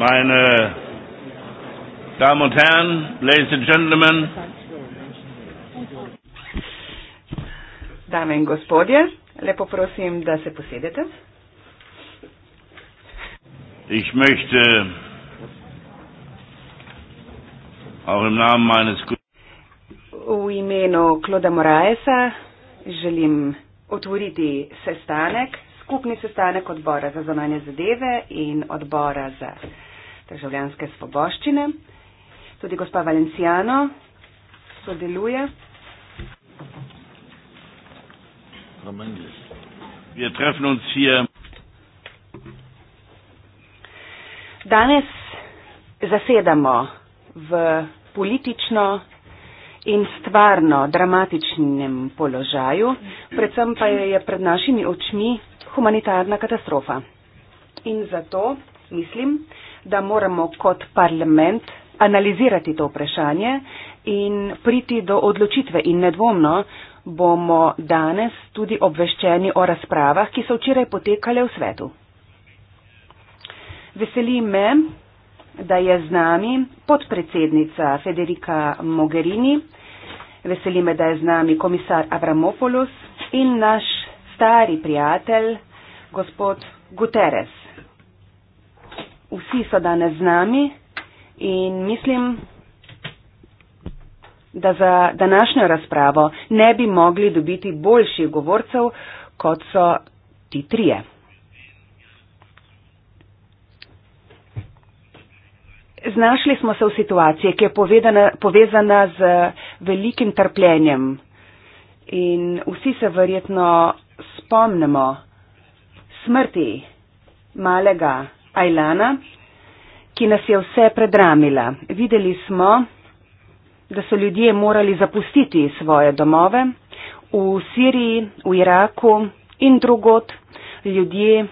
meine Damen und Herren, ladies and gentlemen. Dame in gospodje, lepo prosim, da se posedete. Ich möchte auch im Namen meines V imenu Kloda Moraesa želim otvoriti sestanek, skupni sestanek odbora za zonanje zadeve in odbora za državljanske svoboščine. Tudi gospa Valencijano sodeluje. Danes zasedamo v politično in stvarno dramatičnem položaju, predvsem pa je pred našimi očmi humanitarna katastrofa. In zato mislim, da moramo kot parlament analizirati to vprašanje in priti do odločitve. In nedvomno bomo danes tudi obveščeni o razpravah, ki so včeraj potekale v svetu. Veseli me, da je z nami podpredsednica Federica Mogherini, veseli me, da je z nami komisar Avramopoulos in naš stari prijatelj gospod Guterres vsi so danes z nami in mislim, da za današnjo razpravo ne bi mogli dobiti boljših govorcev, kot so ti trije. Znašli smo se v situaciji, ki je povedana, povezana z velikim trpljenjem in vsi se verjetno spomnimo smrti malega Ajlana, ki nas je vse predramila. Videli smo, da so ljudje morali zapustiti svoje domove v Siriji, v Iraku in drugot. Ljudje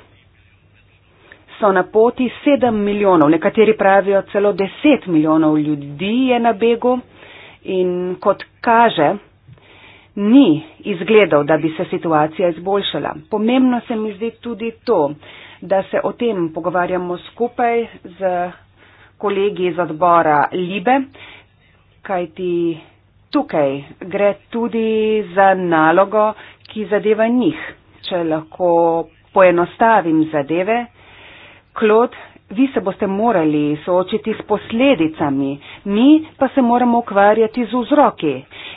so na poti 7 milijonov, nekateri pravijo celo 10 milijonov ljudi je na begu in kot kaže, ni izgledal, da bi se situacija izboljšala. Pomembno se mi zdi tudi to, da se o tem pogovarjamo skupaj z kolegi iz odbora Libe, kajti tukaj gre tudi za nalogo, ki zadeva njih. Če lahko poenostavim zadeve, Klod, vi se boste morali soočiti s posledicami, mi pa se moramo ukvarjati z vzroki.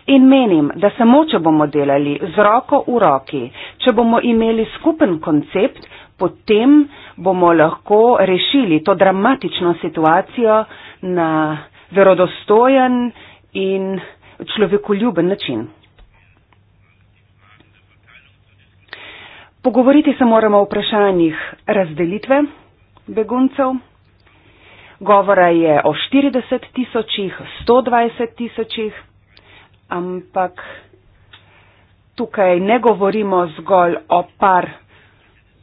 In menim, da samo če bomo delali z roko v roki, če bomo imeli skupen koncept, potem bomo lahko rešili to dramatično situacijo na verodostojen in človekoljuben način. Pogovoriti se moramo o vprašanjih razdelitve beguncev. Govora je o 40 tisočih, 120 tisočih, ampak tukaj ne govorimo zgolj o par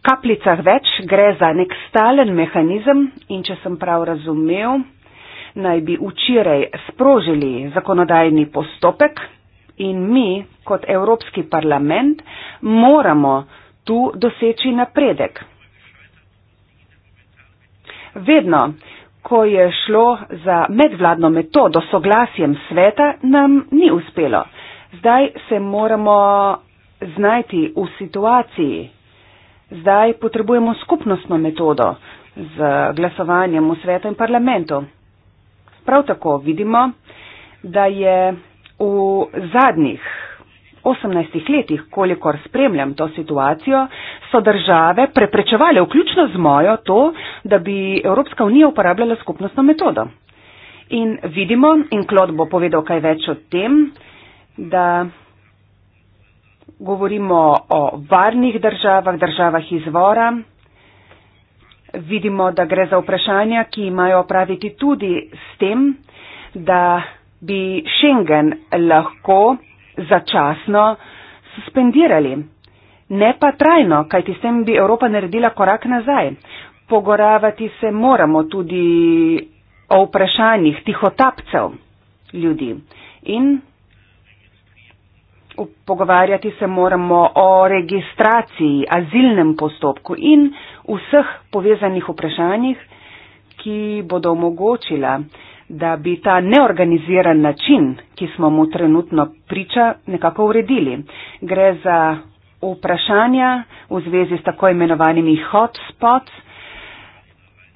kapljicah več, gre za nek stalen mehanizem in če sem prav razumel, naj bi včeraj sprožili zakonodajni postopek in mi kot Evropski parlament moramo tu doseči napredek. Vedno, ko je šlo za medvladno metodo soglasjem sveta, nam ni uspelo. Zdaj se moramo znajti v situaciji, Zdaj potrebujemo skupnostno metodo z glasovanjem v svetu in parlamentu. Prav tako vidimo, da je v zadnjih 18 letih, kolikor spremljam to situacijo, so države preprečevale, vključno z mojo, to, da bi Evropska unija uporabljala skupnostno metodo. In vidimo, in Klod bo povedal kaj več o tem, da govorimo o varnih državah, državah izvora. Vidimo, da gre za vprašanja, ki imajo opraviti tudi s tem, da bi Schengen lahko začasno suspendirali, ne pa trajno, kajti s tem bi Evropa naredila korak nazaj. Pogoravati se moramo tudi o vprašanjih tihotapcev ljudi in pogovarjati se moramo o registraciji, azilnem postopku in vseh povezanih vprašanjih, ki bodo omogočila, da bi ta neorganiziran način, ki smo mu trenutno priča, nekako uredili. Gre za vprašanja v zvezi s tako imenovanimi hotspots.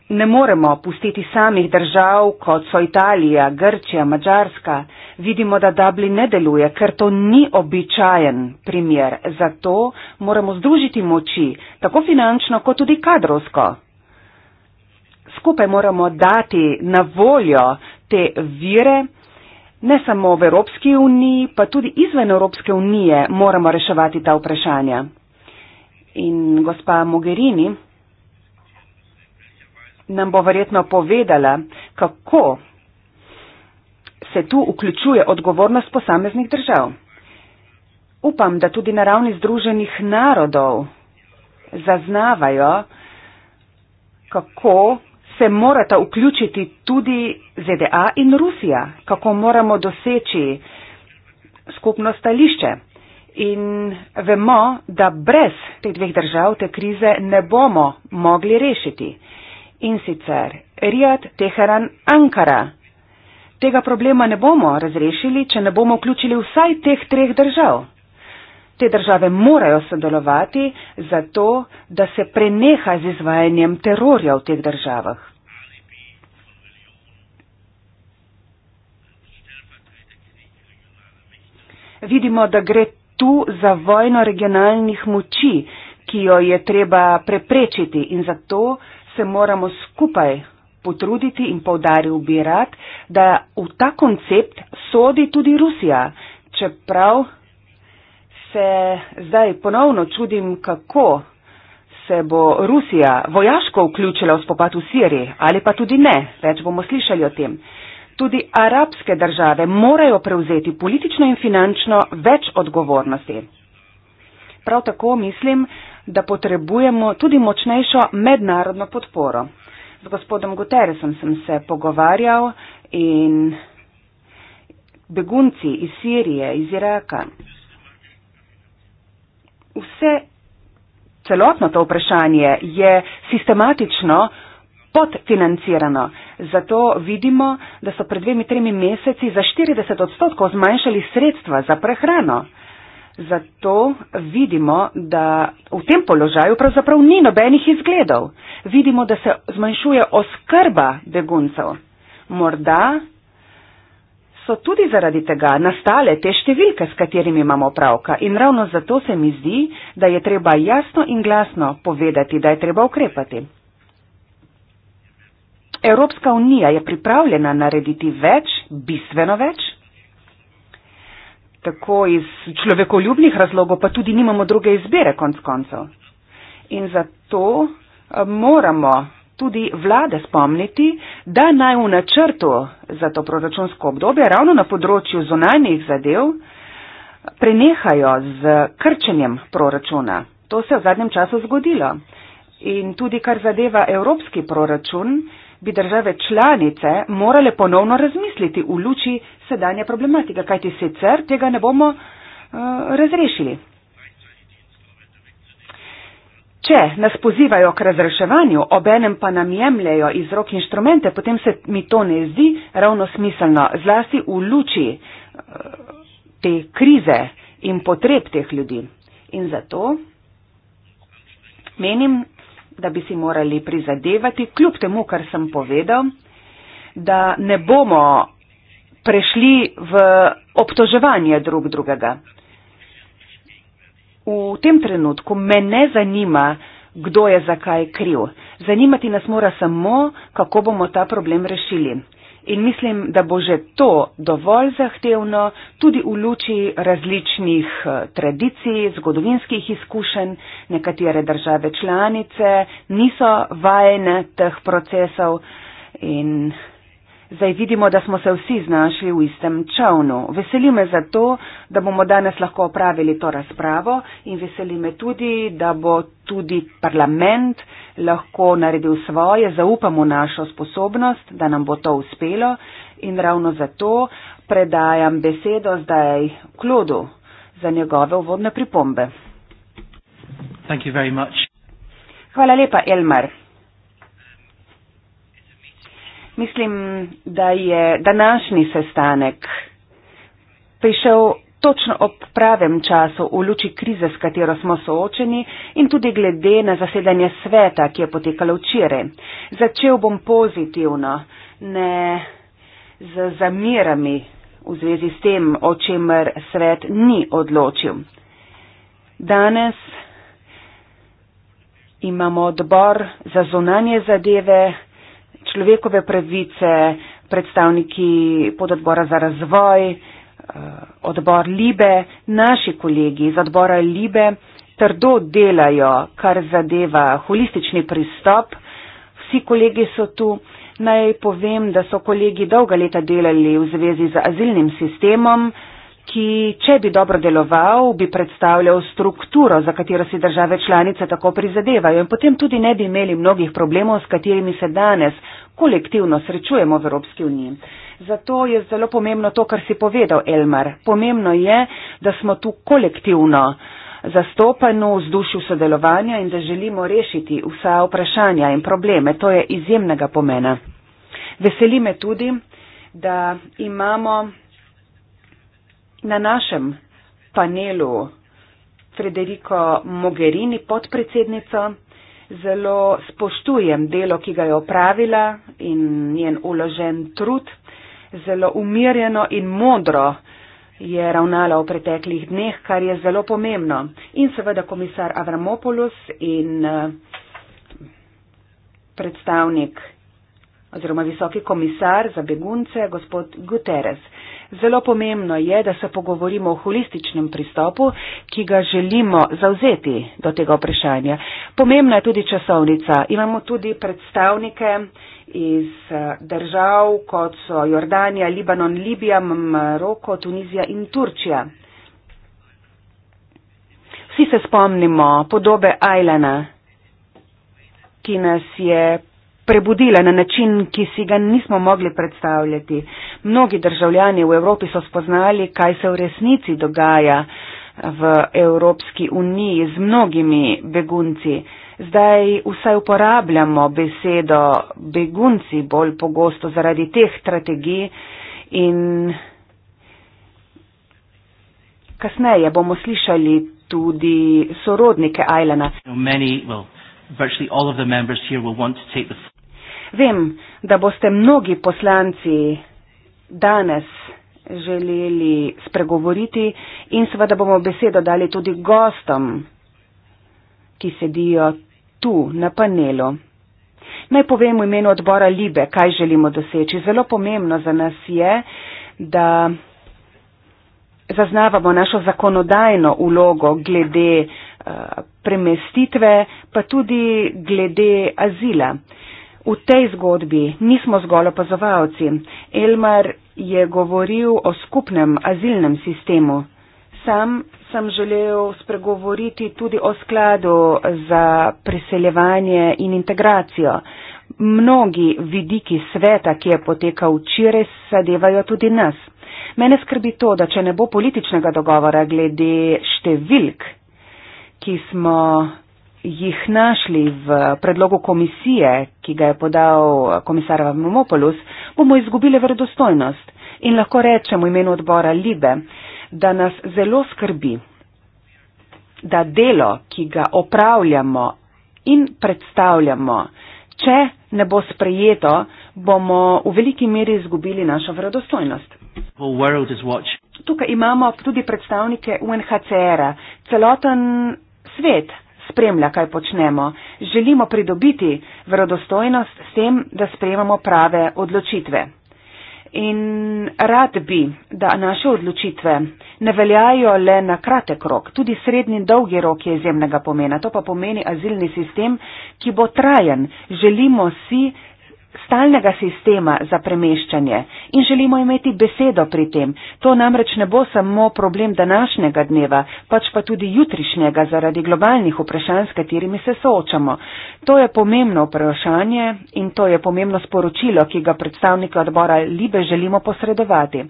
Ne moremo pustiti samih držav, kot so Italija, Grčija, Mačarska, vidimo, da Dublin ne deluje, ker to ni običajen primer. Zato moramo združiti moči, tako finančno, kot tudi kadrovsko. Skupaj moramo dati na voljo te vire, ne samo v Evropski uniji, pa tudi izven Evropske unije moramo reševati ta vprašanja. In gospa Mogherini nam bo verjetno povedala, kako se tu vključuje odgovornost posameznih držav. Upam, da tudi na ravni združenih narodov zaznavajo, kako se morata vključiti tudi ZDA in Rusija, kako moramo doseči skupno stališče. In vemo, da brez teh dveh držav te krize ne bomo mogli rešiti. In sicer Rijad, Teheran, Ankara tega problema ne bomo razrešili, če ne bomo vključili vsaj teh treh držav. Te države morajo sodelovati zato, da se preneha z izvajanjem terorja v teh državah. Vidimo, da gre tu za vojno regionalnih moči, ki jo je treba preprečiti in zato se moramo skupaj potruditi in povdaril bi rad, da v ta koncept sodi tudi Rusija, čeprav se zdaj ponovno čudim, kako se bo Rusija vojaško vključila v spopad v Siriji ali pa tudi ne, več bomo slišali o tem. Tudi arabske države morajo prevzeti politično in finančno več odgovornosti. Prav tako mislim, da potrebujemo tudi močnejšo mednarodno podporo z gospodom Guterresom sem se pogovarjal in begunci iz Sirije, iz Iraka. Vse celotno to vprašanje je sistematično podfinancirano. Zato vidimo, da so pred dvemi, tremi meseci za 40 odstotkov zmanjšali sredstva za prehrano. Zato vidimo, da v tem položaju pravzaprav ni nobenih izgledov. Vidimo, da se zmanjšuje oskrba beguncev. Morda so tudi zaradi tega nastale te številke, s katerimi imamo pravka. In ravno zato se mi zdi, da je treba jasno in glasno povedati, da je treba ukrepati. Evropska unija je pripravljena narediti več, bistveno več, tako iz človekoljubnih razlogov, pa tudi nimamo druge izbire konc koncev. In zato eh, moramo tudi vlade spomniti, da naj v načrtu za to proračunsko obdobje ravno na področju zonanjih zadev prenehajo z krčenjem proračuna. To se je v zadnjem času zgodilo. In tudi kar zadeva evropski proračun, bi države članice morale ponovno razmisliti v luči sedanja problematika, kajti sicer tega ne bomo uh, razrešili. Če nas pozivajo k razreševanju, obenem pa nam jemljajo iz rok inštrumente, potem se mi to ne zdi ravno smiselno, zlasti v luči eh, te krize in potreb teh ljudi. In zato menim, da bi si morali prizadevati, kljub temu, kar sem povedal, da ne bomo prešli v obtoževanje drug drugega. V tem trenutku me ne zanima, kdo je zakaj kriv. Zanimati nas mora samo, kako bomo ta problem rešili in mislim, da bo že to dovolj zahtevno tudi v luči različnih eh, tradicij, zgodovinskih izkušenj. Nekatere države članice niso vajene teh procesov in Zdaj vidimo, da smo se vsi znašli v istem čovnu. Veseli me zato, da bomo danes lahko opravili to razpravo in veseli me tudi, da bo tudi parlament lahko naredil svoje, zaupamo našo sposobnost, da nam bo to uspelo in ravno zato predajam besedo zdaj Klodu za njegove uvodne pripombe. Hvala lepa, Elmar. Mislim, da je današnji sestanek prišel točno ob pravem času v luči krize, s katero smo soočeni in tudi glede na zasedanje sveta, ki je potekalo včeraj. Začel bom pozitivno, ne z zamirami v zvezi s tem, o čemer svet ni odločil. Danes imamo odbor za zunanje zadeve, človekove pravice, predstavniki pododbora za razvoj, eh, odbor Libe, naši kolegi iz odbora Libe trdo delajo, kar zadeva holistični pristop. Vsi kolegi so tu. Naj povem, da so kolegi dolga leta delali v zvezi z azilnim sistemom, ki, če bi dobro deloval, bi predstavljal strukturo, za katero si države članice tako prizadevajo in potem tudi ne bi imeli mnogih problemov, s katerimi se danes kolektivno srečujemo v Evropski uniji. Zato je zelo pomembno to, kar si povedal, Elmar. Pomembno je, da smo tu kolektivno zastopani v vzdušju sodelovanja in da želimo rešiti vsa vprašanja in probleme. To je izjemnega pomena. Veseli me tudi, da imamo na našem panelu Frederiko Mogherini, podpredsednico zelo spoštujem delo, ki ga je opravila in njen uložen trud. Zelo umirjeno in modro je ravnala v preteklih dneh, kar je zelo pomembno. In seveda komisar Avramopoulos in eh, predstavnik oziroma visoki komisar za begunce, gospod Guterres. Zelo pomembno je, da se pogovorimo o holističnem pristopu, ki ga želimo zauzeti do tega vprašanja. Pomembna je tudi časovnica. Imamo tudi predstavnike iz eh, držav, kot so Jordanija, Libanon, Libija, Maroko, Tunizija in Turčija. Vsi se spomnimo podobe Ajlana, ki nas je prebudila na način, ki si ga nismo mogli predstavljati. Mnogi državljani v Evropi so spoznali, kaj se v resnici dogaja v Evropski uniji z mnogimi begunci. Zdaj vsaj uporabljamo besedo begunci bolj pogosto zaradi teh strategij in kasneje bomo slišali tudi sorodnike Ajlana. You know, many, well, Vem, da boste mnogi poslanci danes želeli spregovoriti in seveda bomo besedo dali tudi gostom, ki sedijo tu na panelu. Naj povem v imenu odbora Libe, kaj želimo doseči. Zelo pomembno za nas je, da zaznavamo našo zakonodajno ulogo glede uh, premestitve, pa tudi glede azila. Uh, V tej zgodbi nismo zgolj opazovalci. Elmar je govoril o skupnem azilnem sistemu. Sam sem želel spregovoriti tudi o skladu za priseljevanje in integracijo. Mnogi vidiki sveta, ki je potekal včeraj, sadevajo tudi nas. Mene skrbi to, da če ne bo političnega dogovora glede številk, ki smo jih našli v predlogu komisije, ki ga je podal komisar Vamopolus, bomo izgubili verodostojnost in lahko rečemo imenu odbora Libe, da nas zelo skrbi, da delo, ki ga opravljamo in predstavljamo, če ne bo sprejeto, bomo v veliki meri izgubili našo verodostojnost. Tukaj imamo tudi predstavnike UNHCR-a. Celoten svet spremlja, kaj počnemo. Želimo pridobiti vredostojnost s tem, da sprejemamo prave odločitve. In rad bi, da naše odločitve ne veljajo le na kratek rok, tudi srednji in dolgi rok je izjemnega pomena. To pa pomeni azilni sistem, ki bo trajen. Želimo si stalnega sistema za premeščanje in želimo imeti besedo pri tem. To namreč ne bo samo problem današnjega dneva, pač pa tudi jutrišnjega zaradi globalnih vprašanj, s katerimi se soočamo. To je pomembno vprašanje in to je pomembno sporočilo, ki ga predstavniki odbora Libe želimo posredovati.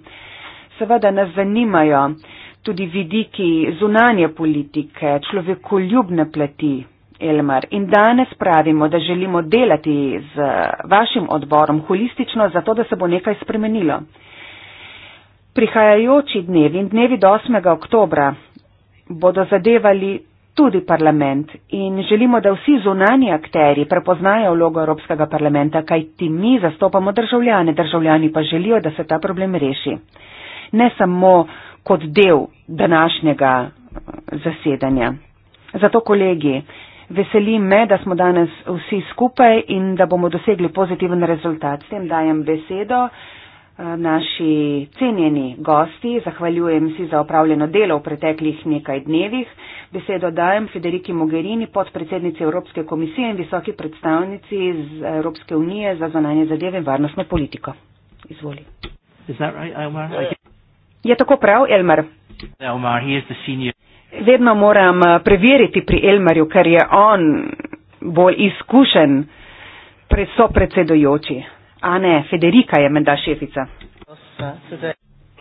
Seveda nas zanimajo tudi vidiki zunanje politike, človekoljubne plati, Elmar. In danes pravimo, da želimo delati z vašim odborom holistično, zato da se bo nekaj spremenilo. Prihajajoči dnevi in dnevi do 8. oktobra bodo zadevali tudi parlament in želimo, da vsi zunani akteri prepoznajo vlogo Evropskega parlamenta, kaj ti mi zastopamo državljane, državljani pa želijo, da se ta problem reši. Ne samo kot del današnjega eh, zasedanja. Zato, kolegi, veseli me, da smo danes vsi skupaj in da bomo dosegli pozitiven rezultat. S tem dajem besedo eh, naši cenjeni gosti. Zahvaljujem si za opravljeno delo v preteklih nekaj dnevih. Besedo dajem Federiki Mogherini, podpredsednici Evropske komisije in visoki predstavnici z Evropske unije za zonanje zadeve in varnostno politiko. Izvoli. Right, uh, Je tako prav, Elmar? Elmar, he is the senior vedno moram eh, preveriti pri Elmarju, ker je on bolj izkušen pred so predsedojoči. A ne, Federika je menda šefica.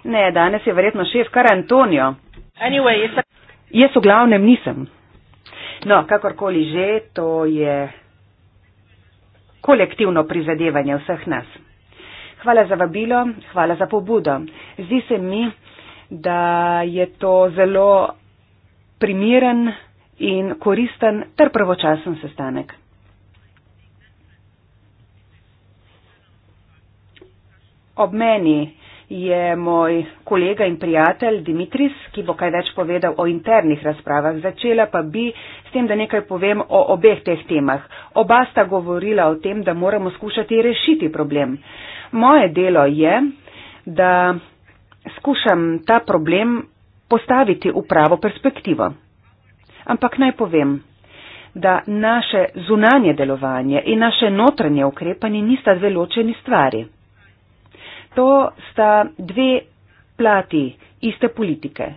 Ne, danes je verjetno šef kar Antonijo. Anyway, a... Jaz v glavnem nisem. No, kakorkoli že, to je kolektivno prizadevanje vseh nas. Hvala za vabilo, hvala za pobudo. Zdi se mi, da je to zelo primeren in koristen ter pravočasen sestanek. Ob meni je moj kolega in prijatelj Dimitris, ki bo kaj več povedal o internih razpravah. Začela pa bi s tem, da nekaj povem o obeh teh temah. Oba sta govorila o tem, da moramo skušati rešiti problem. Moje delo je, da skušam ta problem postaviti v pravo perspektivo. Ampak naj povem, da naše zunanje delovanje in naše notranje ukrepanje nista dve ločeni stvari. To sta dve plati iste politike.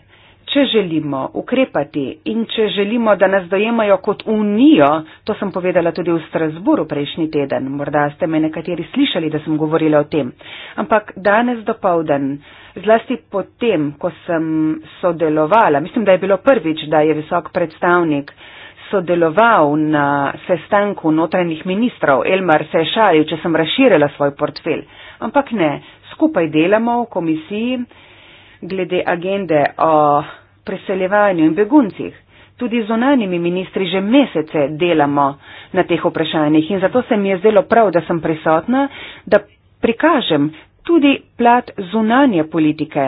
Če želimo ukrepati in če želimo, da nas dojemajo kot unijo, to sem povedala tudi v Strasburu prejšnji teden, morda ste me nekateri slišali, da sem govorila o tem, ampak danes dopovdan. Zlasti potem, ko sem sodelovala, mislim, da je bilo prvič, da je visok predstavnik sodeloval na sestanku notranjih ministrov, Elmar se je šalil, če sem razširila svoj portfelj. Ampak ne, skupaj delamo v komisiji glede agende o preseljevanju in beguncih. Tudi z onanimi ministri že mesece delamo na teh vprašanjih in zato se mi je zdelo prav, da sem prisotna, da prikažem, tudi plat zunanje politike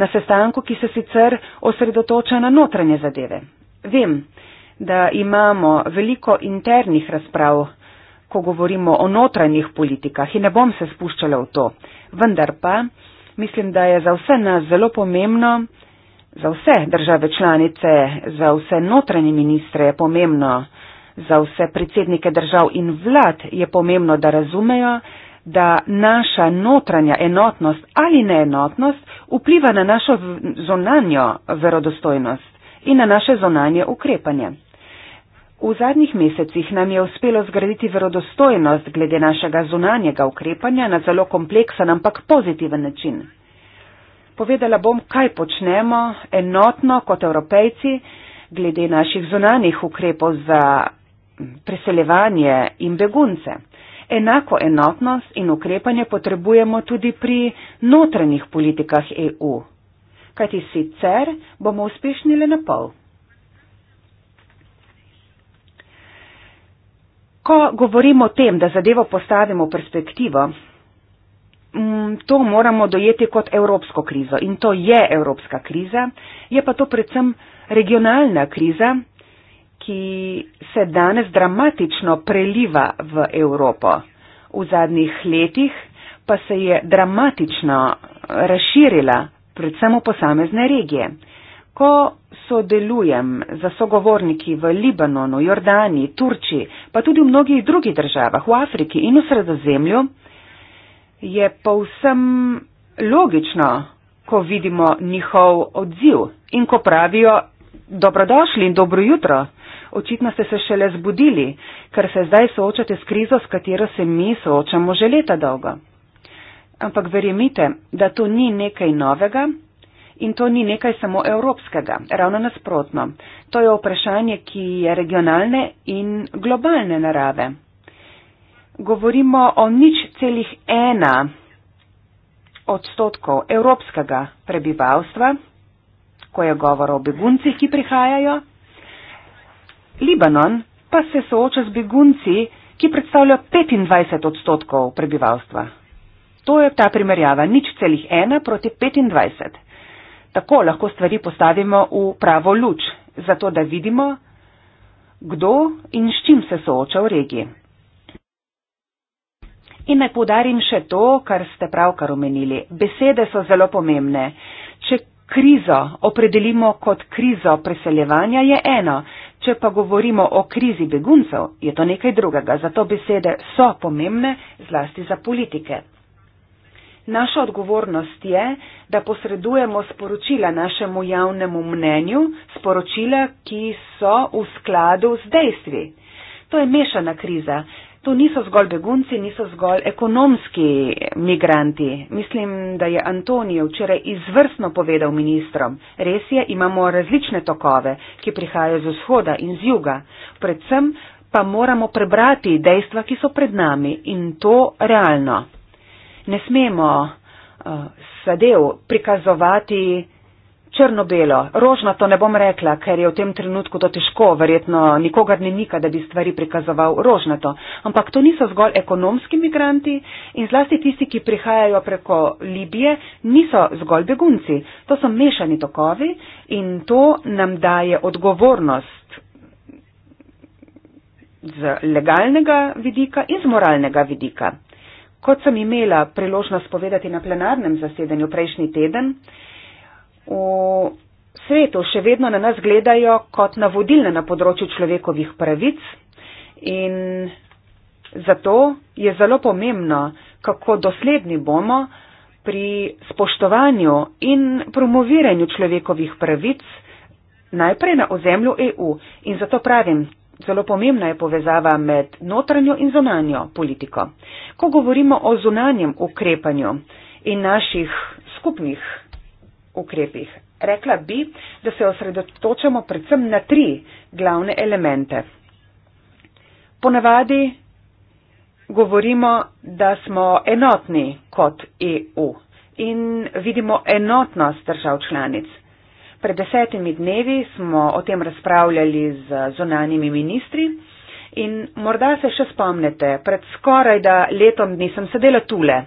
na sestanku, ki se sicer osredotoča na notranje zadeve. Vem, da imamo veliko internih razprav, ko govorimo o notranjih politikah in ne bom se spuščala v to. Vendar pa mislim, da je za vse nas zelo pomembno, za vse države članice, za vse notranje ministre je pomembno, za vse predsednike držav in vlad je pomembno, da razumejo, da naša notranja enotnost ali neenotnost vpliva na našo zonanjo verodostojnost in na naše zonanje ukrepanje. V zadnjih mesecih nam je uspelo zgraditi verodostojnost glede našega zunanjega ukrepanja na zelo kompleksen, ampak pozitiven način. Povedala bom, kaj počnemo enotno kot evropejci glede naših zunanjih ukrepov za preseljevanje in begunce. Enako enotnost in ukrepanje potrebujemo tudi pri notranjih politikah EU, kajti sicer bomo uspešni le na pol. Ko govorimo o tem, da zadevo postavimo v perspektivo, mm, to moramo dojeti kot evropsko krizo in to je evropska kriza, je pa to predvsem regionalna kriza, ki se danes dramatično preliva v Evropo. V zadnjih letih pa se je dramatično razširila, predvsem v posamezne regije. Ko sodelujem za sogovorniki v Libanonu, Jordani, Turčiji, pa tudi v mnogih drugih državah, v Afriki in v sredozemlju, je povsem logično, ko vidimo njihov odziv in ko pravijo dobrodošli in dobro jutro očitno ste se šele zbudili, ker se zdaj soočate s krizo, s katero se mi soočamo že leta dolgo. Ampak verjemite, da to ni nekaj novega in to ni nekaj samo evropskega, ravno nasprotno. To je vprašanje, ki je regionalne in globalne narave. Govorimo o nič celih ena odstotkov evropskega prebivalstva, ko je govor o beguncih, ki prihajajo. Libanon pa se sooča z begunci, ki predstavljajo 25 odstotkov prebivalstva. To je ta primerjava, nič celih ena proti 25. Tako lahko stvari postavimo v pravo luč, zato da vidimo, kdo in s čim se sooča v regiji. In naj podarim še to, kar ste pravkar omenili. Besede so zelo pomembne. Če krizo opredelimo kot krizo preseljevanja, je eno, Če pa govorimo o krizi beguncev, je to nekaj drugega, zato besede so pomembne zlasti za politike. Naša odgovornost je, da posredujemo sporočila našemu javnemu mnenju, sporočila, ki so v skladu z dejstvi. To je mešana kriza, to niso zgolj begunci, niso zgolj ekonomski migranti. Mislim, da je Antonijo včeraj izvrstno povedal ministrom. Res je, imamo različne tokove, ki prihajajo z vzhoda in z juga. Predvsem pa moramo prebrati dejstva, ki so pred nami in to realno. Ne smemo uh, sadev prikazovati črno-belo, rožnato ne bom rekla, ker je v tem trenutku to težko, verjetno nikogar ne nika, da bi stvari prikazoval rožnato. Ampak to niso zgolj ekonomski migranti in zlasti tisti, ki prihajajo preko Libije, niso zgolj begunci. To so mešani tokovi in to nam daje odgovornost z legalnega vidika in z moralnega vidika. Kot sem imela priložnost povedati na plenarnem zasedanju prejšnji teden, v svetu še vedno na nas gledajo kot na vodilne na področju človekovih pravic in zato je zelo pomembno, kako dosledni bomo pri spoštovanju in promoviranju človekovih pravic najprej na ozemlju EU. In zato pravim, zelo pomembna je povezava med notranjo in zunanjo politiko. Ko govorimo o zunanjem ukrepanju in naših skupnih ukrepih. Rekla bi, da se osredotočamo predvsem na tri glavne elemente. Ponavadi govorimo, da smo enotni kot EU in vidimo enotnost držav članic. Pred desetimi dnevi smo o tem razpravljali z zonanimi ministri in morda se še spomnite, pred skoraj da letom dni sem sedela tukaj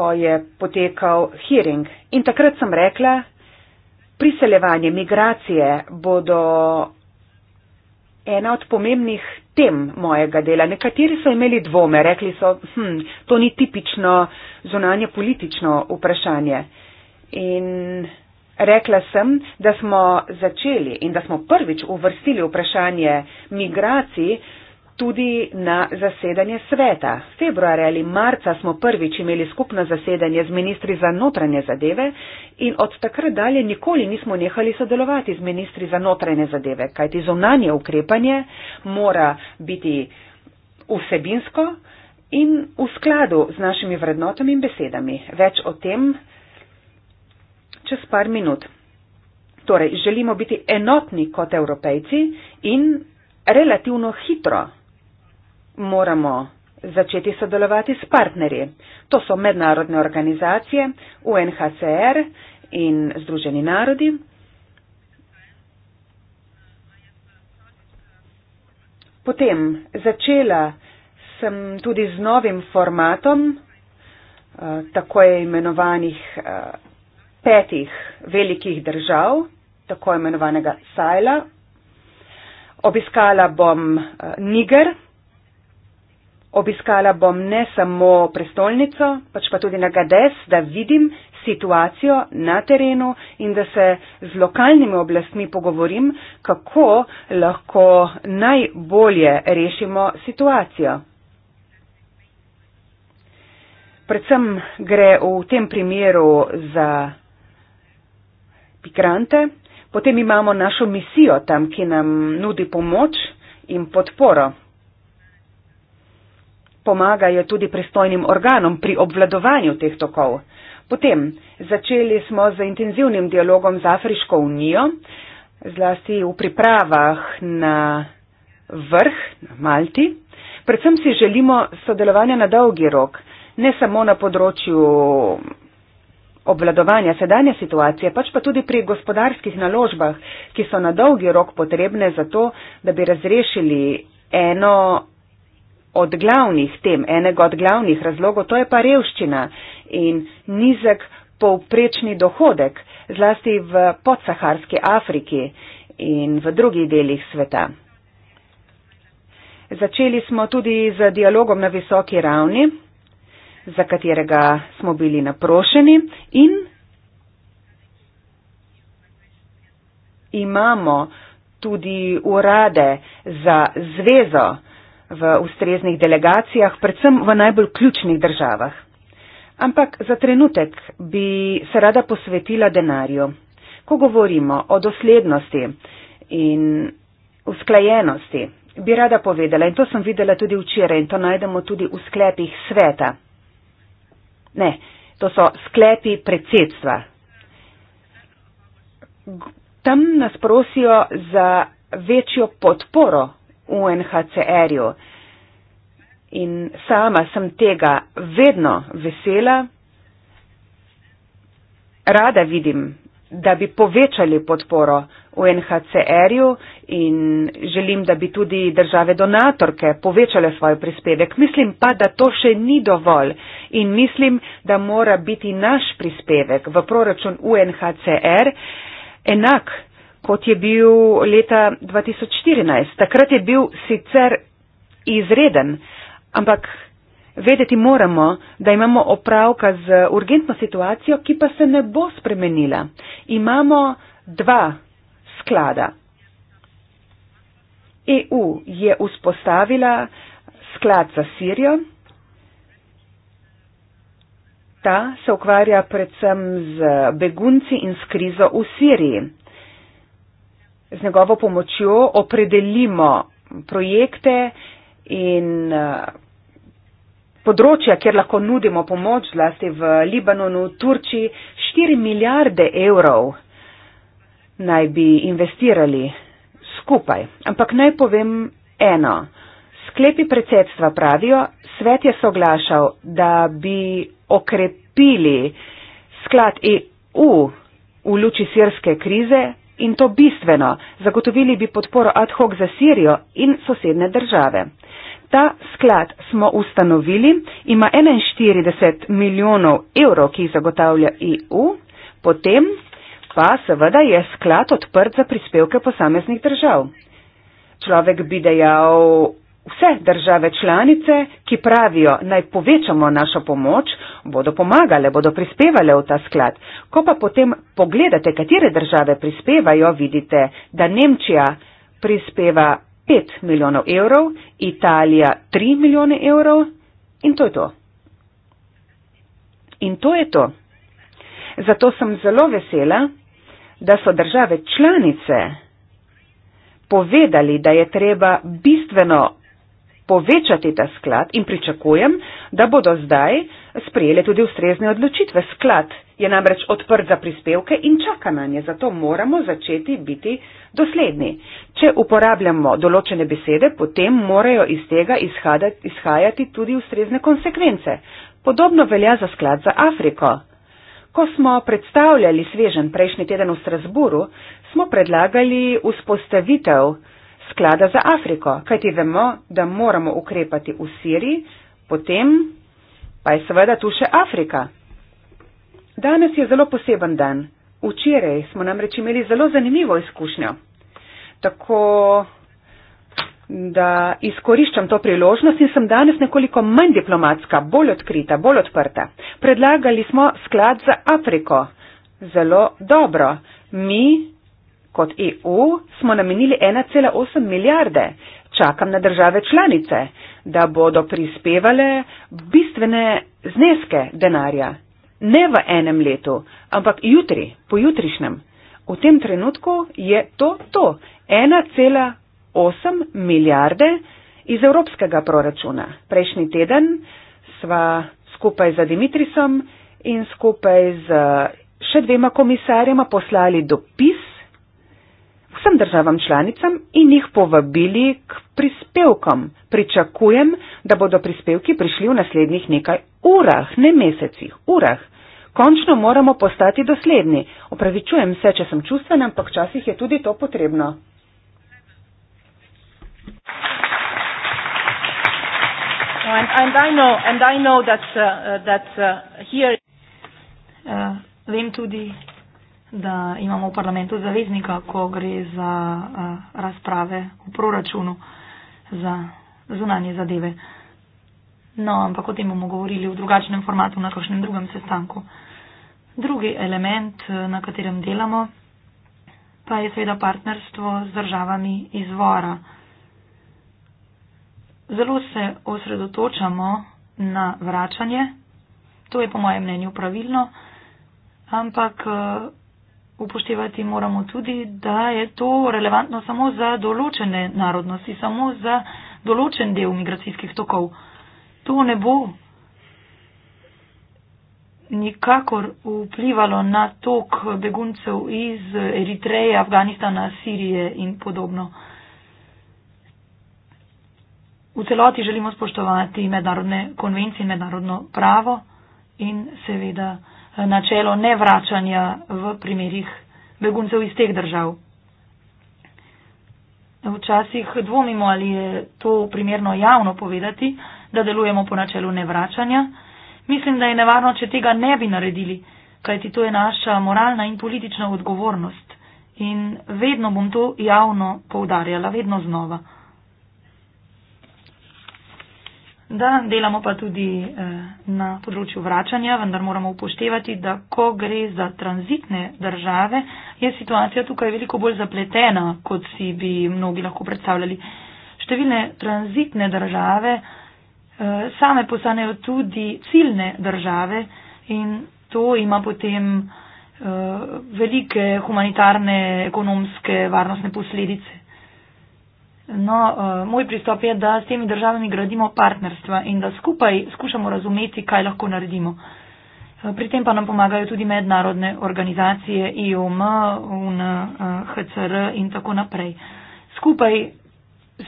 ko je potekal hearing. In takrat sem rekla, priseljevanje, migracije bodo ena od pomembnih tem mojega dela. Nekateri so imeli dvome, rekli so, hm, to ni tipično zunanje politično vprašanje. In rekla sem, da smo začeli in da smo prvič uvrstili vprašanje migracij, tudi na zasedanje sveta. Februarja ali marca smo prvič imeli skupno zasedanje z ministri za notranje zadeve in od takrat dalje nikoli nismo nehali sodelovati z ministri za notranje zadeve, kajti zunanje ukrepanje mora biti vsebinsko in v skladu z našimi vrednotami in besedami. Več o tem čez par minut. Torej, želimo biti enotni kot evropejci in relativno hitro moramo začeti sodelovati s partnerji. To so mednarodne organizacije, UNHCR in Združeni narodi. Potem začela sem tudi z novim formatom eh, tako imenovanih eh, petih velikih držav, tako imenovanega Sajla. Obiskala bom eh, Niger, Obiskala bom ne samo prestolnico, pač pa tudi na Gades, da vidim situacijo na terenu in da se z lokalnimi oblastmi pogovorim, kako lahko najbolje rešimo situacijo. Predvsem gre v tem primeru za pikrante, potem imamo našo misijo tam, ki nam nudi pomoč in podporo pomagajo tudi pristojnim organom pri obvladovanju teh tokov. Potem začeli smo z intenzivnim dialogom z Afriško unijo, zlasti v pripravah na vrh na Malti. Predvsem si želimo sodelovanja na dolgi rok, ne samo na področju obvladovanja sedanje situacije, pač pa tudi pri gospodarskih naložbah, ki so na dolgi rok potrebne za to, da bi razrešili eno od glavnih tem, enega od glavnih razlogov, to je pa revščina in nizek povprečni dohodek, zlasti v podsaharski Afriki in v drugih delih sveta. Začeli smo tudi z dialogom na visoki ravni, za katerega smo bili naprošeni in imamo tudi urade za zvezo, v ustreznih delegacijah, predvsem v najbolj ključnih državah. Ampak za trenutek bi se rada posvetila denarju. Ko govorimo o doslednosti in usklajenosti, bi rada povedala, in to sem videla tudi včeraj, in to najdemo tudi v sklepih sveta. Ne, to so sklepi predsedstva. Tam nas prosijo za večjo podporo UNHCR-ju. In sama sem tega vedno vesela. Rada vidim, da bi povečali podporo UNHCR-ju in želim, da bi tudi države donatorke povečale svoj prispevek. Mislim pa, da to še ni dovolj in mislim, da mora biti naš prispevek v proračun UNHCR enak kot je bil leta 2014. Takrat je bil sicer izreden, ampak vedeti moramo, da imamo opravka z urgentno situacijo, ki pa se ne bo spremenila. Imamo dva sklada. EU je vzpostavila sklad za Sirijo. Ta se ukvarja predvsem z begunci in s krizo v Siriji z njegovo pomočjo opredelimo projekte in eh, področja, kjer lahko nudimo pomoč, zlasti v Libanonu, Turčiji, 4 milijarde evrov naj bi investirali skupaj. Ampak naj povem eno. Sklepi predsedstva pravijo, svet je soglašal, da bi okrepili sklad EU v luči sirske krize, in to bistveno, zagotovili bi podporo ad hoc za Sirijo in sosedne države. Ta sklad smo ustanovili, ima 41 milijonov evrov, ki jih zagotavlja EU, potem pa seveda je sklad odprt za prispevke posameznih držav. Človek bi dejal, Vse države članice, ki pravijo, naj povečamo našo pomoč, bodo pomagale, bodo prispevale v ta sklad. Ko pa potem pogledate, katere države prispevajo, vidite, da Nemčija prispeva 5 milijonov evrov, Italija 3 milijone evrov in to je to. In to je to. Zato sem zelo vesela, da so države članice povedali, da je treba bistveno povečati ta sklad in pričakujem, da bodo zdaj sprejeli tudi ustrezne odločitve. Sklad je namreč odprt za prispevke in čaka na nje, zato moramo začeti biti dosledni. Če uporabljamo določene besede, potem morajo iz tega izhajati tudi ustrezne konsekvence. Podobno velja za sklad za Afriko. Ko smo predstavljali svežen prejšnji teden v Strasburu, smo predlagali vzpostavitev sklada za Afriko, kajti vemo, da moramo ukrepati v Siriji, potem pa je seveda tu še Afrika. Danes je zelo poseben dan. Včeraj smo namreč imeli zelo zanimivo izkušnjo. Tako da izkoriščam to priložnost in sem danes nekoliko manj diplomatska, bolj odkrita, bolj odprta. Predlagali smo sklad za Afriko. Zelo dobro. Mi Kot EU smo namenili 1,8 milijarde. Čakam na države članice, da bodo prispevale bistvene zneske denarja. Ne v enem letu, ampak jutri, pojutrišnjem. V tem trenutku je to to. 1,8 milijarde iz evropskega proračuna. Prejšnji teden sva skupaj z Dimitrisom in skupaj z še dvema komisarjema poslali dopis vsem državam članicam in jih povabili k prispevkom. Pričakujem, da bodo prispevki prišli v naslednjih nekaj urah, ne mesecih, urah. Končno moramo postati dosledni. Opravičujem se, če sem čustven, ampak včasih je tudi to potrebno. Vem tudi, da imamo v parlamentu zaveznika, ko gre za razprave v proračunu za zunanje zadeve. No, ampak o tem bomo govorili v drugačnem formatu na kakšnem drugem sestanku. Drugi element, na katerem delamo, pa je seveda partnerstvo z državami izvora. Zelo se osredotočamo na vračanje, to je po mojem mnenju pravilno, ampak upoštevati moramo tudi, da je to relevantno samo za določene narodnosti, samo za določen del migracijskih tokov. To ne bo nikakor vplivalo na tok beguncev iz Eritreje, Afganistana, Sirije in podobno. V celoti želimo spoštovati mednarodne konvencije, mednarodno pravo in seveda načelo nevračanja v primerih beguncev iz teh držav. Včasih dvomimo, ali je to primerno javno povedati, da delujemo po načelu nevračanja. Mislim, da je nevarno, če tega ne bi naredili, kajti to je naša moralna in politična odgovornost. In vedno bom to javno poudarjala, vedno znova. Da, delamo pa tudi eh, na področju vračanja, vendar moramo upoštevati, da ko gre za tranzitne države, je situacija tukaj veliko bolj zapletena, kot si bi mnogi lahko predstavljali. Številne tranzitne države eh, same postanejo tudi ciljne države in to ima potem eh, velike humanitarne, ekonomske, varnostne posledice. No, eh, moj pristop je, da s temi državami gradimo partnerstva in da skupaj skušamo razumeti, kaj lahko naredimo. Eh, pri tem pa nam pomagajo tudi mednarodne organizacije, IOM, UNHCR in tako naprej. Skupaj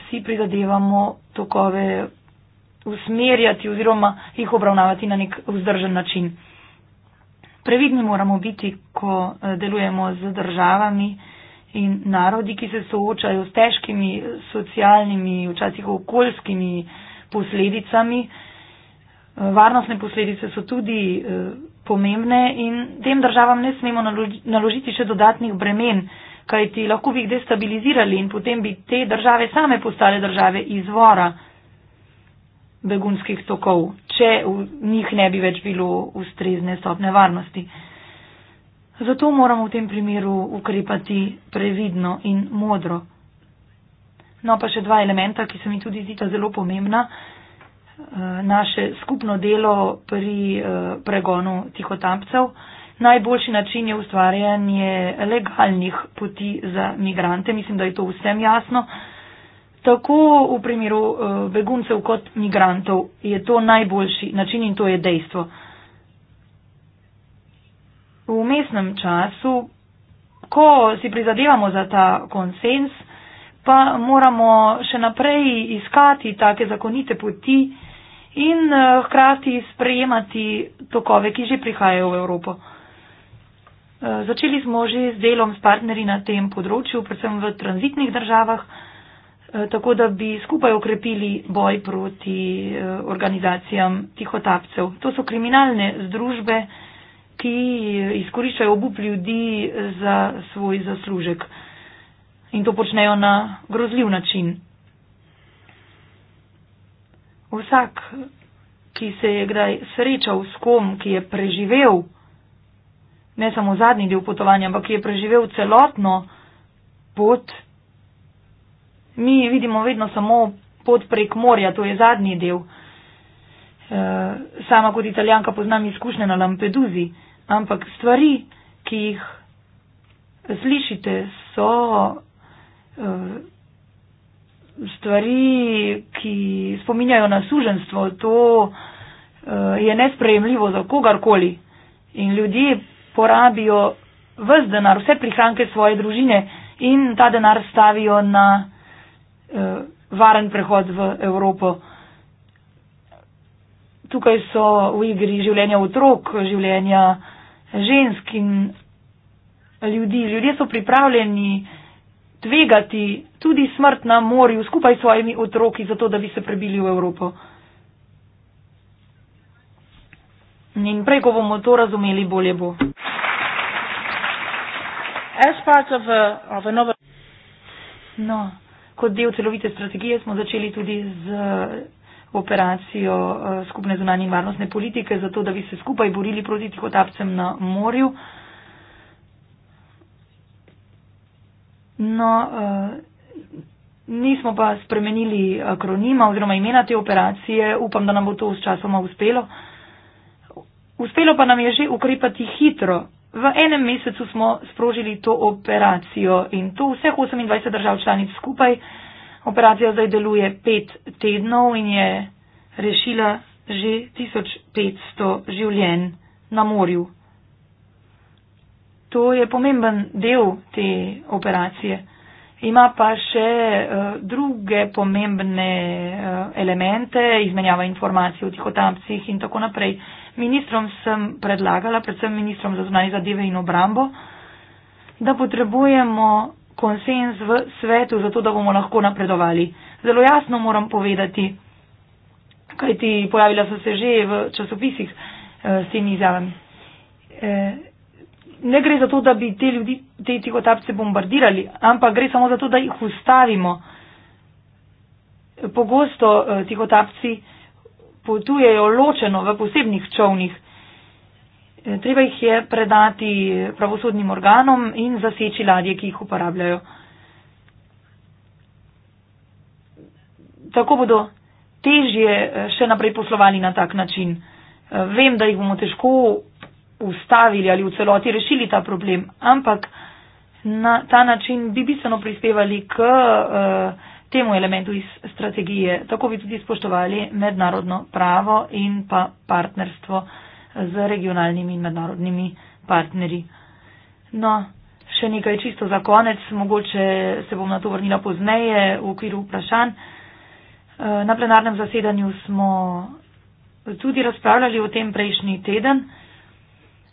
si prizadevamo tokove usmerjati oziroma jih obravnavati na nek vzdržen način. Previdni moramo biti, ko eh, delujemo z državami in narodi, ki se soočajo s težkimi socialnimi, včasih okoljskimi posledicami. Varnostne posledice so tudi eh, pomembne in tem državam ne smemo naložiti še dodatnih bremen, kajti lahko bi jih destabilizirali in potem bi te države same postale države izvora begunskih tokov, če v njih ne bi več bilo ustrezne stopne varnosti. Zato moramo v tem primeru ukrepati previdno in modro. No, pa še dva elementa, ki se mi tudi zdita zelo pomembna. Eh, naše skupno delo pri eh, pregonu tihotapcev. Najboljši način je ustvarjanje legalnih poti za migrante. Mislim, da je to vsem jasno. Tako v primeru eh, beguncev kot migrantov je to najboljši način in to je dejstvo v umestnem času, ko si prizadevamo za ta konsens, pa moramo še naprej iskati take zakonite poti in eh, hkrati sprejemati tokove, ki že prihajajo v Evropo. Eh, začeli smo že z delom s partnerji na tem področju, predvsem v tranzitnih državah, eh, tako da bi skupaj okrepili boj proti organizacijam tihotapcev. To so kriminalne združbe, ki izkoriščajo obup ljudi za svoj zaslužek. In to počnejo na grozljiv način. Vsak, ki se je kdaj srečal s kom, ki je preživel ne samo zadnji del potovanja, ampak ki je preživel celotno pot, mi vidimo vedno samo pot prek morja, to je zadnji del. Eh, sama kot italijanka poznam izkušnje na Lampeduzi ampak stvari, ki jih slišite, so uh, stvari, ki spominjajo na suženstvo. To uh, je nesprejemljivo za kogarkoli. In ljudje porabijo vse denar, vse prihranke svoje družine in ta denar stavijo na uh, varen prehod v Evropo. Tukaj so v igri življenja otrok, življenja uh, žensk in ljudi. Ljudje so pripravljeni tvegati tudi smrt na morju skupaj s svojimi otroki, zato da bi se prebili v Evropo. In prej, ko bomo to razumeli, bolje bo. Of a, of a novel... no, kot del celovite strategije smo začeli tudi z operacijo eh, skupne zunanje in varnostne politike, zato da bi se skupaj borili proti tihotapcem na morju. No, eh, nismo pa spremenili akronima eh, oziroma imena te operacije, upam, da nam bo to s časoma uspelo. Uspelo pa nam je že ukrepati hitro. V enem mesecu smo sprožili to operacijo in to vseh 28 držav članic skupaj. Operacija zdaj deluje pet tednov in je rešila že 1500 življenj na morju. To je pomemben del te operacije. Ima pa še uh, druge pomembne uh, elemente, izmenjava informacij o tihotapcih in tako naprej. Ministrom sem predlagala, predvsem ministrom za zunanje zadeve in obrambo, da potrebujemo konsens v svetu, zato da bomo lahko napredovali. Zelo jasno moram povedati, kaj ti pojavila so se že v časopisih eh, s temi izjavami. Eh, ne gre za to, da bi te ljudi, te tihotapce bombardirali, ampak gre samo za to, da jih ustavimo. Pogosto eh, tihotapci potujejo ločeno v posebnih čovnih, Treba jih je predati pravosodnim organom in zaseči ladje, ki jih uporabljajo. Tako bodo težje eh, še naprej poslovali na tak način. Eh, vem, da jih bomo težko ustavili ali v celoti rešili ta problem, ampak na ta način bi bistveno prispevali k uh, temu elementu iz strategije. Tako bi tudi spoštovali mednarodno pravo in pa partnerstvo z regionalnimi in mednarodnimi partnerji. No, še nekaj čisto za konec, mogoče se bom na to vrnila pozneje v okviru vprašanj. E, na plenarnem zasedanju smo tudi razpravljali o tem prejšnji teden.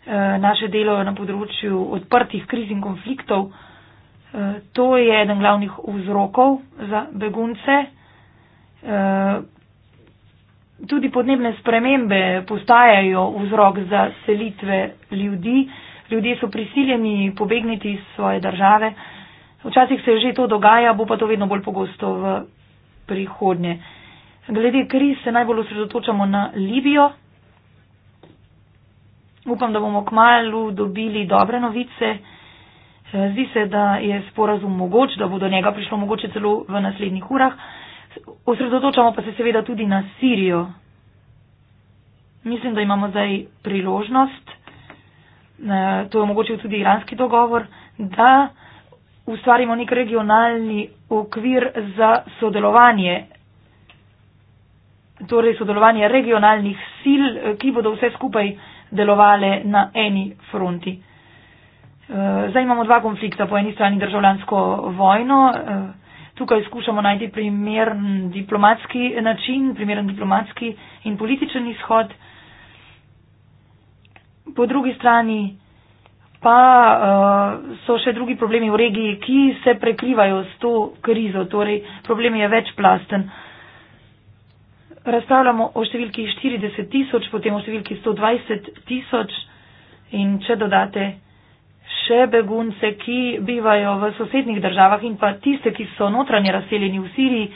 E, naše delo je na področju odprtih kriz in konfliktov. E, to je eden glavnih vzrokov za begunce, tudi podnebne spremembe postajajo vzrok za selitve ljudi. Ljudje so prisiljeni pobegniti iz svoje države. Včasih se že to dogaja, bo pa to vedno bolj pogosto v prihodnje. Glede kriz se najbolj osredotočamo na Libijo. Upam, da bomo k malu dobili dobre novice. Zdi se, da je sporazum mogoč, da bo do njega prišlo mogoče celo v naslednjih urah osredotočamo pa se seveda tudi na Sirijo. Mislim, da imamo zdaj priložnost, eh, to je omogočil tudi iranski dogovor, da ustvarimo nek regionalni okvir za sodelovanje, torej sodelovanje regionalnih sil, eh, ki bodo vse skupaj delovale na eni fronti. Eh, zdaj imamo dva konflikta, po eni strani državljansko vojno, tukaj skušamo najti primern diplomatski način, primern diplomatski in političen izhod. Po drugi strani pa uh, so še drugi problemi v regiji, ki se prekrivajo s to krizo, torej problem je večplasten. Razpravljamo o številki 40 tisoč, potem o številki 120 tisoč in če dodate še begunce, ki bivajo v sosednjih državah in pa tiste, ki so notranje razseljeni v Siriji.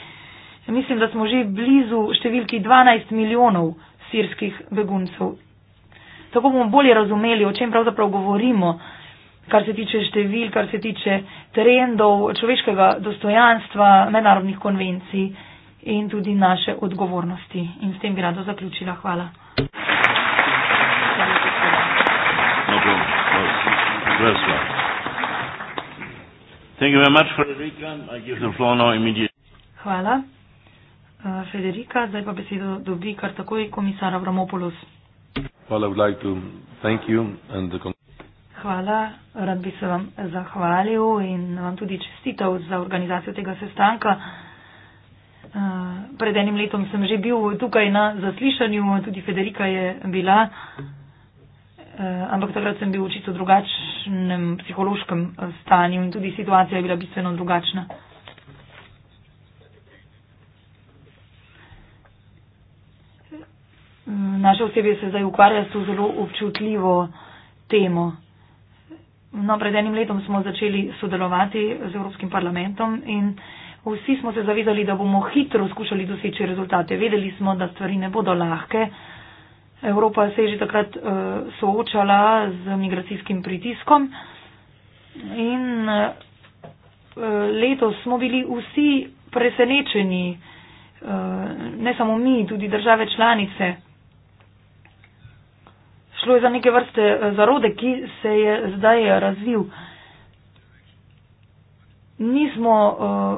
Mislim, da smo že blizu številki 12 milijonov sirskih beguncev. Tako bomo bolje razumeli, o čem pravzaprav govorimo, kar se tiče števil, kar se tiče trendov človeškega dostojanstva, mednarodnih konvencij in tudi naše odgovornosti. In s tem bi rado zaključila. Hvala. bless you. Thank you very much, Frederica. I give the floor now immediately. Hvala. Uh, Federica, zdaj pa besedo dobi kar takoj komisar Avramopoulos. Well, like Hvala, rad bi se vam zahvalil in vam tudi čestitev za organizacijo tega sestanka. Uh, pred enim letom sem že bil tukaj na zaslišanju, tudi Federica je bila. Uh, Eh, ampak takrat sem bil v čisto drugačnem psihološkem eh, stanju in tudi situacija je bila bistveno drugačna. Eh, naše osebje se zdaj ukvarja s to zelo občutljivo temo. No, pred enim letom smo začeli sodelovati z Evropskim parlamentom in vsi smo se zavedali, da bomo hitro skušali doseči rezultate. Vedeli smo, da stvari ne bodo lahke. Evropa se je že takrat eh, soočala z migracijskim pritiskom in eh, letos smo bili vsi presenečeni, eh, ne samo mi, tudi države članice. Šlo je za neke vrste zarode, ki se je zdaj razvil. Nismo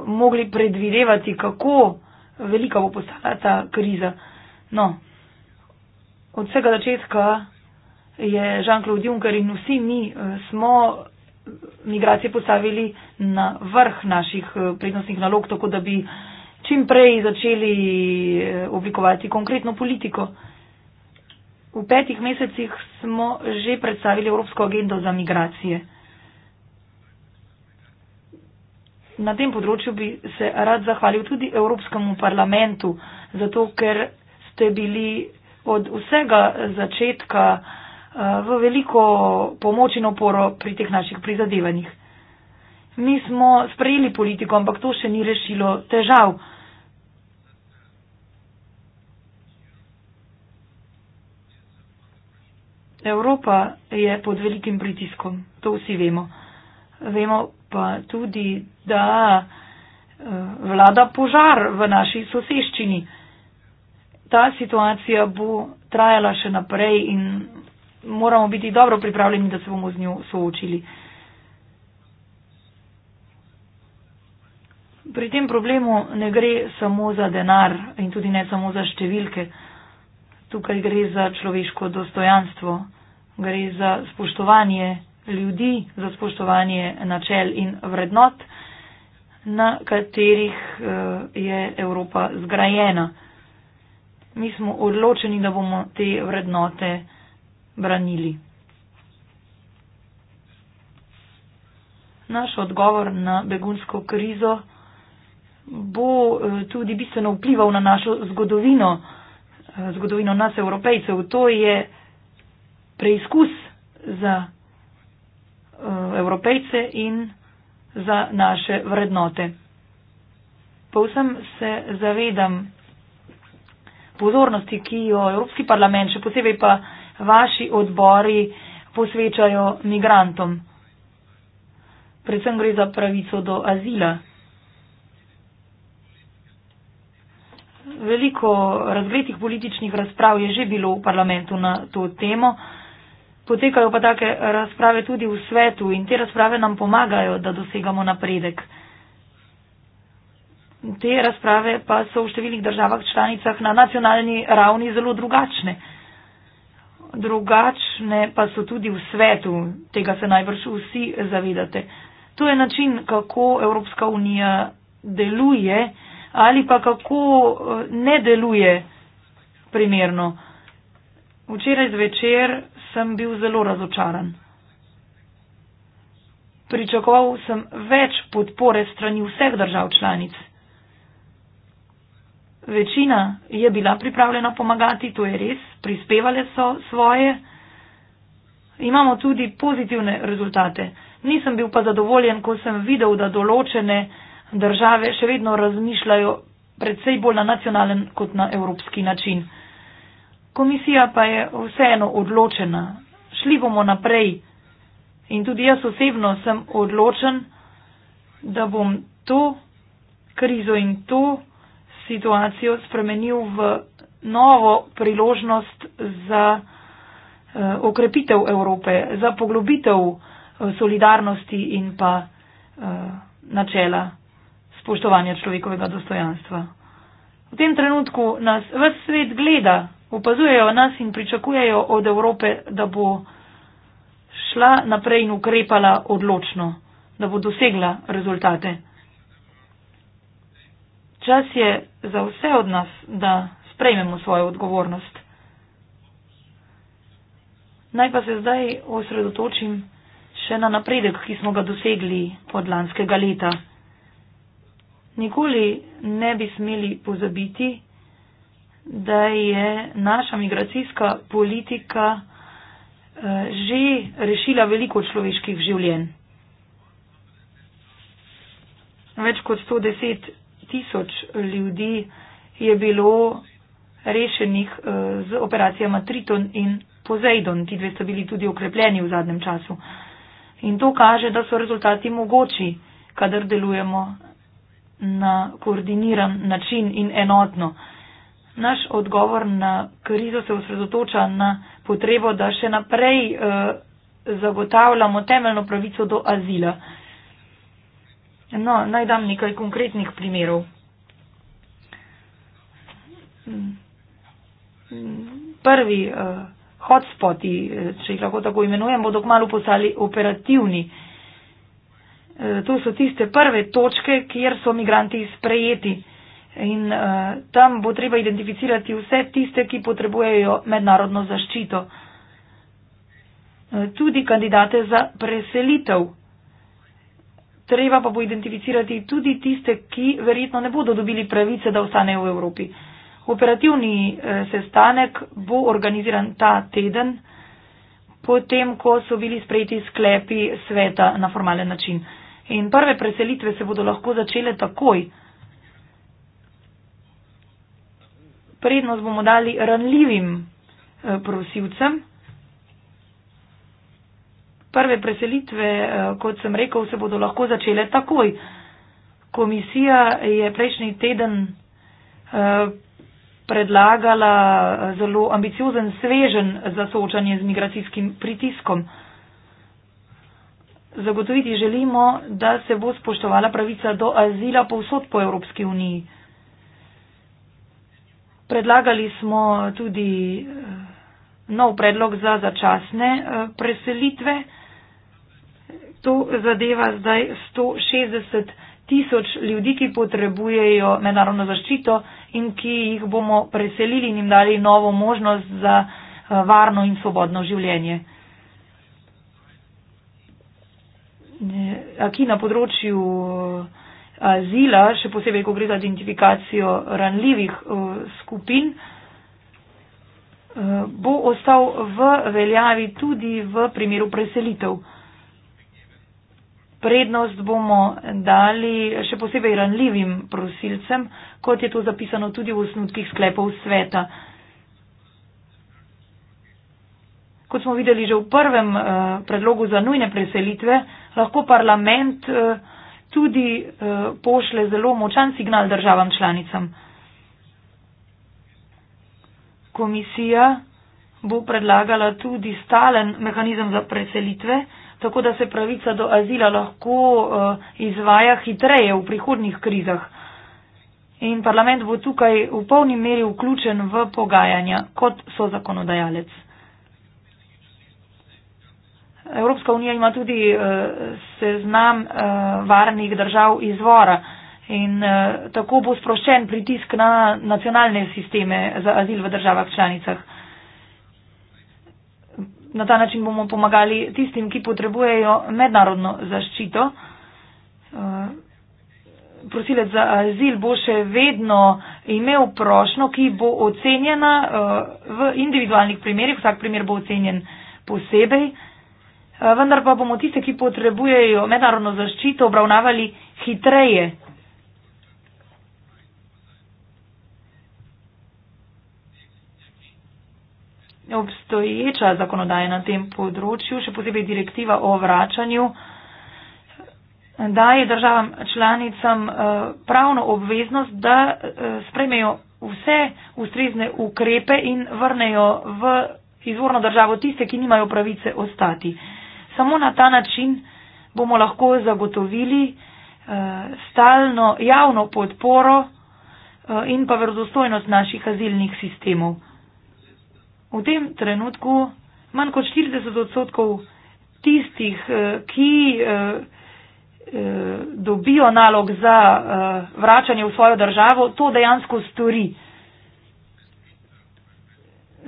mogli predvidevati, kako velika bo postala ta kriza. No, od vsega začetka je Jean-Claude Juncker in vsi mi eh, smo eh, migracije postavili na vrh naših eh, prednostnih nalog, tako da bi čim prej začeli oblikovati konkretno politiko. V petih mesecih smo že predstavili Evropsko agendo za migracije. Na tem področju bi se rad zahvalil tudi Evropskemu parlamentu, zato ker ste bili od vsega začetka eh, v veliko pomoč in oporo pri teh naših prizadevanjih. Mi smo sprejeli politiko, ampak to še ni rešilo težav. Evropa je pod velikim pritiskom, to vsi vemo. Vemo pa tudi, da eh, vlada požar v naši soseščini ta situacija bo trajala še naprej in moramo biti dobro pripravljeni, da se bomo z njo soočili. Pri tem problemu ne gre samo za denar in tudi ne samo za številke. Tukaj gre za človeško dostojanstvo, gre za spoštovanje ljudi, za spoštovanje načel in vrednot, na katerih eh, je Evropa zgrajena mi smo odločeni, da bomo te vrednote branili. Naš odgovor na begunsko krizo bo eh, tudi bistveno vplival na našo zgodovino, eh, zgodovino nas, evropejcev. To je preizkus za eh, evropejce in za naše vrednote. Povsem se zavedam pozornosti, ki jo Evropski parlament, še posebej pa vaši odbori, posvečajo migrantom. Predvsem gre za pravico do azila. Veliko razgretih političnih razprav je že bilo v parlamentu na to temo. Potekajo pa take razprave tudi v svetu in te razprave nam pomagajo, da dosegamo napredek. Te razprave pa so v številnih državah članicah na nacionalni ravni zelo drugačne. Drugačne pa so tudi v svetu, tega se najbrž vsi zavedate. To je način, kako Evropska unija deluje ali pa kako eh, ne deluje primerno. Včeraj zvečer sem bil zelo razočaran. Pričakoval sem več podpore strani vseh držav članic. Večina je bila pripravljena pomagati, to je res, prispevale so svoje. Imamo tudi pozitivne rezultate. Nisem bil pa zadovoljen, ko sem videl, da določene države še vedno razmišljajo predvsej bolj na nacionalen kot na evropski način. Komisija pa je vseeno odločena. Šli bomo naprej in tudi jaz osebno sem odločen, da bom to krizo in to situacijo spremenil v novo priložnost za eh, okrepitev Evrope, za poglobitev eh, solidarnosti in pa eh, načela spoštovanja človekovega dostojanstva. V tem trenutku nas v svet gleda, opazujejo nas in pričakujejo od Evrope, da bo šla naprej in ukrepala odločno, da bo dosegla rezultate. Čas je za vse od nas, da sprejmemo svojo odgovornost. Naj pa se zdaj osredotočim še na napredek, ki smo ga dosegli od lanskega leta. Nikoli ne bi smeli pozabiti, da je naša migracijska politika eh, že rešila veliko človeških življenj. Več kot 110 tisoč ljudi je bilo rešenih eh, z operacijama Triton in Poseidon. Ti dve sta bili tudi okrepljeni v zadnjem času. In to kaže, da so rezultati mogoči, kadar delujemo na koordiniran način in enotno. Naš odgovor na krizo se osredotoča na potrebo, da še naprej eh, zagotavljamo temeljno pravico do azila. No, naj dam nekaj konkretnih primerov. Prvi uh, hotspoti, eh, če jih lahko tako imenujem, bodo kmalo postali operativni. Eh, to so tiste prve točke, kjer so migranti sprejeti in uh, tam bo treba identificirati vse tiste, ki potrebujejo mednarodno zaščito. Uh, tudi kandidate za preselitev treba pa bo identificirati tudi tiste, ki verjetno ne bodo dobili pravice, da ostanejo v Evropi. Operativni eh, sestanek bo organiziran ta teden, potem, ko so bili sprejeti sklepi sveta na formalen način. In prve preselitve se bodo lahko začele takoj. Prednost bomo dali ranljivim eh, prosilcem. Prve preselitve, eh, kot sem rekel, se bodo lahko začele takoj. Komisija je prejšnji teden eh, predlagala eh, zelo ambiciozen svežen za soočanje z migracijskim pritiskom. Zagotoviti želimo, da se bo spoštovala pravica do azila povsod po Evropski uniji. Predlagali smo tudi nov predlog za začasne preselitve to zadeva zdaj 160 tisoč ljudi, ki potrebujejo mednarodno zaščito in ki jih bomo preselili in jim dali novo možnost za eh, varno in svobodno življenje. Eh, Aki na področju eh, azila, še posebej, ko gre za identifikacijo ranljivih skupin, bo ostal v veljavi tudi v primeru preselitev prednost bomo dali še posebej ranljivim prosilcem, kot je to zapisano tudi v osnutkih sklepov sveta. Kot smo videli že v prvem eh, predlogu za nujne preselitve, lahko parlament eh, tudi eh, pošle zelo močan signal državam članicam. Komisija bo predlagala tudi stalen mehanizem za preselitve, tako da se pravica do azila lahko eh, izvaja hitreje v prihodnih krizah. In parlament bo tukaj v polni meri vključen v pogajanja, kot so zakonodajalec. Evropska unija ima tudi eh, seznam eh, varnih držav izvora in tako bo sproščen pritisk na nacionalne sisteme za azil v državah članicah. Na ta način bomo pomagali tistim, ki potrebujejo mednarodno zaščito. Eh, prosilec za azil bo še vedno imel prošno, ki bo ocenjena eh, v individualnih primerjih, vsak primer bo ocenjen posebej, eh, vendar pa bomo tiste, ki potrebujejo mednarodno zaščito, obravnavali hitreje, obstoječa zakonodaja na tem področju, še posebej direktiva o vračanju, daje državam članicam eh, pravno obveznost, da eh, sprejmejo vse ustrezne ukrepe in vrnejo v izvorno državo tiste, ki nimajo pravice ostati. Samo na ta način bomo lahko zagotovili eh, stalno javno podporo in pa verodostojnost naših azilnih sistemov v tem trenutku manj kot 40 odstotkov tistih, eh, ki eh, eh, dobijo nalog za vračanje v svojo državo, to dejansko stori.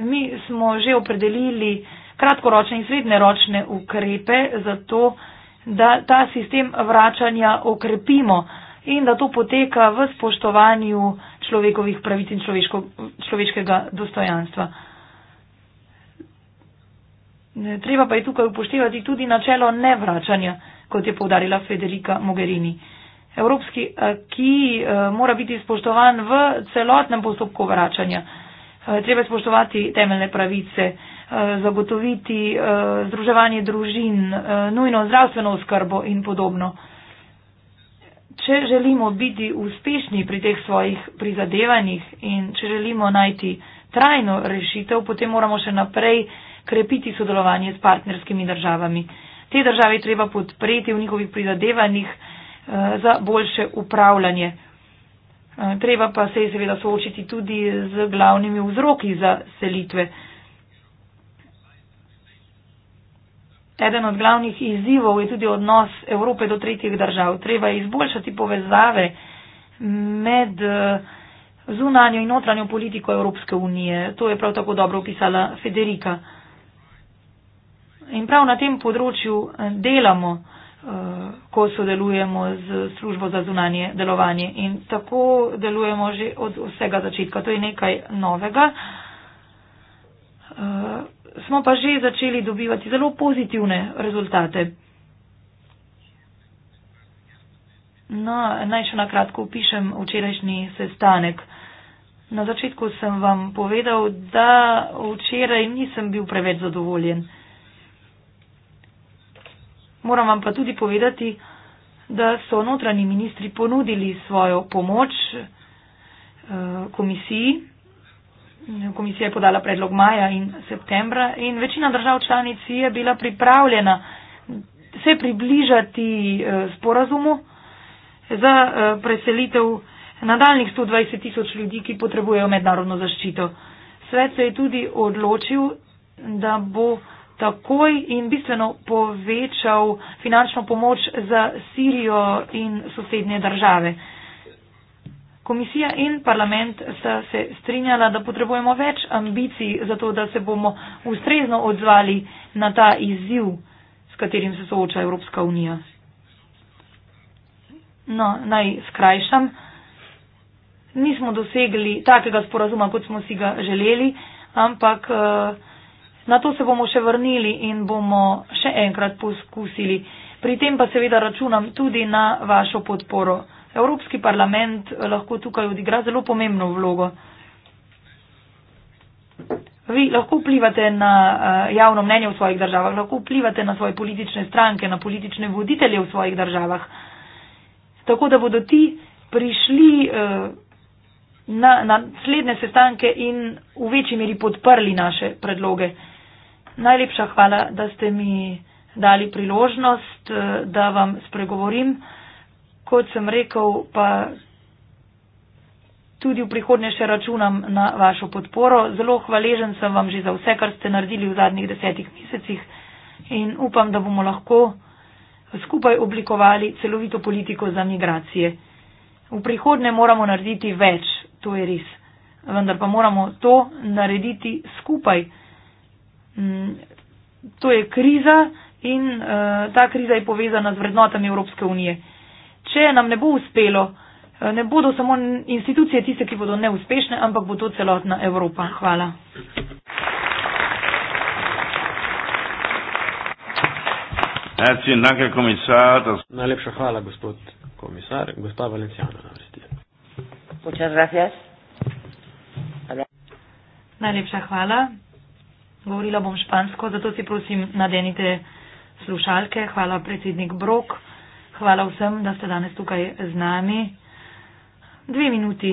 Mi smo že opredelili kratkoročne in srednjeročne ukrepe za to, da ta sistem vračanja okrepimo in da to poteka v spoštovanju človekovih pravic in človeško, človeškega dostojanstva. Treba pa je tukaj upoštevati tudi načelo nevračanja, kot je povdarila Federika Mogherini. Evropski akij eh, mora biti spoštovan v celotnem postopku vračanja. Eh, treba je spoštovati temeljne pravice, eh, zagotoviti združevanje družin, nujno zdravstveno oskrbo in podobno. Če želimo biti uspešni pri teh svojih prizadevanjih in če želimo najti trajno rešitev, potem moramo še naprej krepiti sodelovanje s partnerskimi državami. Te države treba podpreti v njihovih prizadevanjih eh, za boljše upravljanje. Eh, treba pa se je seveda soočiti tudi z glavnimi vzroki za selitve. Eden od glavnih izzivov je tudi odnos Evrope do tretjih držav. Treba je izboljšati povezave med eh, zunanjo in notranjo politiko Evropske unije. To je prav tako dobro opisala Federika. In prav na tem področju eh, delamo, eh, ko sodelujemo z službo za zunanje delovanje. In tako delujemo že od vsega začetka. To je nekaj novega. Eh, smo pa že začeli dobivati zelo pozitivne rezultate. No, naj še na kratko opišem včerajšnji sestanek. Na začetku sem vam povedal, da včeraj nisem bil preveč zadovoljen. Moram vam pa tudi povedati, da so notranji ministri ponudili svojo pomoč eh, komisiji. Komisija je podala predlog maja in septembra in večina držav članic je bila pripravljena se približati eh, sporazumu za eh, preselitev nadaljnih 120 tisoč ljudi, ki potrebujejo mednarodno zaščito. Svet se je tudi odločil, da bo takoj in bistveno povečal finančno pomoč za Sirijo in sosednje države. Komisija in parlament sta se strinjala, da potrebujemo več ambicij za to, da se bomo ustrezno odzvali na ta izziv, s katerim se sooča Evropska unija. No, naj skrajšam. Nismo dosegli takega sporazuma, kot smo si ga želeli, ampak. Uh, Na to se bomo še vrnili in bomo še enkrat poskusili. Pri tem pa seveda računam tudi na vašo podporo. Evropski parlament eh, lahko tukaj odigra zelo pomembno vlogo. Vi lahko vplivate na eh, javno mnenje v svojih državah, lahko vplivate na svoje politične stranke, na politične voditelje v svojih državah. Tako da bodo ti prišli eh, na, na sledne sestanke in v večji meri podprli naše predloge. Najlepša hvala, da ste mi dali priložnost, eh, da vam spregovorim. Kot sem rekel, pa tudi v prihodnje še računam na vašo podporo. Zelo hvaležen sem vam že za vse, kar ste naredili v zadnjih desetih mesecih in upam, da bomo lahko skupaj oblikovali celovito politiko za migracije. V prihodnje moramo narediti več, to je res. Vendar pa moramo to narediti skupaj. Mm, to je kriza in eh, ta kriza je povezana z vrednotami Evropske unije. Če nam ne bo uspelo, eh, ne bodo samo institucije tiste, ki bodo neuspešne, ampak bo to celotna Evropa. Hvala. Najlepša hvala, gospod komisar. Gospa Valencijana, na vrsti. Najlepša hvala. Govorila bom špansko, zato si prosim nadenite slušalke. Hvala, predsednik Brok. Hvala vsem, da ste danes tukaj z nami. Dve minuti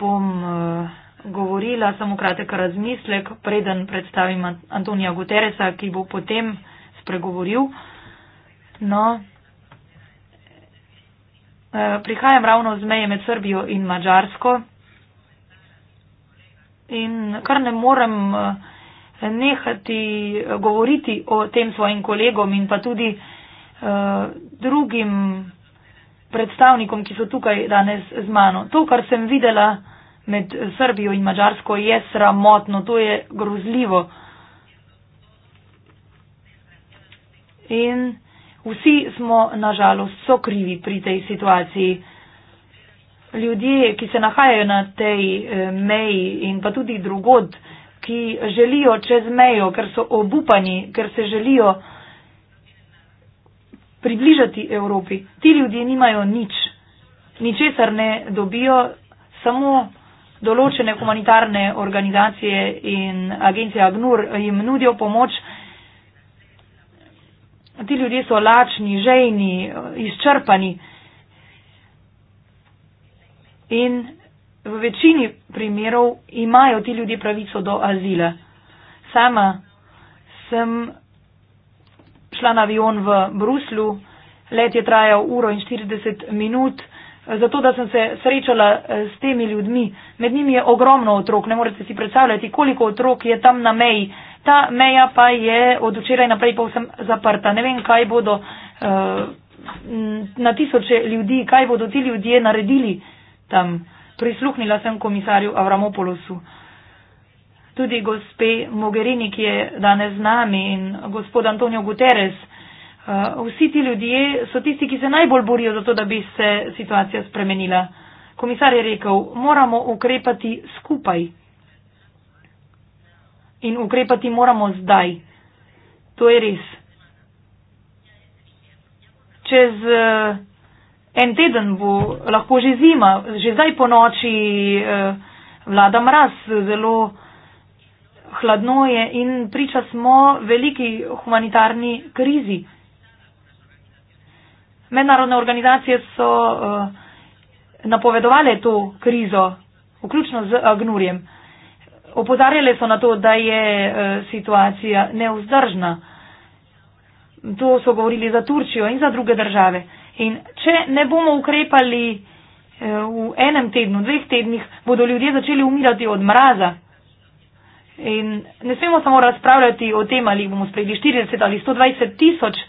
bom uh, govorila, samo kratek razmislek, preden predstavim Antonija Guteresa, ki bo potem spregovoril. No, uh, prihajam ravno z meje med Srbijo in Mačarsko in kar ne morem. Uh, nehati eh, govoriti o tem svojim kolegom in pa tudi uh, drugim predstavnikom, ki so tukaj danes z mano. To, kar sem videla med Srbijo in Mačarsko, je sramotno, to je grozljivo. In vsi smo, nažalost, so krivi pri tej situaciji. Ljudje, ki se nahajajo na tej eh, meji in pa tudi drugod, uh, ki želijo čez mejo, ker so obupani, ker se želijo približati Evropi. Ti ljudje nimajo nič, ničesar ne dobijo, samo določene humanitarne organizacije in agencija Agnur jim nudijo pomoč. Ti ljudje so lačni, žejni, izčrpani. In v večini primerov imajo ti ljudje pravico do azila. Sama sem šla na avion v Bruslu, let je trajal uro in 40 minut, zato da sem se srečala eh, s temi ljudmi. Med njimi je ogromno otrok, ne morete si predstavljati, koliko otrok je tam na meji. Ta meja pa je od včeraj naprej povsem zaprta. Ne vem, kaj bodo eh, na tisoče ljudi, kaj bodo ti ljudje naredili tam prisluhnila sem komisarju Avramopolosu. Tudi gospe Mogherini, ki je danes z nami, in gospod Antonijo Guterres. Eh, vsi ti ljudje so tisti, ki se najbolj borijo za to, da bi se situacija spremenila. Komisar je rekel, moramo ukrepati skupaj. In ukrepati moramo zdaj. To je res. Čez uh, En teden bo lahko že zima, že zdaj po noči eh, vlada mraz, zelo hladno je in priča smo veliki humanitarni krizi. Mednarodne organizacije so eh, napovedovale to krizo, vključno z Agnurjem. Opozarjale so na to, da je eh, situacija neuzdržna. To so govorili za Turčijo in za druge države. In če ne bomo ukrepali eh, v enem tednu, dveh tednih, bodo ljudje začeli umirati od mraza. In ne smemo samo razpravljati o tem, ali bomo sprejeli 40 ali 120 tisoč.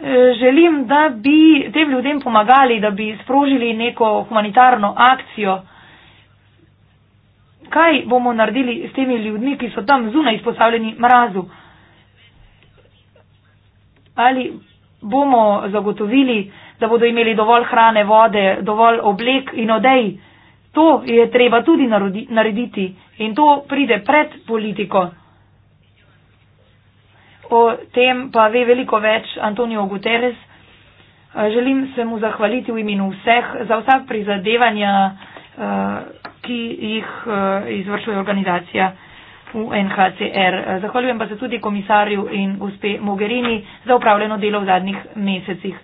Eh, želim, da bi tem ljudem pomagali, da bi sprožili neko humanitarno akcijo. Kaj bomo naredili s temi ljudmi, ki so tam zunaj izpostavljeni mrazu? Ali bomo zagotovili, da bodo imeli dovolj hrane, vode, dovolj oblek in odej. To je treba tudi narediti in to pride pred politiko. O tem pa ve veliko več Antonijo Guterres. Želim se mu zahvaliti v imenu vseh za vsa prizadevanja, eh, ki jih eh, izvršuje organizacija. UNHCR. Zahvaljujem pa se tudi komisarju in gospe Mogherini za upravljeno delo v zadnjih mesecih.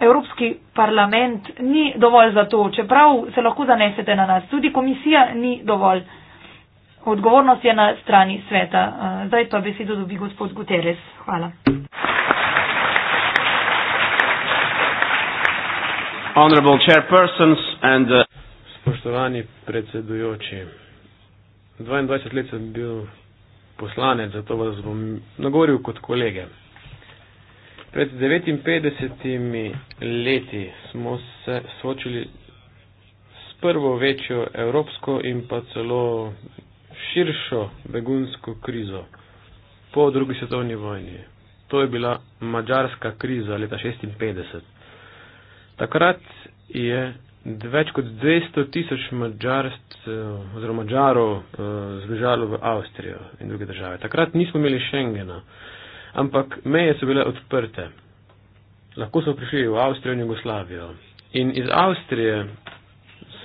Evropski parlament ni dovolj za to, čeprav se lahko zanesete na nas. Tudi komisija ni dovolj. Odgovornost je na strani sveta. Eh, zdaj pa besedo dobi gospod Guterres. Hvala. Eh, Spoštovani predsedujoči. 22 let sem bil poslanec, zato vas bom nagovoril kot kolege. Pred 59 leti smo se soočili s prvo večjo evropsko in pa celo širšo begunsko krizo po drugi svetovni vojni. To je bila mađarska kriza leta 56. Takrat je več kot 200 tisoč mađarstv oziroma mađarov eh, zbežalo v Avstrijo in druge države. Takrat nismo imeli Schengena, ampak meje so bile odprte. Lahko smo prišli v Avstrijo in Jugoslavijo. In iz Avstrije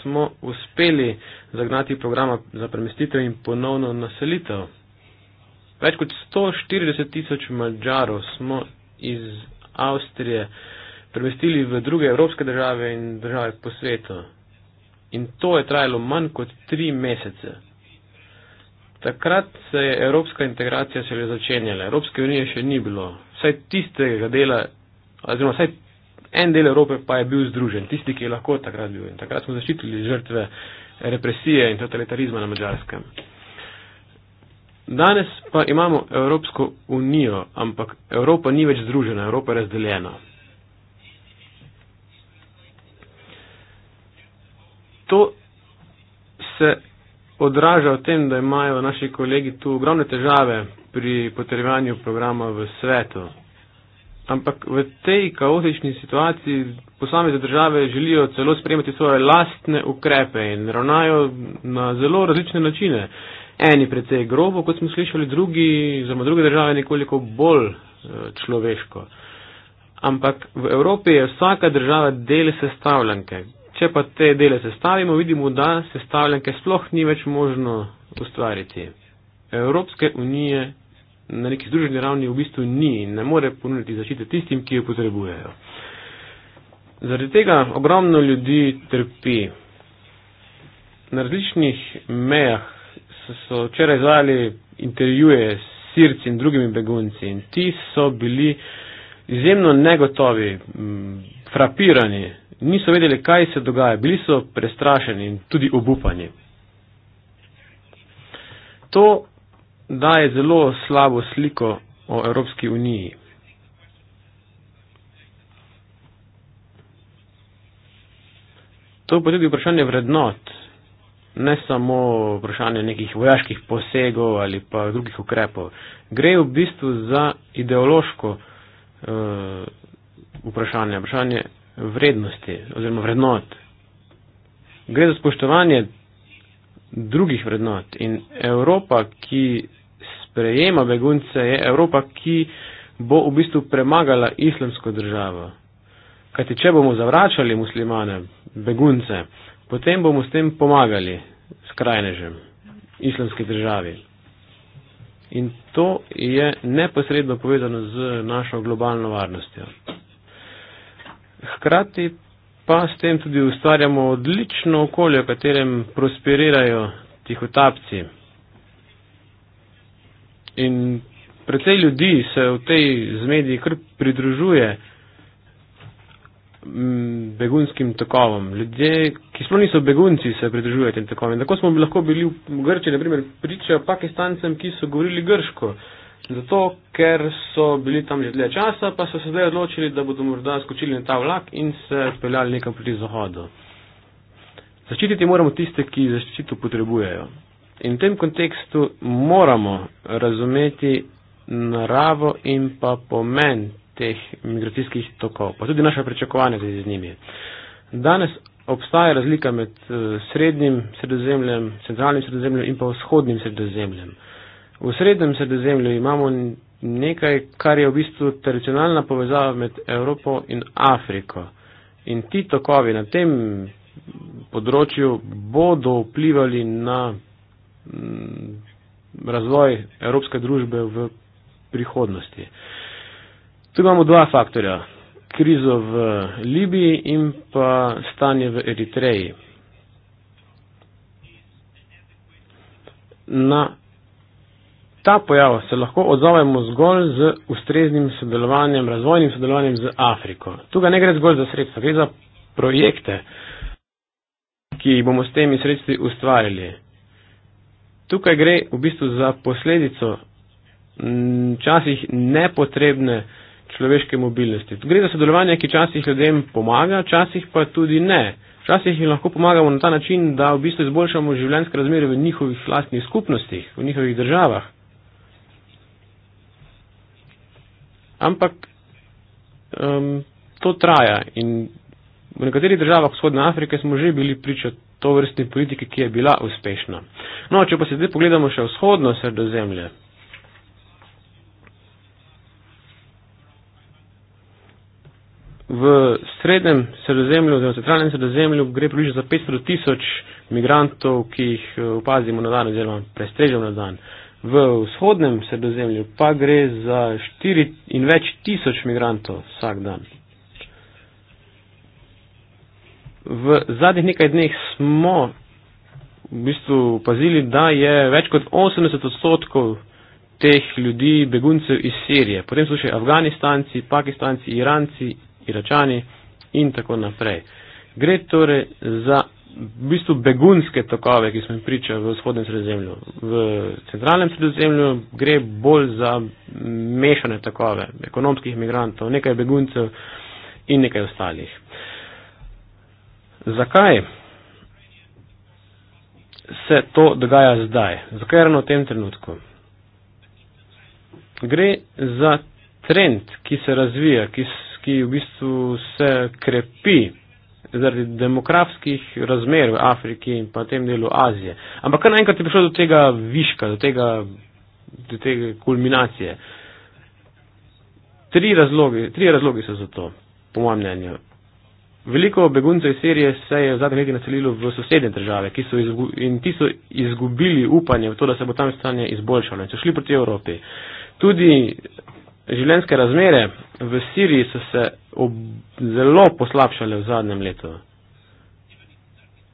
smo uspeli zagnati programa za premestitev in ponovno naselitev. Več kot 140 tisoč mađarov smo iz Avstrije premestili v druge evropske države in države po svetu. In to je trajalo manj kot tri mesece. Takrat se je evropska integracija šele začenjala. Evropske unije še ni bilo. Vsaj tistega dela, oziroma vsaj en del Evrope pa je bil združen. Tisti, ki je lahko takrat bil. In takrat smo zaščitili žrtve represije in totalitarizma na Mačarskem. Danes pa imamo Evropsko unijo, ampak Evropa ni več združena, Evropa je razdeljena. to se odraža v tem, da imajo naši kolegi tu ogromne težave pri potrebovanju programa v svetu. Ampak v tej kaotični situaciji posamezne države želijo celo sprejemati svoje lastne ukrepe in ravnajo na zelo različne načine. Eni precej grobo, kot smo slišali, drugi, oziroma druge države, nekoliko bolj eh, človeško. Ampak v Evropi je vsaka država del sestavljanke. Če pa te dele sestavimo, vidimo, da sestavljanke sploh ni več možno ustvariti. Evropske unije na neki združeni ravni v bistvu ni in ne more ponuditi zaščite tistim, ki jo potrebujejo. Zaradi tega ogromno ljudi trpi. Na različnih mejah so včeraj izvajali intervjuje s sirci in drugimi begunci in ti so bili izjemno negotovi, frapirani, niso vedeli, kaj se dogaja, bili so prestrašeni in tudi obupani. To daje zelo slabo sliko o Evropski uniji. To je tudi vprašanje vrednot, ne samo vprašanje nekih vojaških posegov ali pa drugih ukrepov. Gre v bistvu za ideološko uh, vprašanje, vprašanje vrednosti oziroma vrednot. Gre za spoštovanje drugih vrednot in Evropa, ki sprejema begunce, je Evropa, ki bo v bistvu premagala islamsko državo. Kajti, če bomo zavračali muslimane, begunce, potem bomo s tem pomagali skrajnežem, islamski državi. In to je neposredno povezano z našo globalno varnostjo hkrati pa s tem tudi ustvarjamo odlično okolje, v katerem prosperirajo tihotapci. In precej ljudi se v tej zmedi kar pridružuje begunskim tokovom. Ljudje, ki sploh niso begunci, se pridružujejo tem tokovom. Tako smo bi lahko bili v Grčiji, na primer, priča pakistancem, ki so govorili grško. Zato, ker so bili tam že dlje časa, pa so se zdaj odločili, da bodo morda skočili na ta vlak in se odpeljali nekam proti zahodu. Zaščititi moramo tiste, ki zaščito potrebujejo. In v tem kontekstu moramo razumeti naravo in pa pomen teh migracijskih tokov, pa tudi naše prečakovanje z njimi. Danes obstaja razlika med eh, srednjim sredozemljem, centralnim sredozemljem in pa vzhodnim sredozemljem. V srednjem sredozemlju imamo nekaj, kar je v bistvu tradicionalna povezava med Evropo in Afriko. In ti tokovi na tem področju bodo vplivali na mm, razvoj evropske družbe v prihodnosti. Tu imamo dva faktorja. Krizo v Libiji in pa stanje v Eritreji. Na ta pojav se lahko odzovemo zgolj z ustreznim sodelovanjem, razvojnim sodelovanjem z Afriko. Tukaj ne gre zgolj za sredstva, gre za projekte, ki jih bomo s temi sredstvi ustvarili. Tukaj gre v bistvu za posledico časih nepotrebne človeške mobilnosti. Gre za sodelovanje, ki časih ljudem pomaga, časih pa tudi ne. Včasih jim lahko pomagamo na ta način, da v bistvu izboljšamo življenjske razmere v njihovih vlastnih skupnostih, v njihovih državah. ampak um, to traja in v nekaterih državah vzhodne Afrike smo že bili priča to vrstni politiki, ki je bila uspešna. No, če pa se zdaj pogledamo še vzhodno sredozemlje. V srednjem sredozemlju, oziroma centralnem sredozemlju, gre približno za 500 tisoč migrantov, ki jih eh, opazimo na dan, oziroma prestrežemo na dan. Uh, V vzhodnem sredozemlju pa gre za štiri in več tisoč migrantov vsak dan. V zadnjih nekaj dneh smo v bistvu opazili, da je več kot 80 odstotkov teh ljudi beguncev iz Sirije. Potem so še Afganistanci, Pakistanci, Iranci, Iračani in tako naprej. Gre torej za v bistvu begunske tokove, ki smo jim pričali v vzhodnem sredozemlju. V centralnem sredozemlju gre bolj za mešane tokove ekonomskih imigrantov, nekaj beguncev in nekaj ostalih. Zakaj se to dogaja zdaj? Zakaj ravno v tem trenutku? Gre za trend, ki se razvija, ki, ki v bistvu se krepi zaradi demografskih razmer v Afriki in pa tem delu Azije. Ampak kar naenkrat je prišlo do tega viška, do tega, do tega kulminacije. Tri razlogi, tri razlogi so za to, po mojem mnenju. Veliko beguncev iz Sirije se je v zadnjih letih naselilo v sosednje države so in ti so izgubili upanje v to, da se bo tam stanje izboljšalo in so šli proti Evropi. Tudi življenjske razmere v Siriji so se ob, zelo poslabšale v zadnjem letu.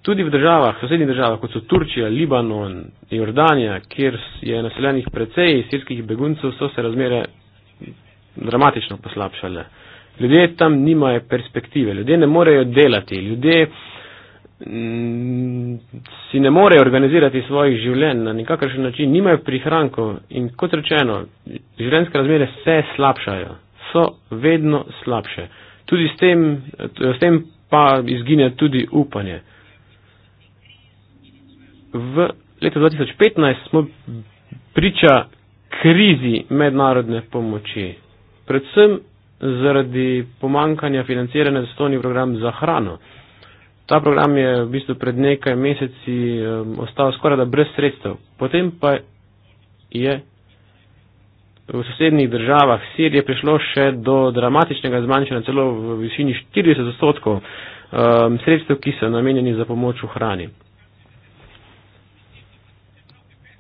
Tudi v državah, sosednjih državah, kot so Turčija, Libanon, Jordanija, kjer je naseljenih precej sirskih beguncev, so se razmere dramatično poslabšale. Ljudje tam nimajo perspektive, ljudje ne morejo delati, ljudje uh, Mm, si ne morejo organizirati svojih življenj na nikakršen način, nimajo prihrankov in kot rečeno, življenjske razmere se slabšajo, so vedno slabše. Tudi s tem, s tem pa izgine tudi upanje. V letu 2015 smo priča krizi mednarodne pomoči, predvsem zaradi pomankanja financiranja za stoni program za hrano. Ta program je v bistvu pred nekaj meseci um, ostal skoraj da brez sredstev. Potem pa je v sosednjih državah Sirije prišlo še do dramatičnega zmanjšanja celo v višini 40 odstotkov um, sredstev, ki so namenjeni za pomoč v hrani.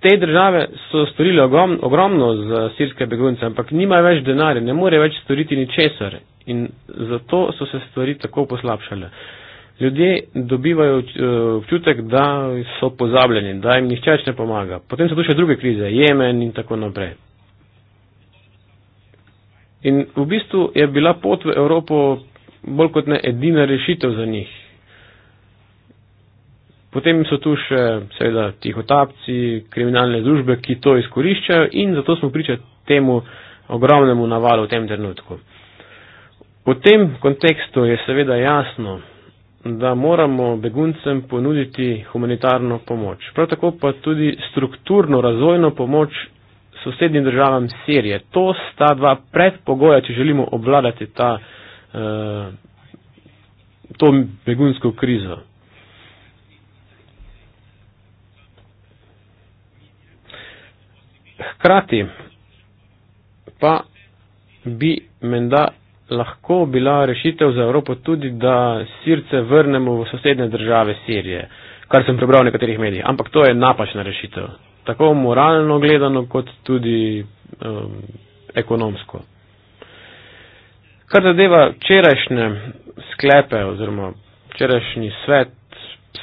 Te države so storile ogrom, ogromno za sirske begunce, ampak nimajo več denarja, ne morejo več storiti ničesar in zato so se stvari tako poslabšale. Uh, ljudje dobivajo eh, občutek, da so pozabljeni, da jim nihče ne pomaga. Potem so tu še druge krize, Jemen in tako naprej. In v bistvu je bila pot v Evropo bolj kot ne edina rešitev za njih. Potem so tu še, seveda, tihotapci, kriminalne družbe, ki to izkoriščajo in zato smo priča temu ogromnemu navalu v tem trenutku. V tem kontekstu je seveda jasno, da moramo beguncem ponuditi humanitarno pomoč. Prav tako pa tudi strukturno razvojno pomoč sosednjim državam Sirije. To sta dva predpogoja, če želimo obvladati ta, uh, to begunsko krizo. Hkrati pa bi menda lahko bila rešitev za Evropo tudi, da sirce vrnemo v sosedne države Sirije, kar sem prebral v nekaterih medijih. Ampak to je napačna rešitev. Tako moralno gledano, kot tudi um, ekonomsko. Kar zadeva včerajšnje sklepe oziroma včerajšnji svet,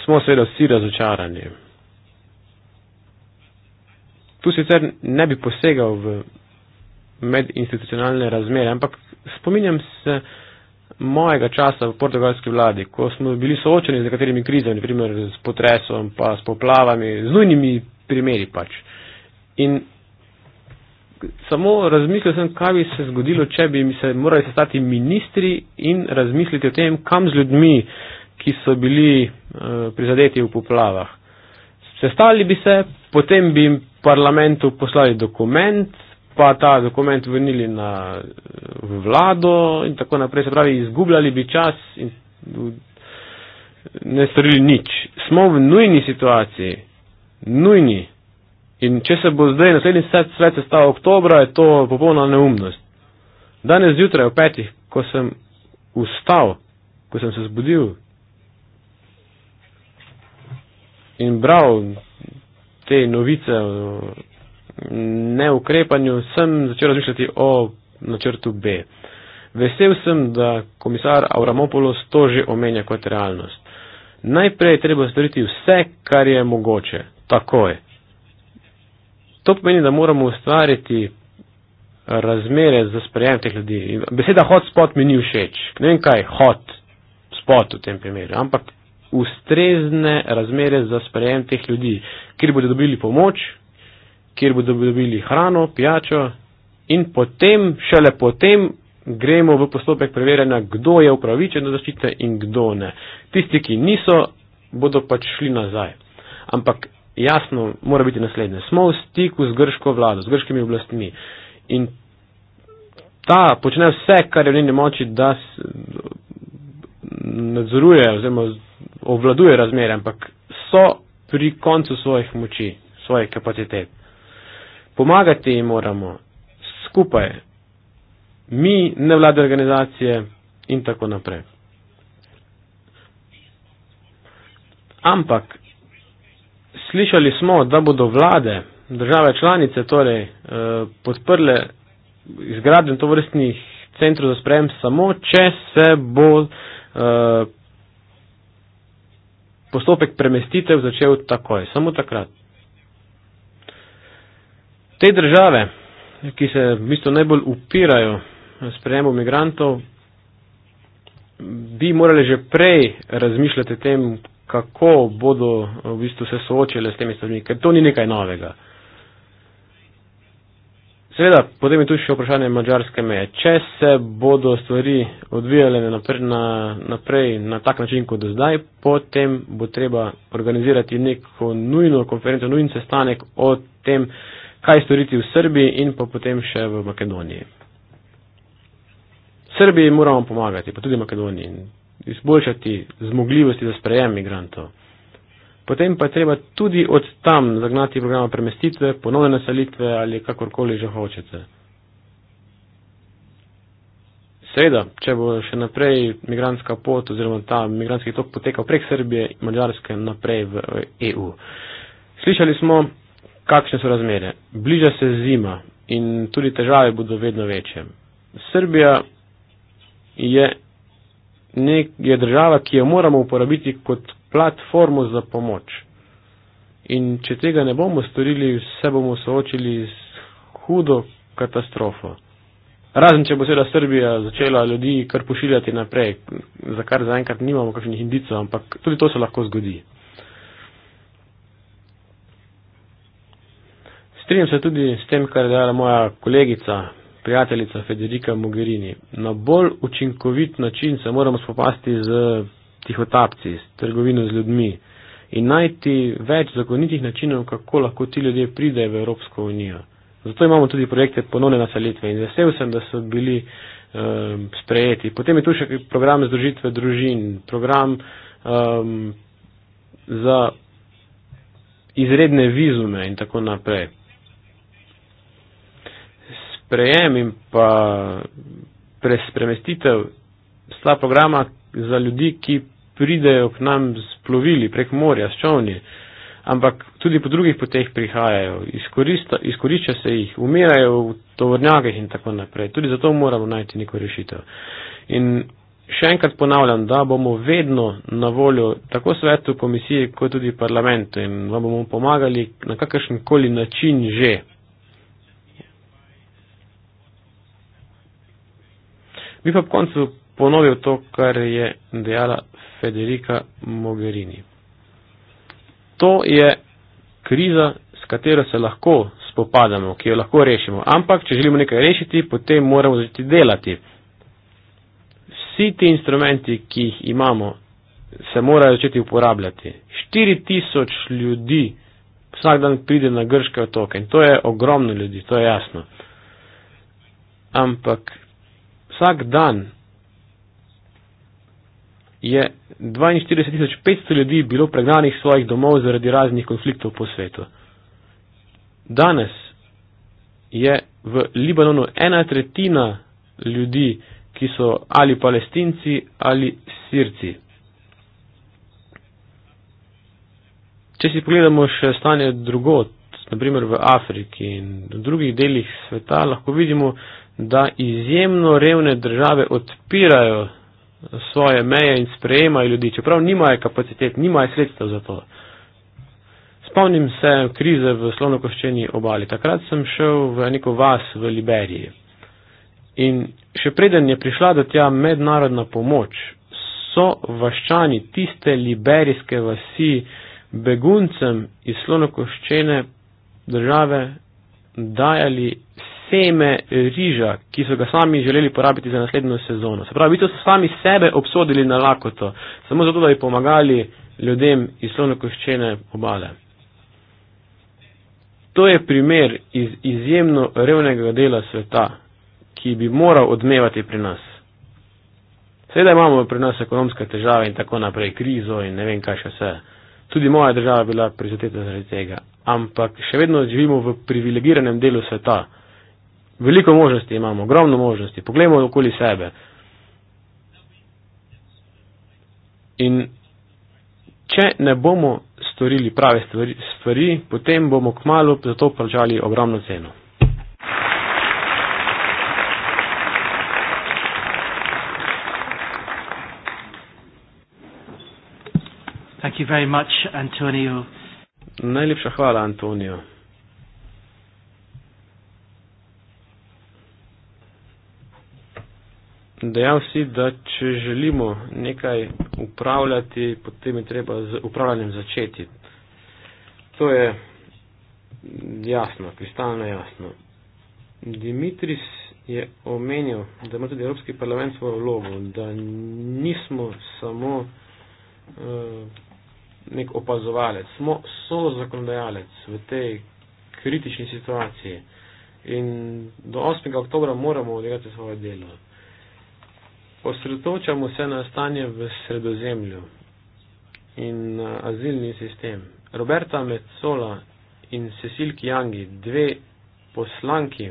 smo seveda vsi razočarani. Tu sicer ne bi posegal v medinstitucionalne razmere. Ampak spominjam se mojega časa v portugalski vladi, ko smo bili soočeni z nekaterimi krizami, naprimer s potresom, pa s poplavami, z nujnimi primeri pač. In samo razmislil sem, kaj bi se zgodilo, če bi se morali sestati ministri in razmisliti o tem, kam z ljudmi, ki so bili eh, prizadeti v poplavah. Sestali bi se, potem bi parlamentu poslali dokument, pa ta dokument vrnili na vlado in tako naprej, se pravi, izgubljali bi čas in ne storili nič. Smo v nujni situaciji, nujni. In če se bo zdaj naslednji svet, svet sestavil oktobra, je to popolna neumnost. Danes zjutraj o petih, ko sem ustal, ko sem se zbudil in bral te novice neukrepanju, sem začel razmišljati o načrtu B. Vesel sem, da komisar Avramopoulos to že omenja kot realnost. Najprej je treba storiti vse, kar je mogoče, takoj. To pomeni, da moramo ustvariti razmere za sprejem teh ljudi. Beseda hotspot mi ni všeč. Ne vem kaj, hotspot v tem primeru, ampak ustrezne razmere za sprejem teh ljudi, kjer bodo dobili pomoč, kjer bodo dobili hrano, pijačo in potem, šele potem gremo v postopek preverjanja, kdo je upravičen do zaščite in kdo ne. Tisti, ki niso, bodo pač šli nazaj. Ampak jasno mora biti naslednje. Smo v stiku z grško vlado, z grškimi oblastmi in ta počne vse, kar je v njeni moči, da nadzoruje oziroma obvladuje razmere, ampak so pri koncu svojih moči, svojih kapacitet pomagati jim moramo skupaj, mi, nevlade organizacije in tako naprej. Ampak slišali smo, da bodo vlade, države članice torej eh, podprle izgradnje tovrstnih centrov za sprejem samo, če se bo eh, postopek premestitev začel takoj, samo takrat. Te države, ki se v bistvu najbolj upirajo sprejemu migrantov, bi morali že prej razmišljati o tem, kako bodo v bistvu se soočile s temi stvarmi, ker to ni nekaj novega. Seveda, potem je tu še vprašanje mađarske meje. Če se bodo stvari odvijale naprej na, naprej na tak način kot do zdaj, potem bo treba organizirati neko nujno konferenco, nujen sestanek o tem, kaj storiti v Srbiji in pa potem še v Makedoniji. Srbiji moramo pomagati, pa tudi Makedoniji, in izboljšati zmogljivosti za sprejem imigrantov. Potem pa je treba tudi od tam zagnati program premestitve, ponovne naselitve ali kakorkoli že hočete. Seveda, če bo še naprej migranska pot oziroma ta migranski tok potekal prek Srbije in Mađarske naprej v EU. Slišali smo, kakšne so razmere. Bliža se zima in tudi težave bodo vedno večje. Srbija je, nek, je država, ki jo moramo uporabiti kot platformo za pomoč. In če tega ne bomo storili, se bomo soočili s hudo katastrofo. Razen, če bo seveda Srbija začela ljudi kar pošiljati naprej, za kar zaenkrat nimamo kakšnih indicov, ampak tudi to se lahko zgodi. Strinjam se tudi s tem, kar je dejala moja kolegica, prijateljica Federica Mogherini. Na bolj učinkovit način se moramo spopasti z tihotapci, s trgovino z ljudmi in najti več zakonitih načinov, kako lahko ti ljudje pridejo v Evropsko unijo. Zato imamo tudi projekte ponovne naselitve in vesel sem, da so bili um, sprejeti. Potem je tu še program združitve družin, program um, za izredne vizume in tako naprej prejem in pa prespremestitev sla programa za ljudi, ki pridejo k nam z plovili prek morja, s čovni, ampak tudi po drugih poteh prihajajo, izkorišča se jih, umirajo v tovornjakih in tako naprej. Tudi zato moramo najti neko rešitev. In še enkrat ponavljam, da bomo vedno na voljo tako svetu komisije, kot tudi parlamentu in vam bomo pomagali na kakršen koli način že. Bi pa ob koncu ponovil to, kar je dejala Federica Mogherini. To je kriza, s katero se lahko spopadamo, ki jo lahko rešimo. Ampak, če želimo nekaj rešiti, potem moramo začeti delati. Vsi ti instrumenti, ki jih imamo, se morajo začeti uporabljati. 4000 ljudi vsak dan pride na grške otoke in to je ogromno ljudi, to je jasno. Ampak vsak dan je 42.500 ljudi bilo pregnanih svojih domov zaradi raznih konfliktov po svetu. Danes je v Libanonu ena tretjina ljudi, ki so ali palestinci ali sirci. Če si pogledamo še stanje drugot, naprimer v Afriki in v drugih delih sveta, lahko vidimo, da izjemno revne države odpirajo svoje meje in sprejemajo ljudi, čeprav nimajo kapacitet, nimajo sredstev za to. Spomnim se krize v slonokoščeni obali. Takrat sem šel v neko vas v Liberiji. In še preden je prišla do tja mednarodna pomoč, so vaščani tiste liberijske vasi beguncem iz slonokoščene države dajali seme eh, riža, ki so ga sami želeli porabiti za naslednjo sezono. Se pravi, vi ste sami sebe obsodili na lakoto, samo zato, da bi pomagali ljudem iz slonokoščene obale. To je primer iz izjemno revnega dela sveta, ki bi moral odmevati pri nas. Seveda imamo pri nas ekonomske težave in tako naprej, krizo in ne vem kaj še vse. Tudi moja država je bila prizadeta zaradi tega. Ampak še vedno živimo v privilegiranem delu sveta. Veliko možnosti imamo, ogromno možnosti. Poglejmo okoli sebe. In če ne bomo storili prave stvari, stvari potem bomo k malu za to plačali ogromno ceno. Much, Najlepša hvala, Antonijo. dejal si, da če želimo nekaj upravljati, potem je treba z upravljanjem začeti. To je jasno, kristalno jasno. Dimitris je omenil, da ima tudi Evropski parlament svojo vlogo, da nismo samo uh, nek opazovalec, smo so zakonodajalec v tej kritični situaciji. In do 8. oktobra moramo odigrati svoje delo osredotočamo se na stanje v sredozemlju in azilni sistem. Roberta Metzola in Cecil Kiangi, dve poslanki,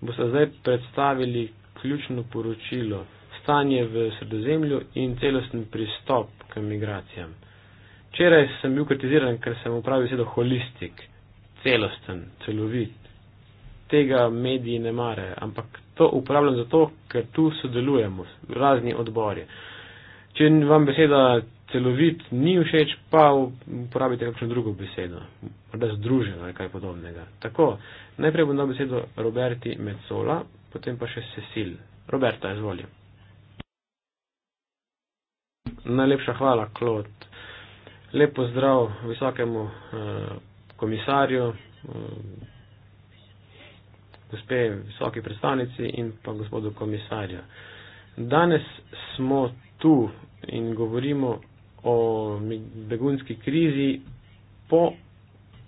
boste zdaj predstavili ključno poročilo stanje v sredozemlju in celosten pristop k migracijam. Včeraj sem bil kritiziran, ker sem upravil besedo holistik, celosten, celovit. Tega mediji ne mare, ampak to uporabljam zato, ker tu sodelujemo razni odbori. Če vam beseda celovit ni všeč, pa uporabite kakšno drugo besedo, morda združeno ali kaj podobnega. Tako, najprej bom dal besedo Roberti Metzola, potem pa še Cecil. Roberta, izvolim. Najlepša hvala, Klot. Lep pozdrav visokemu eh, komisarju. Eh, gospe visoki predstavnici in pa gospodu komisarju. Danes smo tu in govorimo o begunski krizi po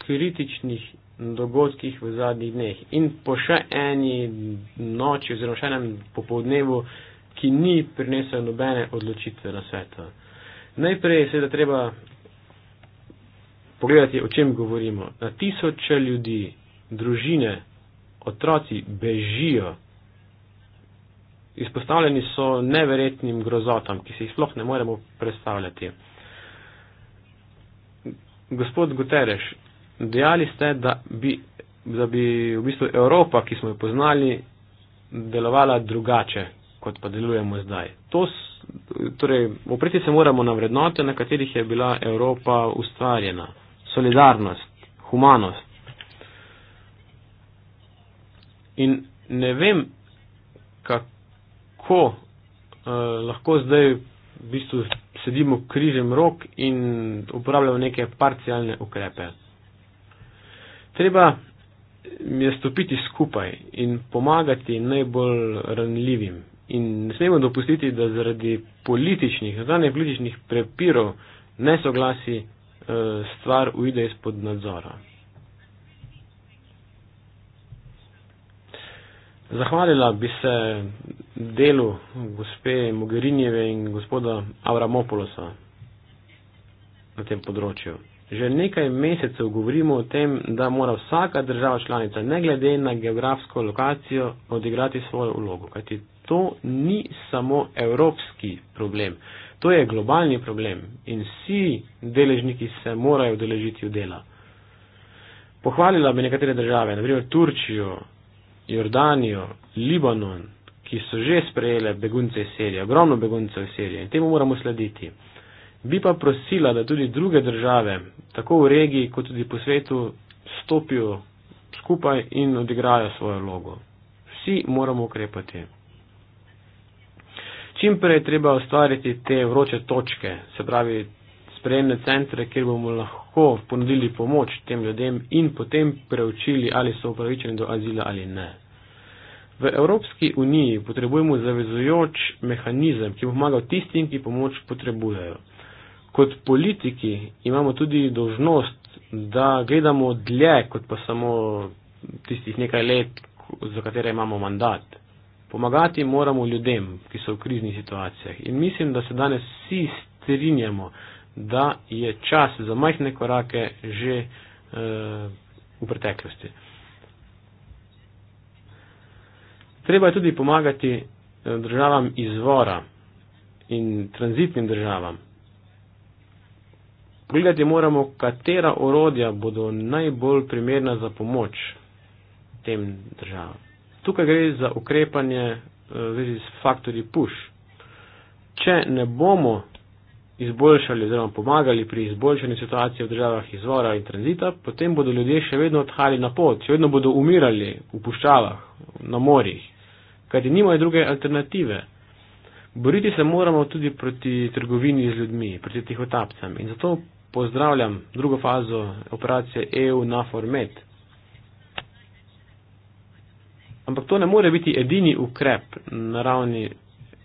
kritičnih dogodkih v zadnjih dneh in po še eni noči oziroma še enem popovdnevu, ki ni prinesel nobene odločitve na svetu. Najprej je seveda treba pogledati, o čem govorimo. Na tisoče ljudi, družine, otroci bežijo. Izpostavljeni so neverjetnim grozotam, ki se jih sploh ne moremo predstavljati. Gospod Guterres, dejali ste, da bi, da bi v bistvu Evropa, ki smo jo poznali, delovala drugače, kot pa delujemo zdaj. To, torej, opreti se moramo na vrednote, na katerih je bila Evropa ustvarjena. Solidarnost, humanost, In ne vem, kako uh, lahko zdaj v bistvu sedimo križem rok in uporabljamo neke parcialne ukrepe. Treba je stopiti skupaj in pomagati najbolj ranljivim. In ne smemo dopustiti, da zaradi političnih, zadnjih političnih prepirov nesoglasi eh, stvar uide izpod nadzora. Zahvalila bi se delu gospe Mogherinjeve in gospoda Avramopolosa na tem področju. Že nekaj mesecev govorimo o tem, da mora vsaka država članica, ne glede na geografsko lokacijo, odigrati svojo vlogo. Kajti to ni samo evropski problem, to je globalni problem in vsi deležniki se morajo deležiti v dela. Pohvalila bi nekatere države, naprimer Turčijo, Jordanijo, Libanon, ki so že sprejele begunce iz Sirije, ogromno beguncev iz Sirije in temu moramo slediti. Bi pa prosila, da tudi druge države, tako v regiji kot tudi po svetu, stopijo skupaj in odigrajo svojo logo. Vsi moramo ukrepati. Čim prej treba ustvariti te vroče točke, se pravi sprejemne centre, kjer bomo lahko ponudili pomoč tem ljudem in potem preučili, ali so upravičeni do azila ali ne. V Evropski uniji potrebujemo zavezujoč mehanizem, ki bo pomagal tistim, ki pomoč potrebujejo. Kot politiki imamo tudi dožnost, da gledamo dlje, kot pa samo tistih nekaj let, za katere imamo mandat. Pomagati moramo ljudem, ki so v kriznih situacijah. In mislim, da se danes vsi strinjamo, da je čas za majhne korake že eh, v preteklosti. Treba je tudi pomagati eh, državam izvora in tranzitnim državam. Pogledati moramo, katera orodja bodo najbolj primerna za pomoč tem državam. Tukaj gre za ukrepanje eh, v zvezi s faktorji push. Če ne bomo izboljšali oziroma pomagali pri izboljšanju situacije v državah izvora in tranzita, potem bodo ljudje še vedno odhajali na pot, še vedno bodo umirali v puščavah, na morjih, kajti nimajo druge alternative. Boriti se moramo tudi proti trgovini z ljudmi, proti tih otapcem in zato pozdravljam drugo fazo operacije EU na format. Ampak to ne more biti edini ukrep na ravni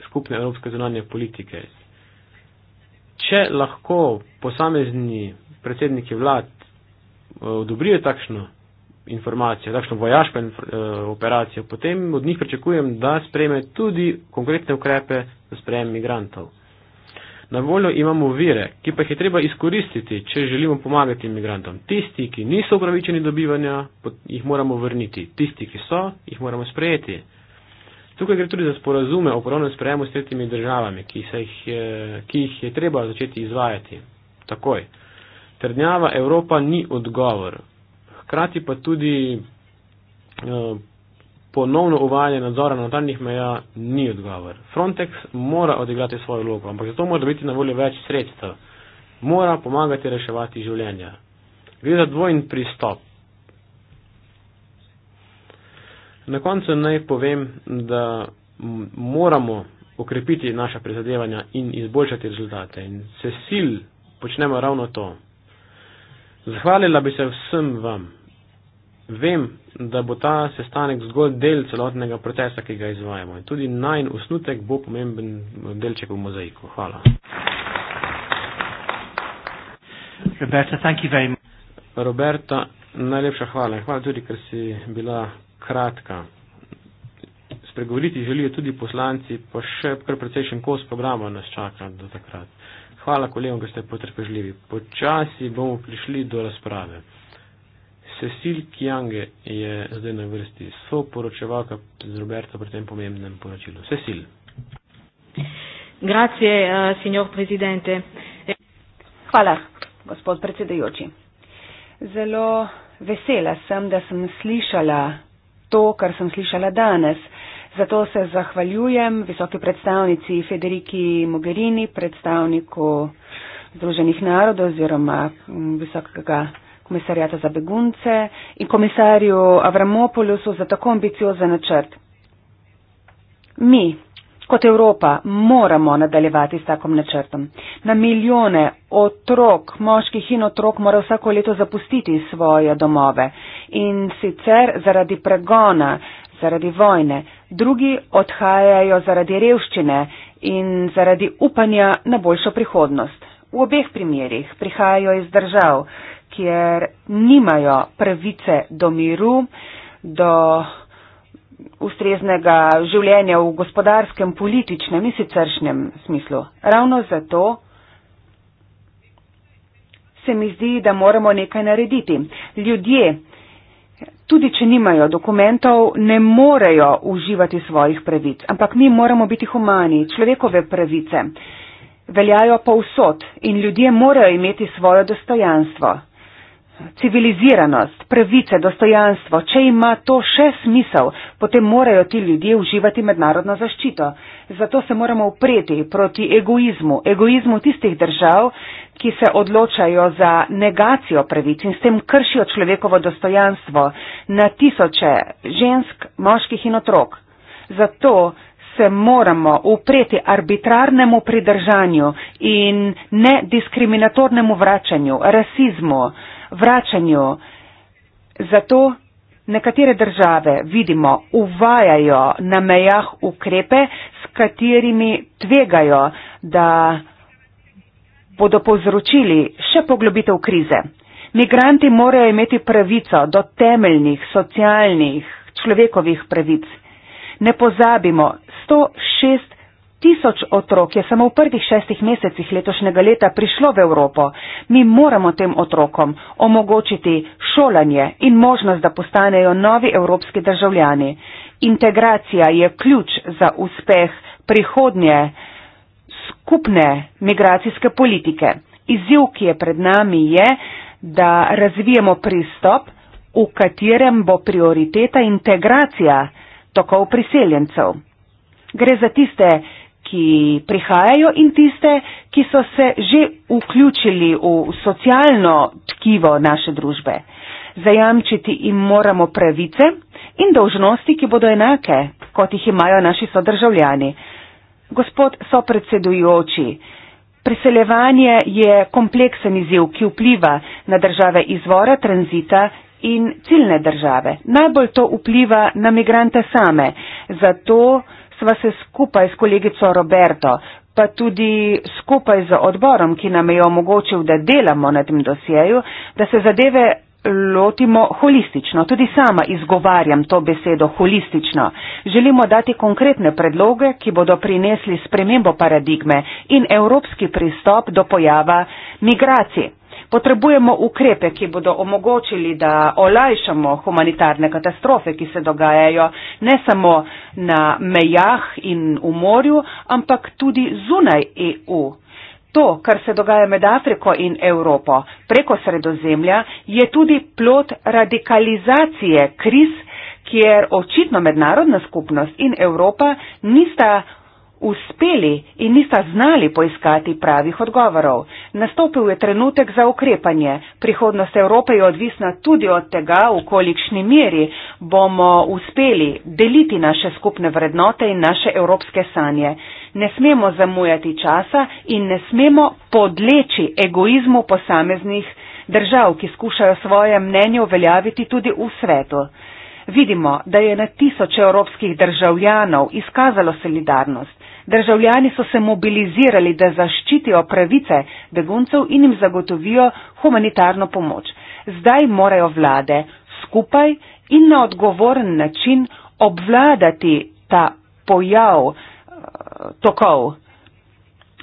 skupne evropske zunanje politike če lahko posamezni predsedniki vlad eh, odobrijo takšno informacijo, takšno vojaško eh, operacijo, potem od njih pričakujem, da sprejme tudi konkretne ukrepe za sprejem migrantov. Na voljo imamo vire, ki pa jih je treba izkoristiti, če želimo pomagati imigrantom. Tisti, ki niso upravičeni dobivanja, jih moramo vrniti. Tisti, ki so, jih moramo sprejeti. Tukaj gre tudi za sporazume o ponovnem sprejemu s tretjimi državami, ki, jih, ki jih je treba začeti izvajati takoj. Trdnjava Evropa ni odgovor, hkrati pa tudi eh, ponovno uvajanje nadzora na notranjih meja ni odgovor. Frontex mora odigrati svojo vlogo, ampak zato mora dobiti na voljo več sredstev, mora pomagati reševati življenja. Gre za dvojn pristop. Na koncu naj povem, da moramo okrepiti naša prizadevanja in izboljšati rezultate in se sil počnemo ravno to. Zahvalila bi se vsem vam. Vem, da bo ta sestanek zgolj del celotnega procesa, ki ga izvajamo. In tudi najn osnutek bo pomemben delček v mozaiku. Hvala. Roberta, Roberta najlepša hvala. Hvala tudi, ker si bila kratka. Spregovoriti želijo tudi poslanci, pa še kar precejšen kos programa nas čaka do takrat. Hvala kolegom, ki ste potrpežljivi. Počasi bomo prišli do razprave. Cecil Kiange je zdaj na vrsti soporočevalka z Roberto pri tem pomembnem poročilu. Cecil. Grazie, uh, signor presidente. Hvala, gospod predsedujoči. Zelo vesela sem, da sem slišala to, kar sem slišala danes. Zato se zahvaljujem visoki predstavnici Federiki Mogherini, predstavniku Združenih narodov oziroma mm, visokega komisarjata za begunce in komisarju Avramopolusu za tako ambiciozen načrt. Mi, Kot Evropa moramo nadaljevati s takom načrtom. Na milijone otrok, moških in otrok mora vsako leto zapustiti svoje domove in sicer zaradi pregona, zaradi vojne. Drugi odhajajo zaradi revščine in zaradi upanja na boljšo prihodnost. V obeh primerjih prihajajo iz držav, kjer nimajo pravice do miru, do ustreznega življenja v gospodarskem, političnem in siceršnem smislu. Ravno zato se mi zdi, da moramo nekaj narediti. Ljudje, tudi če nimajo dokumentov, ne morejo uživati svojih pravic, ampak mi moramo biti humani, človekove pravice veljajo pa vsot in ljudje morajo imeti svojo dostojanstvo civiliziranost, pravice, dostojanstvo, če ima to še smisel, potem morajo ti ljudje uživati mednarodno zaščito. Zato se moramo upreti proti egoizmu, egoizmu tistih držav, ki se odločajo za negacijo pravic in s tem kršijo človekovo dostojanstvo na tisoče žensk, moških in otrok. Zato se moramo upreti arbitrarnemu pridržanju in nediskriminatornemu vračanju, rasizmu, vračanju. Zato nekatere države, vidimo, uvajajo na mejah ukrepe, s katerimi tvegajo, da bodo povzročili še poglobitev krize. Migranti morajo imeti pravico do temeljnih socialnih človekovih pravic. Ne pozabimo, 106 tisoč otrok je samo v prvih šestih mesecih letošnjega leta prišlo v Evropo. Mi moramo tem otrokom omogočiti šolanje in možnost, da postanejo novi evropski državljani. Integracija je ključ za uspeh prihodnje skupne migracijske politike. Izziv, ki je pred nami, je, da razvijemo pristop, v katerem bo prioriteta integracija tokov priseljencev. Gre za tiste, ki prihajajo in tiste, ki so se že vključili v socialno tkivo naše družbe. Zajamčiti jim moramo pravice in dolžnosti, ki bodo enake, kot jih imajo naši sodržavljani. Gospod sopredsedujoči, preseljevanje je kompleksen izjiv, ki vpliva na države izvora, tranzita in ciljne države. Najbolj to vpliva na migrante same. Zato sva se skupaj s kolegico Roberto, pa tudi skupaj z odborom, ki nam je omogočil, da delamo na tem dosjeju, da se zadeve lotimo holistično. Tudi sama izgovarjam to besedo holistično. Želimo dati konkretne predloge, ki bodo prinesli spremembo paradigme in evropski pristop do pojava migracij. Potrebujemo ukrepe, ki bodo omogočili, da olajšamo humanitarne katastrofe, ki se dogajajo ne samo na mejah in v morju, ampak tudi zunaj EU. To, kar se dogaja med Afriko in Evropo preko sredozemlja, je tudi plot radikalizacije kriz, kjer očitno mednarodna skupnost in Evropa nista uspeli in nista znali poiskati pravih odgovorov. Nastopil je trenutek za ukrepanje. Prihodnost Evrope je odvisna tudi od tega, v kolikšni meri bomo uspeli deliti naše skupne vrednote in naše evropske sanje. Ne smemo zamujati časa in ne smemo podleči egoizmu posameznih držav, ki skušajo svoje mnenje uveljaviti tudi v svetu. Vidimo, da je na tisoče evropskih državljanov izkazalo solidarnost. Državljani so se mobilizirali, da zaščitijo pravice beguncev in jim zagotovijo humanitarno pomoč. Zdaj morajo vlade skupaj in na odgovoren način obvladati ta pojav eh, tokov.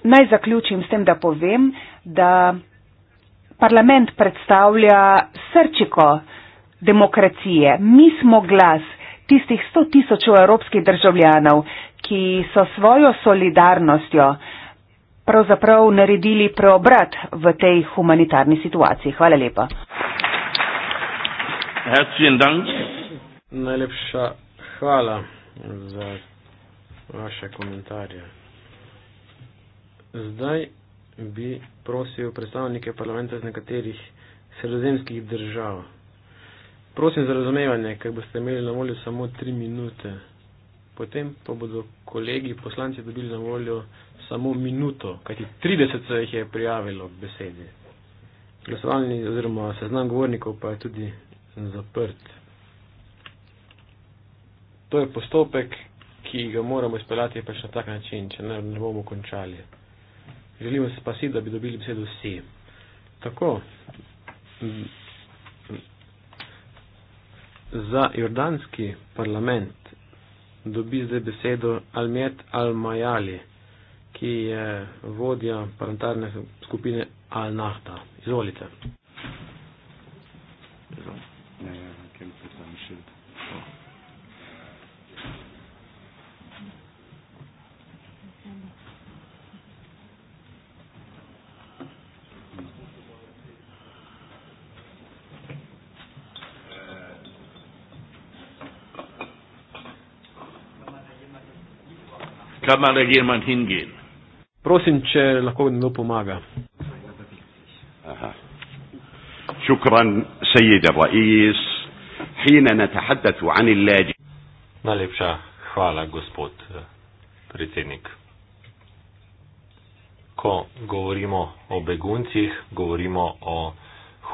Naj zaključim s tem, da povem, da parlament predstavlja srčiko demokracije. Mi smo glas tistih sto tisoč evropskih državljanov, ki so svojo solidarnostjo pravzaprav naredili preobrat v tej humanitarni situaciji. Hvala lepa. Najlepša hvala za vaše komentarje. Zdaj bi prosil predstavnike parlamenta z nekaterih sredozemskih držav, Prosim za razumevanje, ker boste imeli na voljo samo tri minute. Potem pa bodo kolegi poslanci dobili na voljo samo minuto, kajti 30 se jih je prijavilo k besedi. Glasovalni oziroma seznam govornikov pa je tudi zaprt. To je postopek, ki ga moramo izpeljati pač na tak način, če ne, ne bomo končali. Želimo se pa si, da bi dobili besedo vsi. Tako za jordanski parlament dobi zdaj besedo Almet Al-Majali, ki je vodja parlamentarne skupine Al-Nahta. Izvolite. Zdaj. kann man da jemand hingehen? Prosim, če lahko kdo pomaga. Šukran sejida wa iz hine ne tahaddatu ani leđi. Najlepša hvala, gospod eh, predsednik. Ko govorimo o beguncih, govorimo o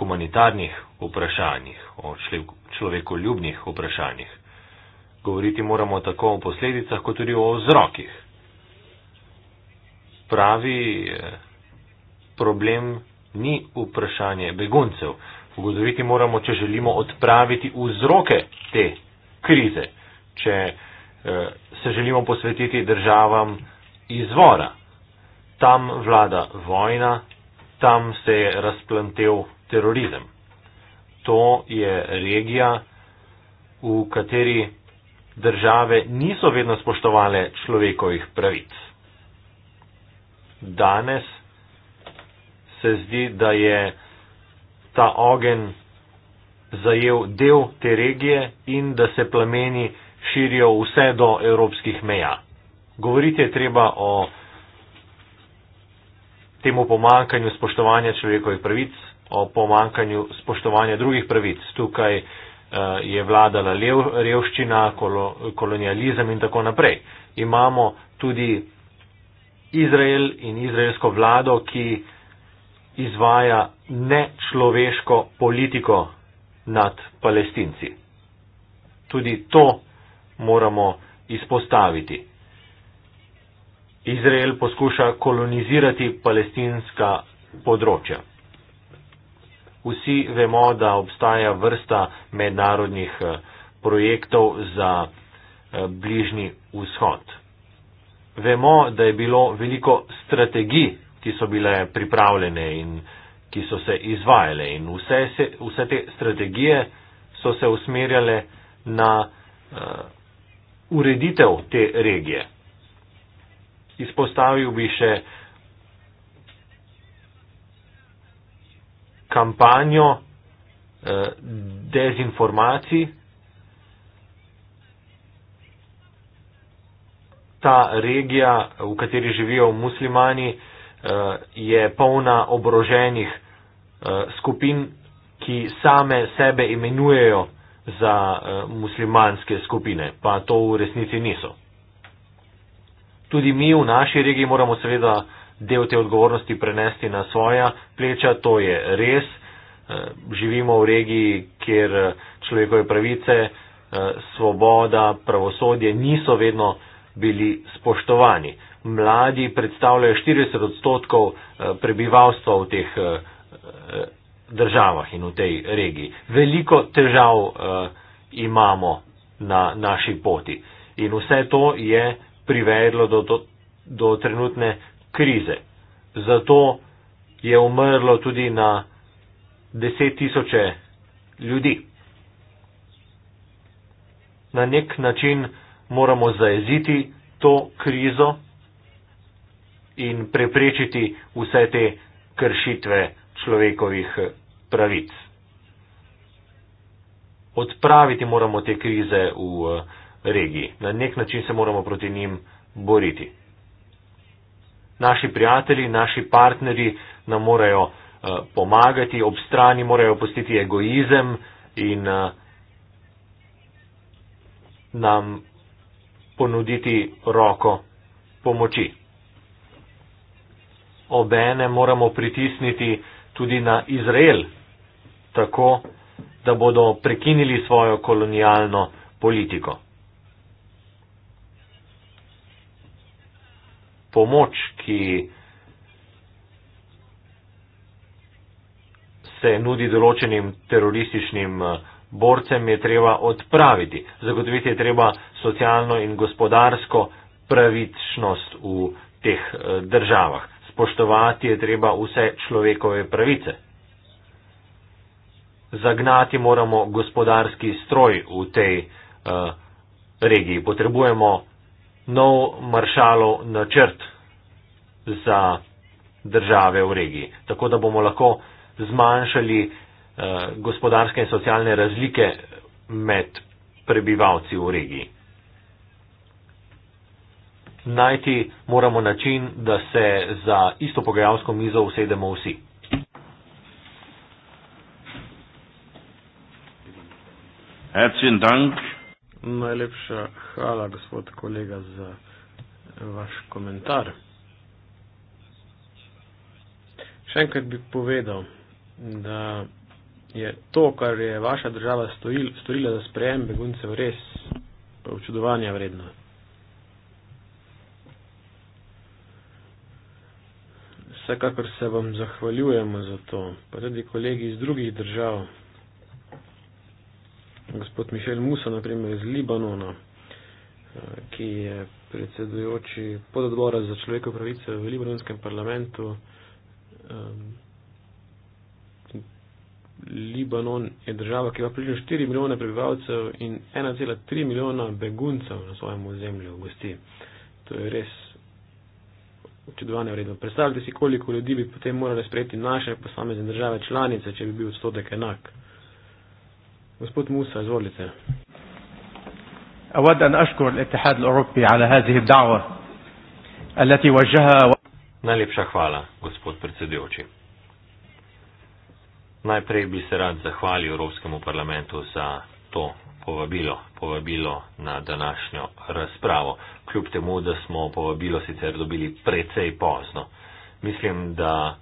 humanitarnih vprašanjih, o človekoljubnih vprašanjih. Govoriti moramo tako o posledicah, kot tudi o vzrokih pravi eh, problem ni vprašanje beguncev. Ugotoviti moramo, če želimo odpraviti vzroke te krize, če eh, se želimo posvetiti državam izvora. Tam vlada vojna, tam se je razplantev terorizem. To je regija, v kateri države niso vedno spoštovale človekovih pravic danes se zdi, da je ta ogenj zajel del te regije in da se plameni širijo vse do evropskih meja. Govoriti je treba o temu pomankanju spoštovanja človekovih pravic, o pomankanju spoštovanja drugih pravic. Tukaj uh, je vladala lev, revščina, kolo, kolonializem in tako naprej. Imamo tudi Izrael in izraelsko vlado, ki izvaja nečloveško politiko nad palestinci. Tudi to moramo izpostaviti. Izrael poskuša kolonizirati palestinska področja. Vsi vemo, da obstaja vrsta mednarodnih eh, projektov za eh, bližnji vzhod vemo, da je bilo veliko strategij, ki so bile pripravljene in ki so se izvajale. In vse, se, vse te strategije so se usmerjale na uh, ureditev te regije. Izpostavil bi še kampanjo uh, dezinformacij, ta regija, v kateri živijo muslimani, eh, je polna oboroženih eh, skupin, ki same sebe imenujejo za eh, muslimanske skupine, pa to v resnici niso. Tudi mi v naši regiji moramo seveda del te odgovornosti prenesti na svoja pleča, to je res. Živimo v regiji, kjer človekove pravice, svoboda, pravosodje niso vedno bili spoštovani. Mladi predstavljajo 40 odstotkov eh, prebivalstva v teh eh, eh, državah in v tej regiji. Veliko težav imamo na naši poti in vse to je privedlo do, do, do trenutne krize. Zato je umrlo tudi na deset tisoče ljudi. Na nek način moramo zaeziti to krizo in preprečiti vse te kršitve človekovih pravic. Odpraviti moramo te krize v eh, regiji. Na nek način se moramo proti njim boriti. Naši prijatelji, naši partnerji nam morajo eh, pomagati, ob strani morajo postiti egoizem in eh, nam ponuditi roko pomoči. Obene moramo pritisniti tudi na Izrael, tako da bodo prekinili svojo kolonialno politiko. Pomoč, ki se nudi določenim terorističnim eh, borcem je treba odpraviti, zagotoviti je treba socialno in gospodarsko pravičnost v teh eh, državah, spoštovati je treba vse človekove pravice. Zagnati moramo gospodarski stroj v tej uh, regiji. Potrebujemo nov maršalov načrt za države v regiji, tako da bomo lahko zmanjšali uh, Eh, gospodarske in socialne razlike med prebivalci v regiji. Najti moramo način, da se za isto pogajalsko mizo usedemo vsi. Najlepša hvala, gospod kolega, za vaš komentar. Še enkrat bi povedal, da je to, kar je vaša država stojil, storila za sprejem beguncev, res občudovanja vredno. Vsekakor se vam zahvaljujemo za to, pa tudi kolegi iz drugih držav, gospod Mišel Musa, naprimer iz Libanona, ki je predsedujoči pododbora za človekove pravice v libanonskem parlamentu. Um, Libanon je država, ki ima približno 4 milijone prebivalcev in 1,3 milijona beguncev na svojem ozemlju v gosti. To je res očudovane vredno. Predstavljajte si, koliko ljudi bi potem morali sprejeti naše posamezne države članice, če bi bil odstotek enak. Gospod Musa, izvolite. Najlepša hvala, gospod predsedujoči. Najprej bi se rad zahvalil Evropskemu parlamentu za to povabilo, povabilo na današnjo razpravo, kljub temu, da smo povabilo sicer dobili precej pozno. Mislim, da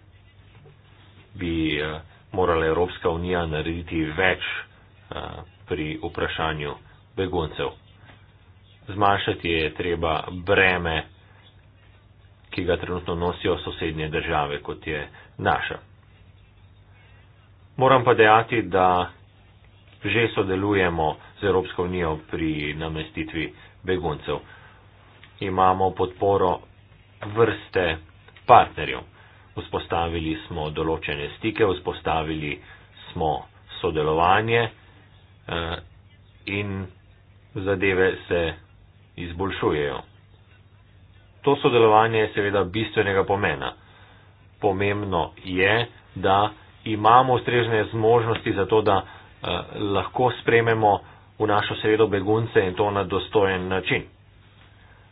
bi eh, morala Evropska unija narediti več eh, pri vprašanju beguncev. Zmanjšati je treba breme, ki ga trenutno nosijo sosednje države, kot je naša. Moram pa dejati, da že sodelujemo z Evropsko unijo pri namestitvi beguncev. Imamo podporo vrste partnerjev. Vzpostavili smo določene stike, vzpostavili smo sodelovanje eh, in zadeve se izboljšujejo. To sodelovanje je seveda bistvenega pomena. Pomembno je, da imamo ustrezne zmožnosti za to, da eh, lahko sprememo v našo sredo begunce in to na dostojen način.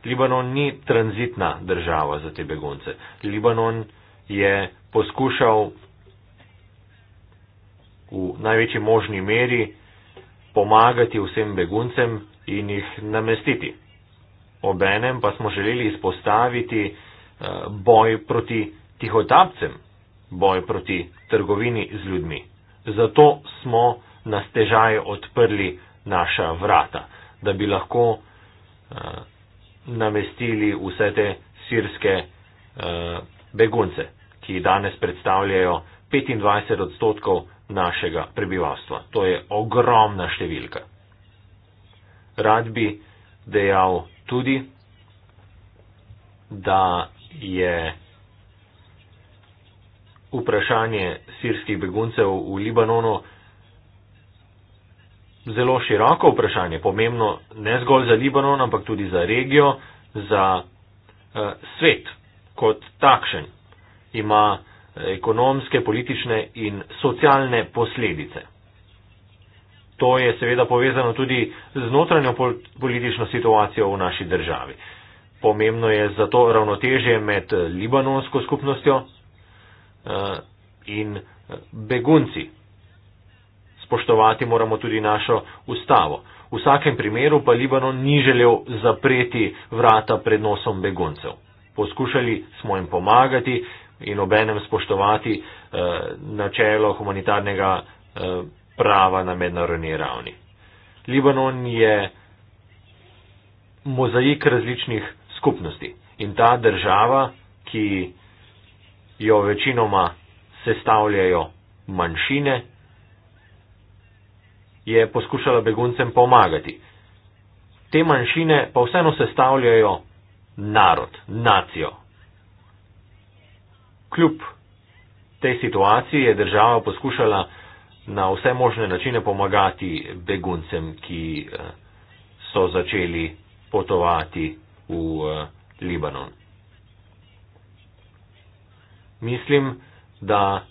Libanon ni tranzitna država za te begunce. Libanon je poskušal v največji možni meri pomagati vsem beguncem in jih namestiti. Obenem pa smo želeli izpostaviti eh, boj proti tihotapcem, boj proti trgovini z ljudmi. Zato smo na stežaj odprli naša vrata, da bi lahko uh, namestili vse te sirske uh, begunce, ki danes predstavljajo 25 odstotkov našega prebivalstva. To je ogromna številka. Rad bi dejal tudi, da je vprašanje sirskih beguncev v Libanonu zelo široko vprašanje, pomembno ne zgolj za Libanon, ampak tudi za regijo, za eh, svet kot takšen. Ima eh, ekonomske, politične in socialne posledice. To je seveda povezano tudi z notranjo politično situacijo v naši državi. Pomembno je zato ravnotežje med eh, libanonsko skupnostjo, Eh, in eh, begunci. Spoštovati moramo tudi našo ustavo. V vsakem primeru pa Libanon ni želel zapreti vrata pred nosom beguncev. Poskušali smo jim pomagati in obenem spoštovati eh, načelo humanitarnega prava na mednarodni ravni. Libanon je mozaik različnih skupnosti in ta država, ki jo večinoma sestavljajo manjšine, je poskušala beguncem pomagati. Te manjšine pa vseeno sestavljajo narod, nacijo. Kljub tej situaciji je država poskušala na vse možne načine pomagati beguncem, ki eh, so začeli potovati v eh, Libanon mislim, da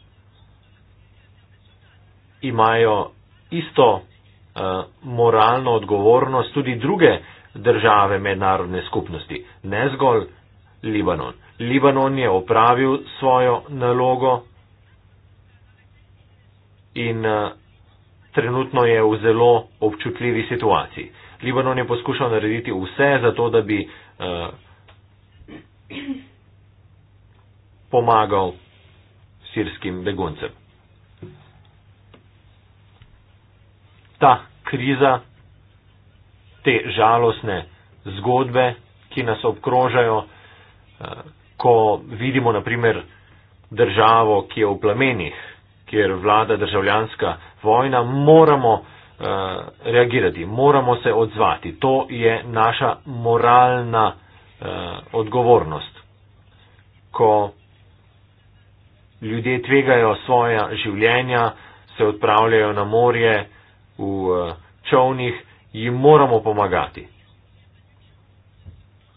imajo isto uh, moralno odgovornost tudi druge države mednarodne skupnosti, ne zgolj Libanon. Libanon je opravil svojo nalogo in uh, trenutno je v zelo občutljivi situaciji. Libanon je poskušal narediti vse za to, da bi uh, pomagal sirskim beguncem. Ta kriza, te žalostne zgodbe, ki nas obkrožajo, eh, ko vidimo naprimer državo, ki je v plamenih, kjer vlada državljanska vojna, moramo eh, reagirati, moramo se odzvati. To je naša moralna eh, odgovornost. Ko Ljudje tvegajo svoja življenja, se odpravljajo na morje v eh, čovnih, jim moramo pomagati.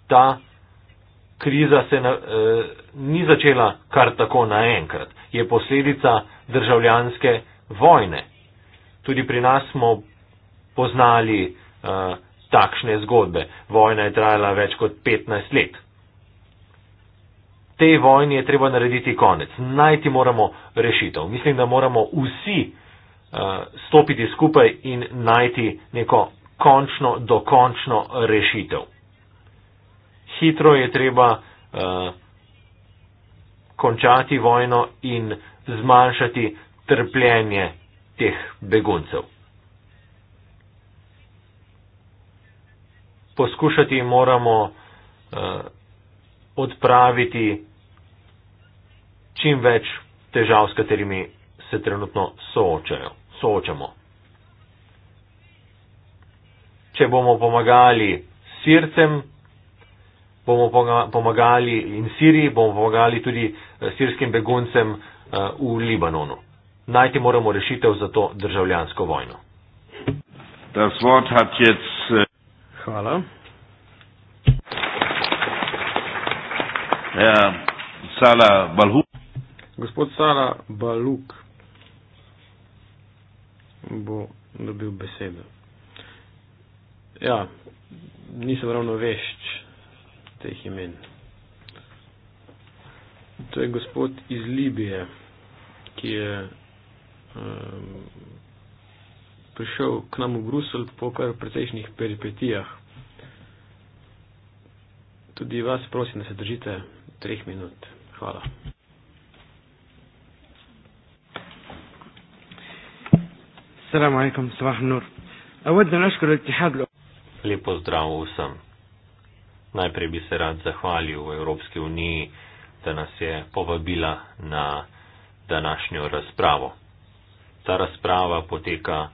Ta kriza se na, eh, ni začela kar tako naenkrat, je posledica državljanske vojne. Tudi pri nas smo poznali eh, takšne zgodbe. Vojna je trajala več kot 15 let tej vojni je treba narediti konec. Najti moramo rešitev. Mislim, da moramo vsi uh, stopiti skupaj in najti neko končno, dokončno rešitev. Hitro je treba uh, končati vojno in zmanjšati trpljenje teh beguncev. Poskušati moramo uh, odpraviti čim več težav, s katerimi se trenutno soočajo, soočamo. Če bomo pomagali Sircem, bomo pomagali in Siriji, bomo pomagali tudi eh, sirskim beguncem eh, v Libanonu. Najti moramo rešitev za to državljansko vojno. Äh, Hvala. Ja, Sala Balhu. Gospod Sara Baluk bo dobil besedo. Ja, nisem ravno vešč teh imen. To je gospod iz Libije, ki je um, prišel k nam v Brusel po kar precejšnjih peripetijah. Tudi vas prosim, da se držite treh minut. Hvala. السلام عليكم صباح النور أود أن أشكر الاتحاد Lepo zdrav vsem. Najprej bi se rad zahvalil Evropski uniji, da nas je povabila na današnjo razpravo. Ta razprava poteka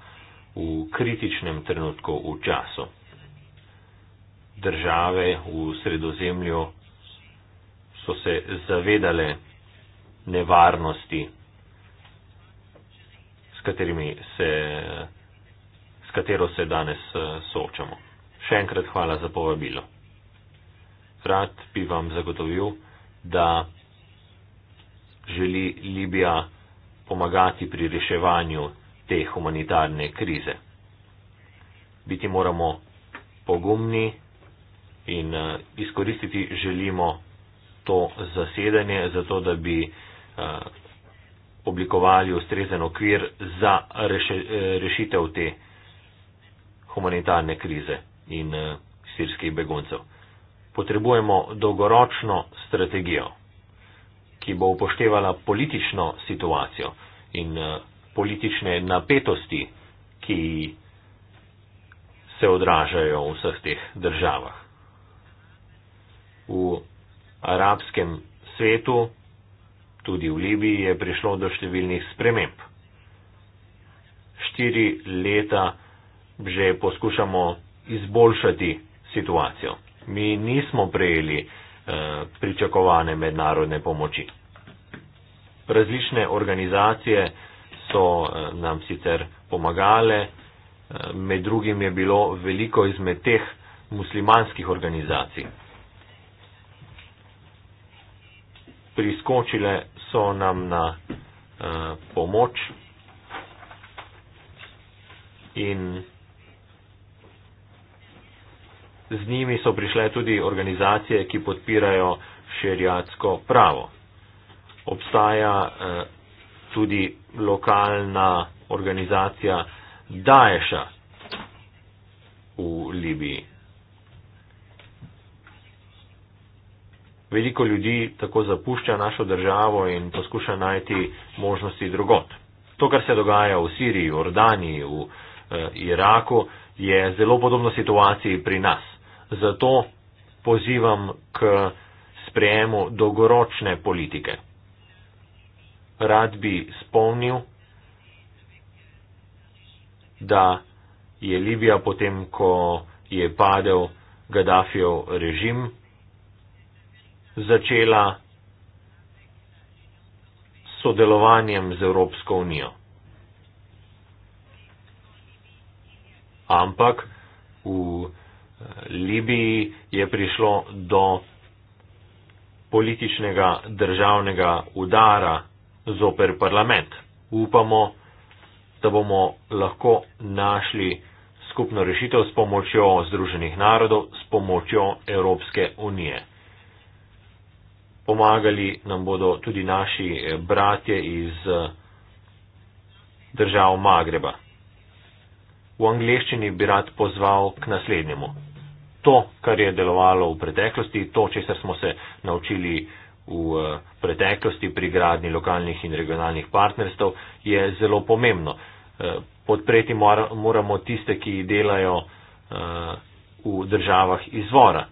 v kritičnem trenutku v času. Države v sredozemlju so se zavedale nevarnosti katerimi se, s katero se danes eh, soočamo. Še enkrat hvala za povabilo. Rad bi vam zagotovil, da želi Libija pomagati pri reševanju te humanitarne krize. Biti moramo pogumni in eh, izkoristiti želimo to zasedanje, zato da bi eh, oblikovali ustrezen okvir za eh, rešitev te humanitarne krize in eh, sirskih beguncev. Potrebujemo dolgoročno strategijo, ki bo upoštevala politično situacijo in eh, politične napetosti, ki se odražajo v vseh teh državah. V arabskem svetu Tudi v Libiji je prišlo do številnih sprememb. Štiri leta že poskušamo izboljšati situacijo. Mi nismo prejeli eh, pričakovane mednarodne pomoči. Različne organizacije so eh, nam sicer pomagale, eh, med drugim je bilo veliko izmed teh muslimanskih organizacij. priskočile so nam na uh, pomoč in z njimi so prišle tudi organizacije, ki podpirajo šerijatsko pravo. Obstaja uh, tudi lokalna organizacija Daesha v Libiji. veliko ljudi tako zapušča našo državo in poskuša najti možnosti drugot. To, kar se dogaja v Siriji, Jordaniji, v eh, Iraku, je zelo podobno situaciji pri nas. Zato pozivam k sprejemu dolgoročne politike. Rad bi spomnil, da je Libija potem, ko je padel Gaddafijev režim, začela sodelovanjem z Evropsko unijo. Ampak v eh, Libiji je prišlo do političnega državnega udara zoper parlament. Upamo, da bomo lahko našli skupno rešitev s pomočjo Združenih narodov, s pomočjo Evropske unije pomagali nam bodo tudi naši eh, bratje iz eh, držav Magreba. V angleščini bi rad pozval k naslednjemu. To, kar je delovalo v preteklosti, to, česar smo se naučili v eh, preteklosti pri gradni lokalnih in regionalnih partnerstv, je zelo pomembno. Podpreti moramo tiste, ki delajo v državah izvora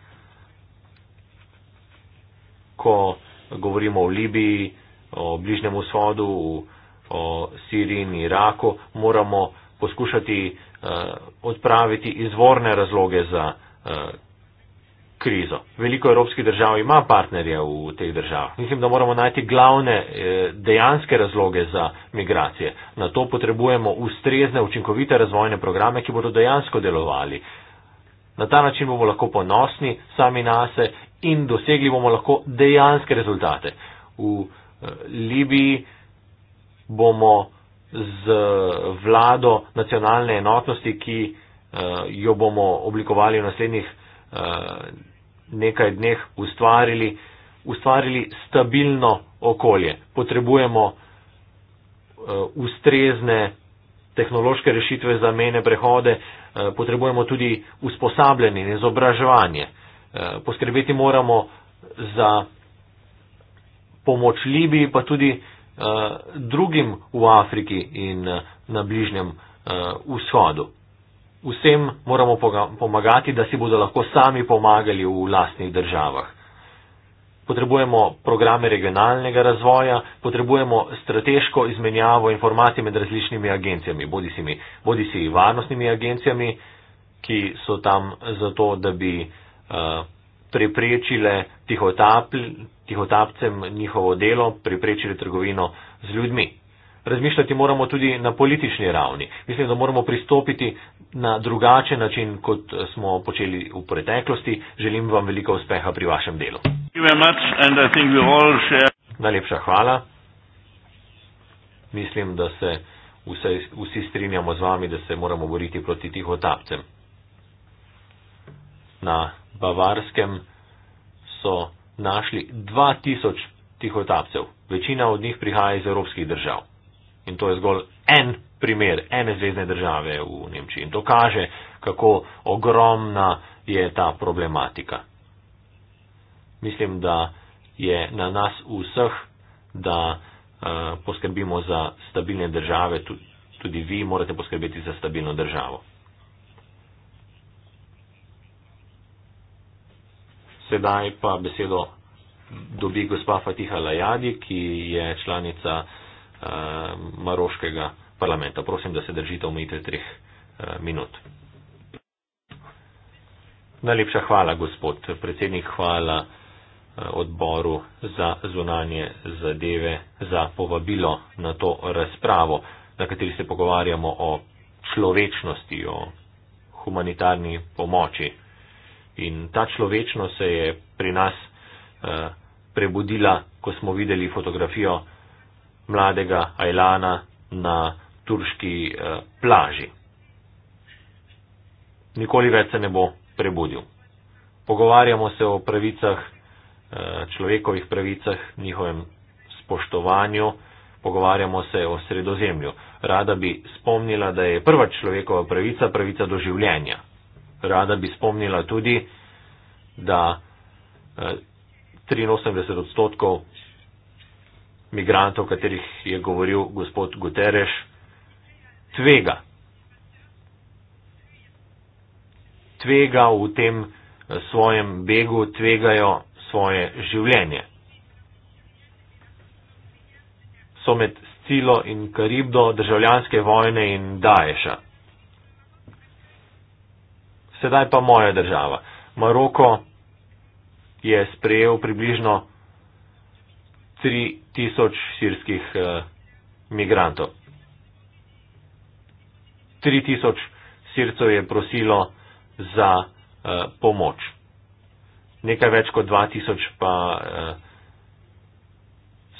ko govorimo o Libiji, o Bližnjem vzhodu, o Siriji in Iraku, moramo poskušati uh, odpraviti izvorne razloge za uh, krizo. Veliko evropskih držav ima partnerje v teh državah. Mislim, da moramo najti glavne uh, dejanske razloge za migracije. Na to potrebujemo ustrezne, učinkovite razvojne programe, ki bodo dejansko delovali. Uh, Na ta način bomo lahko ponosni sami na se in dosegli bomo lahko dejanske rezultate. V eh, Libiji bomo z eh, vlado nacionalne enotnosti, ki eh, jo bomo oblikovali v naslednjih nekaj dneh, ustvarili, ustvarili stabilno okolje. Potrebujemo ustrezne tehnološke rešitve za mene prehode, Eh, potrebujemo tudi usposabljanje in izobraževanje. Eh, poskrbeti moramo za pomoč Libiji, pa tudi eh, drugim v Afriki in na bližnjem vzhodu. Vsem moramo pomagati, da si bodo lahko sami pomagali v lastnih državah potrebujemo programe regionalnega razvoja, potrebujemo strateško izmenjavo informacij med različnimi agencijami, bodi si, mi, bodi si varnostnimi agencijami, ki so tam zato, da bi uh, preprečile tihotap, tihotapcem njihovo delo, preprečile trgovino z ljudmi razmišljati moramo tudi na politični ravni. Mislim, da moramo pristopiti na drugačen način, kot smo počeli v preteklosti. Želim vam veliko uspeha pri vašem delu. Najlepša hvala. Mislim, da se vse, vsi strinjamo z vami, da se moramo boriti proti tiho tapcem. Na Bavarskem so našli 2000 tiho tapcev. Večina od njih prihaja iz evropskih držav. In to je zgolj en primer ene zvezdne države v Nemčiji. In to kaže, kako ogromna je ta problematika. Mislim, da je na nas vseh, da uh, poskrbimo za stabilne države, tudi, tudi vi morate poskrbeti za stabilno državo. Sedaj pa besedo dobi gospa Fatiha Lajadi, ki je članica Eh, maroškega parlamenta. Prosim, da se držite omejitve treh eh, minut. Najlepša hvala, gospod predsednik, hvala eh, odboru za zunanje zadeve, za povabilo na to razpravo, na kateri se pogovarjamo o človečnosti, o humanitarni pomoči. In ta človečnost se je pri nas prebudila, ko smo videli fotografijo mladega Ajlana na turški eh, plaži. Nikoli več se ne bo prebudil. Pogovarjamo se o pravicah, eh, človekovih pravicah, njihovem spoštovanju, pogovarjamo se o sredozemlju. Rada bi spomnila, da je prva človekova pravica pravica do življenja. Rada bi spomnila tudi, da 83 eh, odstotkov migrantov, o katerih je govoril gospod Guterres, tvega. Tvega v tem eh, svojem begu, tvegajo svoje življenje. So med Scilo in Karibdo, državljanske vojne in Daesha. Sedaj pa moja država. Maroko je sprejel približno 3000 sirskih eh, migrantov. 3000 sircev je prosilo za eh, pomoč. Nekaj več kot 2000 pa eh,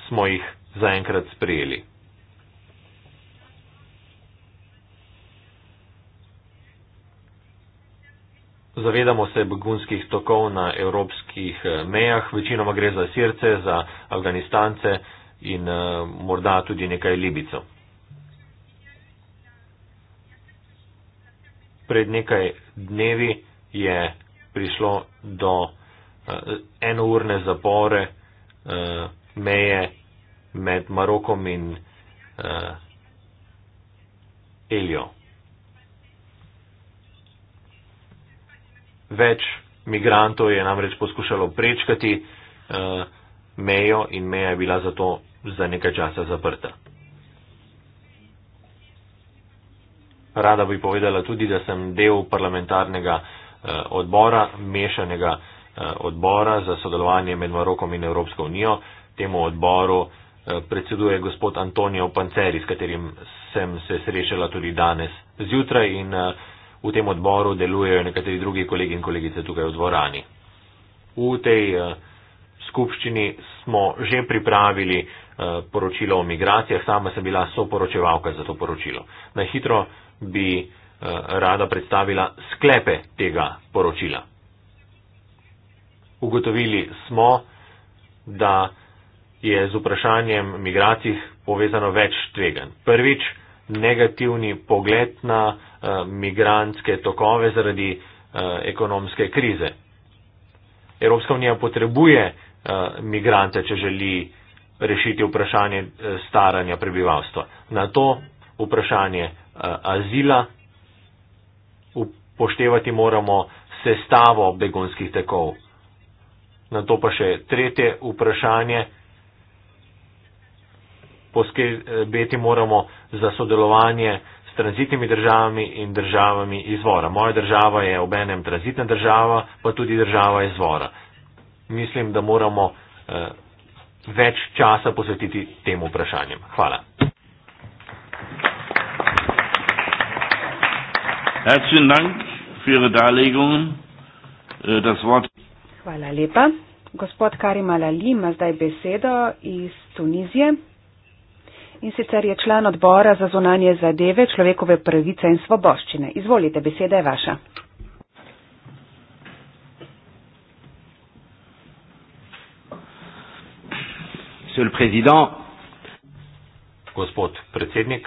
smo jih zaenkrat sprejeli. Zavedamo se begunskih tokov na evropskih eh, mejah, večinoma gre za Sirce, za Afganistance in eh, morda tudi nekaj Libico. Pred nekaj dnevi je prišlo do eh, enourne zapore meje med Marokom in Elijo. Več migrantov je namreč poskušalo prečkati uh, mejo in meja je bila zato za nekaj časa zaprta. Rada bi povedala tudi, da sem del parlamentarnega uh, odbora, mešanega uh, odbora za sodelovanje med Marokom in Evropsko unijo. Temu odboru uh, predseduje gospod Antonijo Panceri, s katerim sem se srečala tudi danes zjutraj. In, uh, V tem odboru delujejo nekateri drugi kolegi in kolegice tukaj v dvorani. V tej eh, skupščini smo že pripravili eh, poročilo o migracijah, sama sem bila soporočevalka za to poročilo. Na hitro bi eh, rada predstavila sklepe tega poročila. Ugotovili smo, da je z vprašanjem migracij povezano več tvegan. Prvič, negativni pogled na uh, migrantske tokove zaradi uh, ekonomske krize. Evropska unija potrebuje uh, migrante, če želi rešiti vprašanje staranja prebivalstva. Na to vprašanje uh, azila upoštevati moramo sestavo begonskih tekov. Na to pa še tretje vprašanje poskrbeti moramo za sodelovanje s tranzitnimi državami in državami izvora. Moja država je obenem tranzitna država, pa tudi država izvora. Mislim, da moramo eh, več časa posvetiti tem vprašanjem. Hvala. Äh, Hvala lepa. Gospod Karim Alali ima zdaj besedo iz Tunizije in sicer je član odbora za zunanje zadeve, človekove pravice in svoboščine. Izvolite, beseda je vaša. Gospod predsednik,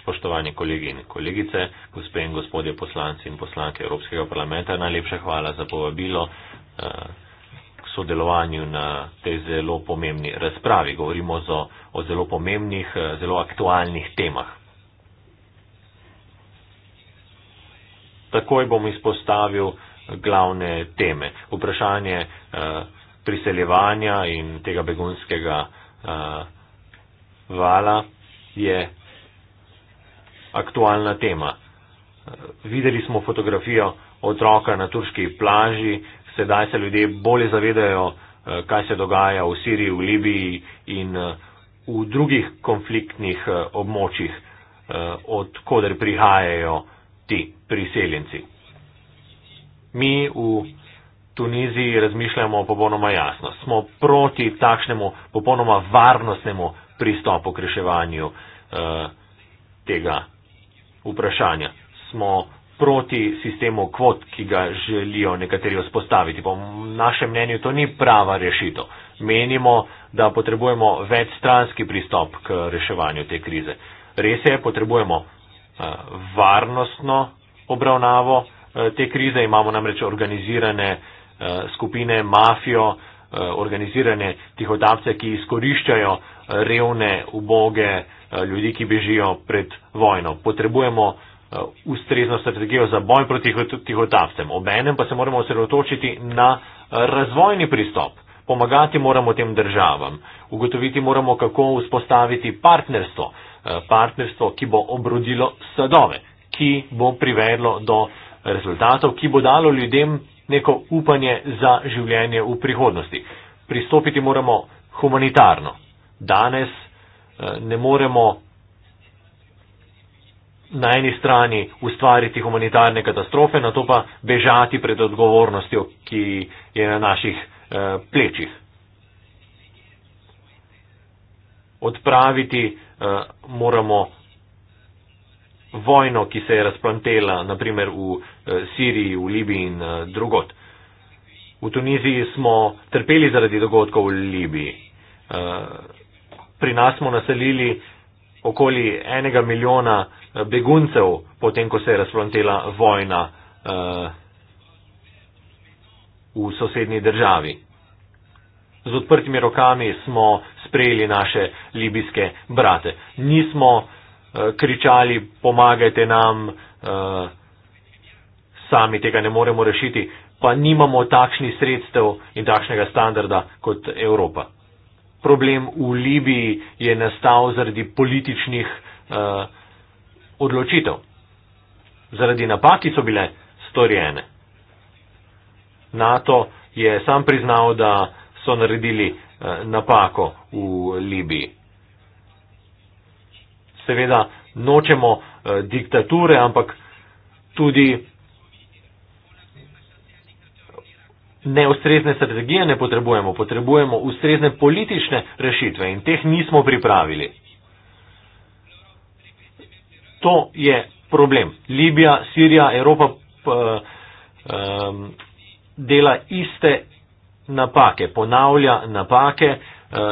spoštovani kolegi in kolegice, gospe in gospodje poslanci in poslanke Evropskega parlamenta, najlepša hvala za povabilo eh, sodelovanju na tej zelo pomembni razpravi. Govorimo o, o zelo pomembnih, eh, zelo aktualnih temah. Takoj bom izpostavil glavne teme. Vprašanje eh, priseljevanja in tega begunskega eh, vala je aktualna tema. Eh, videli smo fotografijo otroka na turški plaži, sedaj se ljudje bolje zavedajo, eh, kaj se dogaja v Siriji, v Libiji in eh, v drugih konfliktnih eh, območjih, odkuder prihajajo ti priseljenci. Mi v Tuniziji razmišljamo popolnoma jasno. Smo proti takšnemu popolnoma varnostnemu pristopu k reševanju eh, tega vprašanja. Smo proti sistemu kvot, ki ga želijo nekateri vzpostaviti. Po našem mnenju to ni prava rešitev. Menimo, da potrebujemo večstranski pristop k reševanju te krize. Res je, potrebujemo eh, varnostno obravnavo eh, te krize, imamo namreč organizirane eh, skupine, mafijo, organizirane tihotapce, ki izkoriščajo revne, uboge ljudi, ki bežijo pred vojno. Potrebujemo Eh, ustrezno strategijo za boj proti tihotapcem. Obenem pa se moramo osredotočiti na eh, razvojni pristop. Pomagati moramo tem državam. Ugotoviti moramo, kako vzpostaviti partnerstvo. Eh, partnerstvo, ki bo obrodilo sadove, ki bo privedlo do rezultatov, ki bo dalo ljudem neko upanje za življenje v prihodnosti. Pristopiti moramo humanitarno. Danes ne moremo na eni strani ustvariti humanitarne katastrofe, na to pa bežati pred odgovornostjo, ki je na naših eh, plečih. Odpraviti eh, moramo vojno, ki se je razplantela naprimer v eh, Siriji, v Libiji in eh, drugot. V Tuniziji smo trpeli zaradi dogodkov v Libiji. Eh, pri nas smo naselili okoli enega milijona beguncev, potem ko se je razplantela vojna eh, v sosednji državi. Z odprtimi rokami smo sprejeli naše libijske brate. Nismo eh, kričali, pomagajte nam, eh, sami tega ne moremo rešiti, pa nimamo takšnih sredstev in takšnega standarda kot Evropa. Problem v Libiji je nastal zaradi političnih uh, odločitev. Zaradi napak, ki so bile storjene. NATO je sam priznal, da so naredili eh, napako v Libiji. Seveda nočemo eh, diktature, ampak tudi neustrezne strategije ne potrebujemo, potrebujemo ustrezne politične rešitve in teh nismo pripravili. To je problem. Libija, Sirija, Evropa uh, um, dela iste napake, ponavlja napake uh,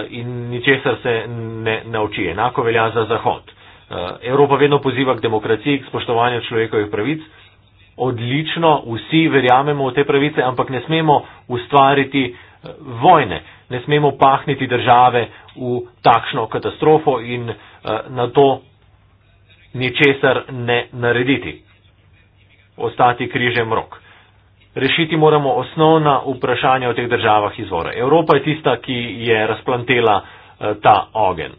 in ničesar se ne nauči. Enako velja za Zahod. Uh, Evropa vedno poziva k demokraciji, k spoštovanju človekovih pravic. Odlično, vsi verjamemo v te pravice, ampak ne smemo ustvariti eh, vojne, ne smemo pahniti države v takšno katastrofo in uh, na to ničesar ne narediti. Ostati križem rok. Rešiti moramo osnovna vprašanja o teh državah izvora. Evropa je tista, ki je razplantela eh, ta ogen.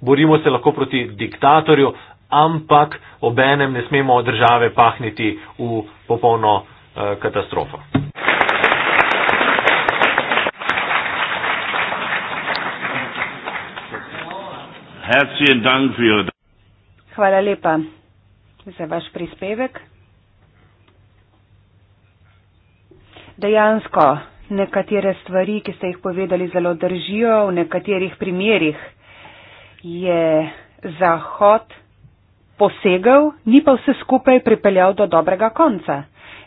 Borimo se lahko proti diktatorju, ampak obenem ne smemo države pahniti v popolno eh, katastrofo. Herzlichen Dank für Ihre Hvala lepa za vaš prispevek. Dejansko nekatere stvari, ki ste jih povedali, zelo držijo. V nekaterih primerjih je Zahod posegel, ni pa vse skupaj pripeljal do dobrega konca.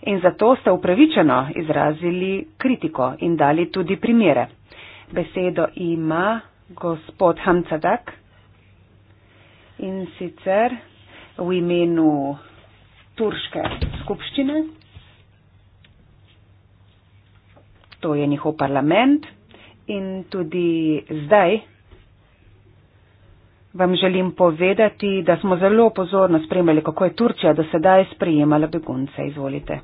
In zato ste upravičeno izrazili kritiko in dali tudi primere. Besedo ima gospod Hamcadak in sicer v imenu turške skupščine, to je njihov parlament in tudi zdaj vam želim povedati, da smo zelo pozorno spremljali, kako je Turčija do sedaj sprejemala begunce. Izvolite.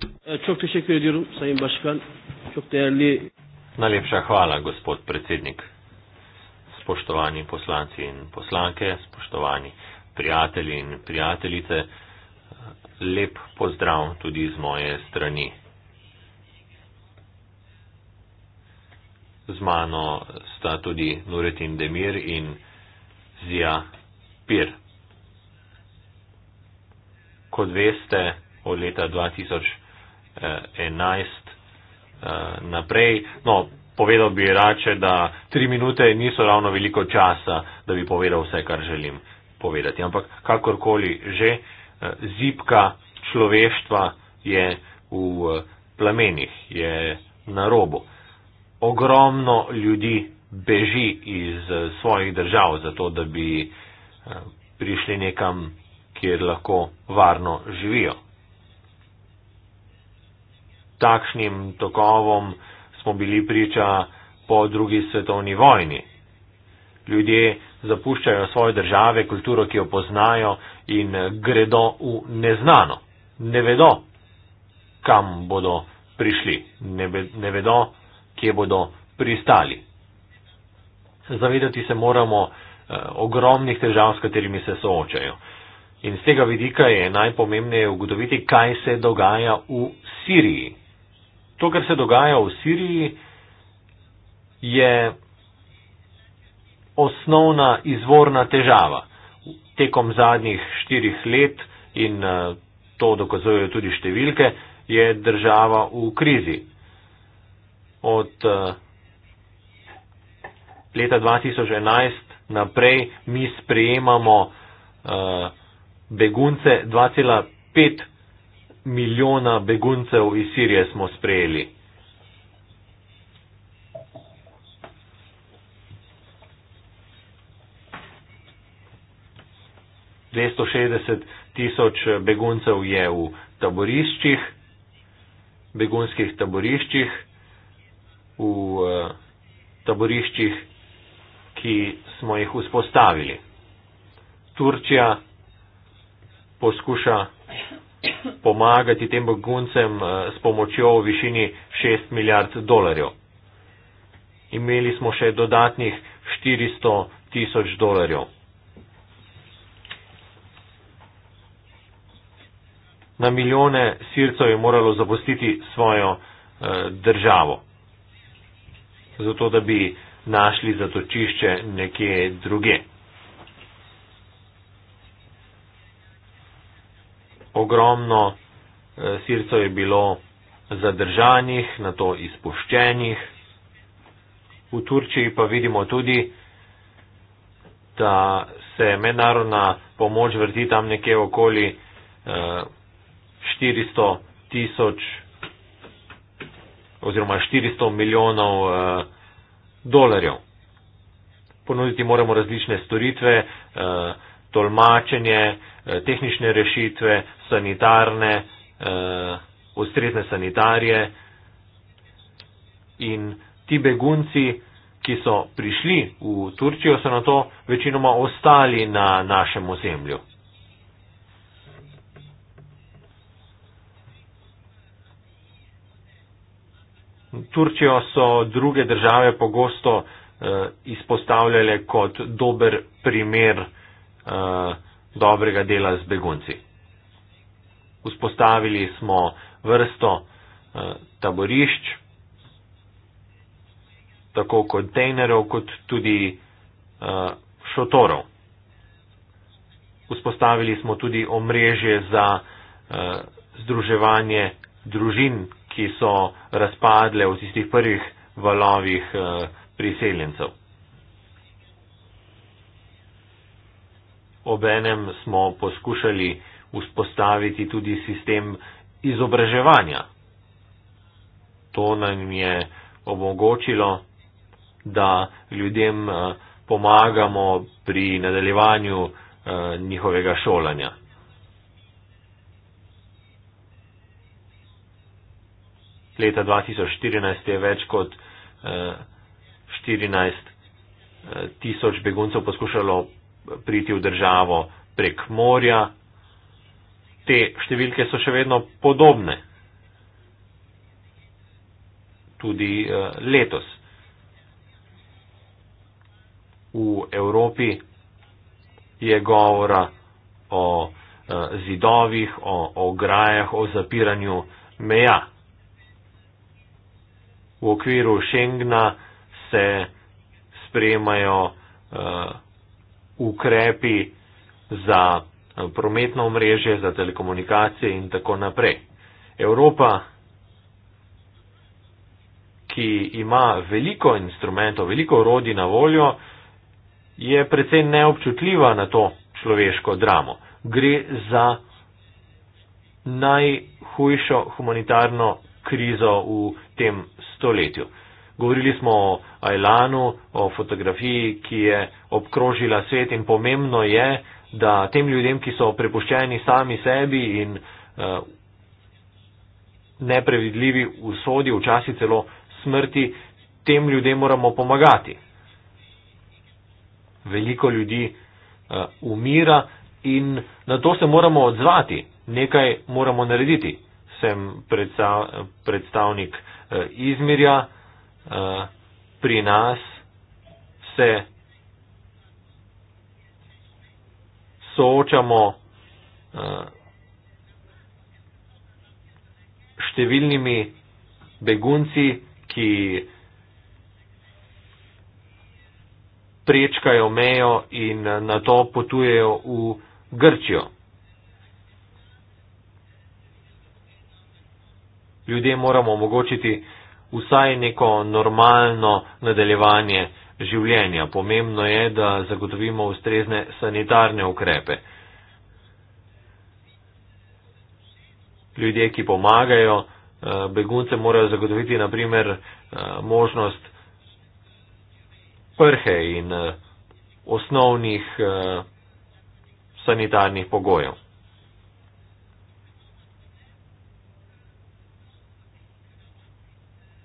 Ja, Najlepša hvala, gospod predsednik spoštovani poslanci in poslanke, spoštovani prijatelji in prijateljice, lep pozdrav tudi z moje strani. Z mano sta tudi Nuretin Demir in Zija Pir. Kot veste, od leta 2011 eh, eh, naprej, no, Povedal bi rače, da tri minute niso ravno veliko časa, da bi povedal vse, kar želim povedati. Ampak kakorkoli že, eh, zipka človeštva je v eh, plamenih, je na robu. Ogromno ljudi beži iz eh, svojih držav, zato da bi prišli nekam, kjer lahko varno živijo. Takšnim tokovom, smo bili priča po drugi svetovni vojni. Ljudje zapuščajo svoje države, kulturo, ki jo poznajo in gredo v neznano. Ne vedo, kam bodo prišli. Ne, ne vedo, kje bodo pristali. Zavedati se moramo eh, ogromnih težav, s katerimi se soočajo. In z tega vidika je najpomembneje ugotoviti, kaj se dogaja v Siriji to, kar se dogaja v Siriji, je osnovna izvorna težava. Tekom zadnjih štirih let in eh, to dokazujejo tudi številke, je država v krizi. Od eh, leta 2011 naprej mi sprejemamo eh, begunce 2,5 milijona beguncev iz Sirije smo sprejeli. Dvesto šestdeset tisoč beguncev je v taboriščih, begunskih taboriščih, v eh, taboriščih, ki smo jih vzpostavili. Turčija poskuša pomagati tem beguncem eh, s pomočjo v višini 6 milijard dolarjev. Imeli smo še dodatnih 400 tisoč dolarjev. Na milijone sircev je moralo zapustiti svojo eh, državo, zato da bi našli zatočišče nekje druge. ogromno eh, sircev je bilo zadržanih, na to izpuščenih. V Turčiji pa vidimo tudi, da se mednarodna pomoč vrti tam nekje okoli 400 eh, tisoč oziroma 400 milijonov eh, dolarjev. Ponuditi moramo različne storitve, tolmačenje, eh, tehnične rešitve, sanitarne, eh, ustrezne sanitarije. In ti begunci, ki so prišli v Turčijo, so na to večinoma ostali na našem ozemlju. Turčijo so druge države pogosto eh, izpostavljale kot dober primer eh, Eh, dobrega dela z begunci. Vzpostavili smo vrsto eh, taborišč, tako kontejnerov, kot tudi eh, šotorov. Vzpostavili smo tudi omrežje za združevanje družin, ki so razpadle v tistih prvih valovih priseljencev. Obenem smo poskušali vzpostaviti tudi sistem izobraževanja. To nam je omogočilo, da ljudem eh, pomagamo pri nadaljevanju eh, njihovega šolanja. Leta 2014 je več kot 14 eh, tisoč beguncev poskušalo priti v državo prek morja. Te številke so še vedno podobne. Tudi eh, letos. V Evropi je govora o eh, zidovih, o ograjah, o zapiranju meja. V okviru Schengna se sprejemajo uh, ukrepi za eh, prometno omrežje, za telekomunikacije in tako naprej. Evropa, ki ima veliko instrumentov, veliko orodij na voljo, je predvsej neobčutljiva na to človeško dramo. Gre za najhujšo humanitarno krizo v tem stoletju. Govorili smo o Ajlanu, o fotografiji, ki je obkrožila svet in pomembno je, da tem ljudem, ki so prepuščeni sami sebi in uh, neprevidljivi v sodi, včasih celo smrti, tem ljudem moramo pomagati. Veliko ljudi uh, umira in na to se moramo odzvati, nekaj moramo narediti. Sem predstavnik uh, izmirja pri nas se soočamo uh, številnimi begunci, ki prečkajo mejo in na to potujejo v Grčijo. Ljudje moramo omogočiti uh, vsaj neko normalno nadaljevanje življenja. Pomembno je, da zagotovimo ustrezne sanitarne ukrepe. Ljudje, ki pomagajo eh, beguncem, morajo zagotoviti naprimer eh, možnost prhe in eh, osnovnih sanitarnih pogojev.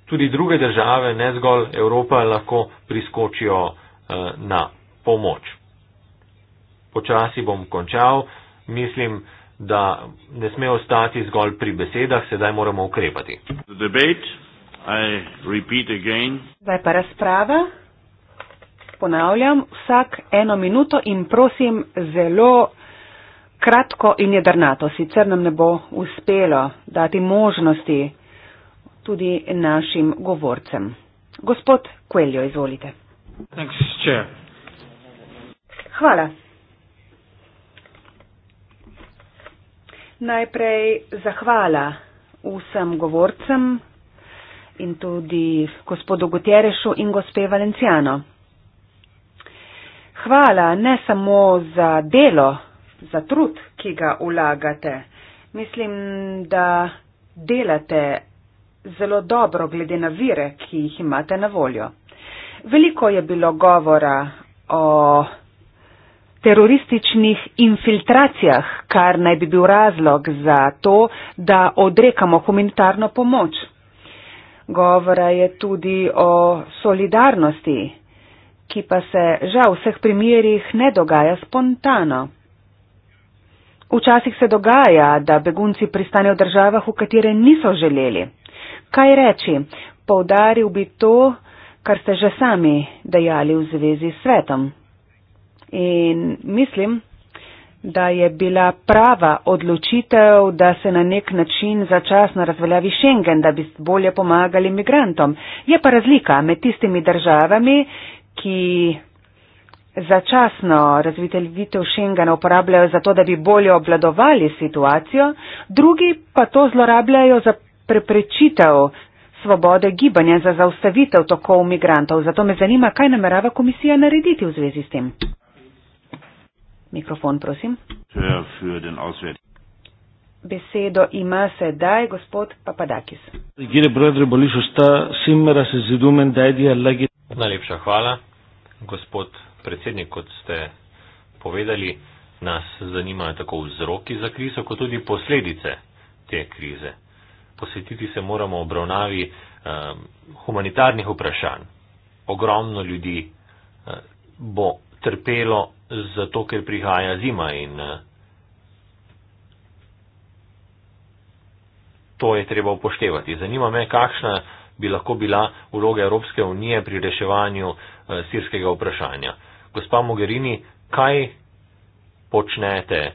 tudi druge države, ne zgolj Evropa, lahko priskočijo eh, na pomoč. Počasi bom končal. Mislim, da ne sme ostati zgolj pri besedah, sedaj moramo ukrepati. Zdaj pa razprava. Ponavljam, vsak eno minuto in prosim zelo kratko in jedrnato, sicer nam ne bo uspelo dati možnosti tudi našim govorcem. Gospod Kueljo, izvolite. Hvala. Najprej zahvala vsem govorcem in tudi gospodu Guterešu in gospe Valencijano. Hvala ne samo za delo, za trud, ki ga vlagate. Mislim, da delate zelo dobro glede na vire, ki jih imate na voljo. Veliko je bilo govora o terorističnih infiltracijah, kar naj bi bil razlog za to, da odrekamo humanitarno pomoč. Govora je tudi o solidarnosti, ki pa se žal v vseh primerjih ne dogaja spontano. Včasih se dogaja, da begunci pristanejo v državah, v katere niso želeli kaj reči. Povdaril bi to, kar ste že sami dejali v zvezi s svetom. In mislim, da je bila prava odločitev, da se na nek način začasno razveljavi Schengen, da bi bolje pomagali migrantom. Je pa razlika med tistimi državami, ki začasno razvitelitev Schengena uporabljajo za to, da bi bolje obladovali situacijo, drugi pa to zlorabljajo za preprečitev svobode gibanja, za zaustavitev tokov migrantov. Zato me zanima, kaj namerava komisija narediti v zvezi s tem. Mikrofon, prosim. Besedo ima sedaj gospod Papadakis. Najlepša hvala. Gospod predsednik, kot ste povedali, nas zanimajo tako vzroki za krizo, kot tudi posledice te krize posvetiti se moramo obravnavi eh, humanitarnih vprašanj. Ogromno ljudi eh, bo trpelo zato, ker prihaja zima in eh, to je treba upoštevati. Zanima me, kakšna bi lahko bila vloga Evropske unije pri reševanju sirskega vprašanja. Gospa Mogherini, kaj počnete,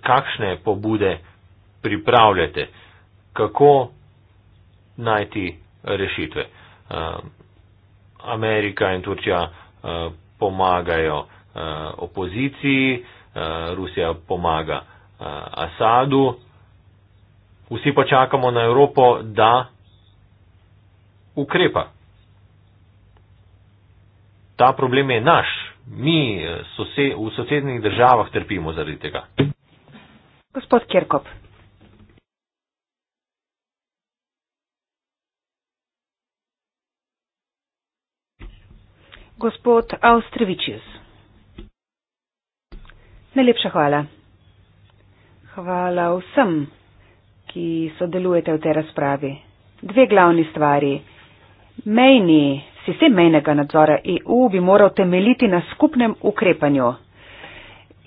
kakšne pobude pripravljate? kako najti rešitve. Ehm, Amerika in Turčija eh, pomagajo eh, opoziciji, eh, Rusija pomaga Asadu, vsi pa čakamo na Evropo, da ukrepa. Ta problem je naš. Mi sose, v sosednjih državah trpimo zaradi tega. Gospod Kirkop, gospod Austrevičius. Najlepša hvala. Hvala vsem, ki sodelujete v tej razpravi. Dve glavni stvari. Mejni sistem mejnega nadzora EU bi moral temeljiti na skupnem ukrepanju.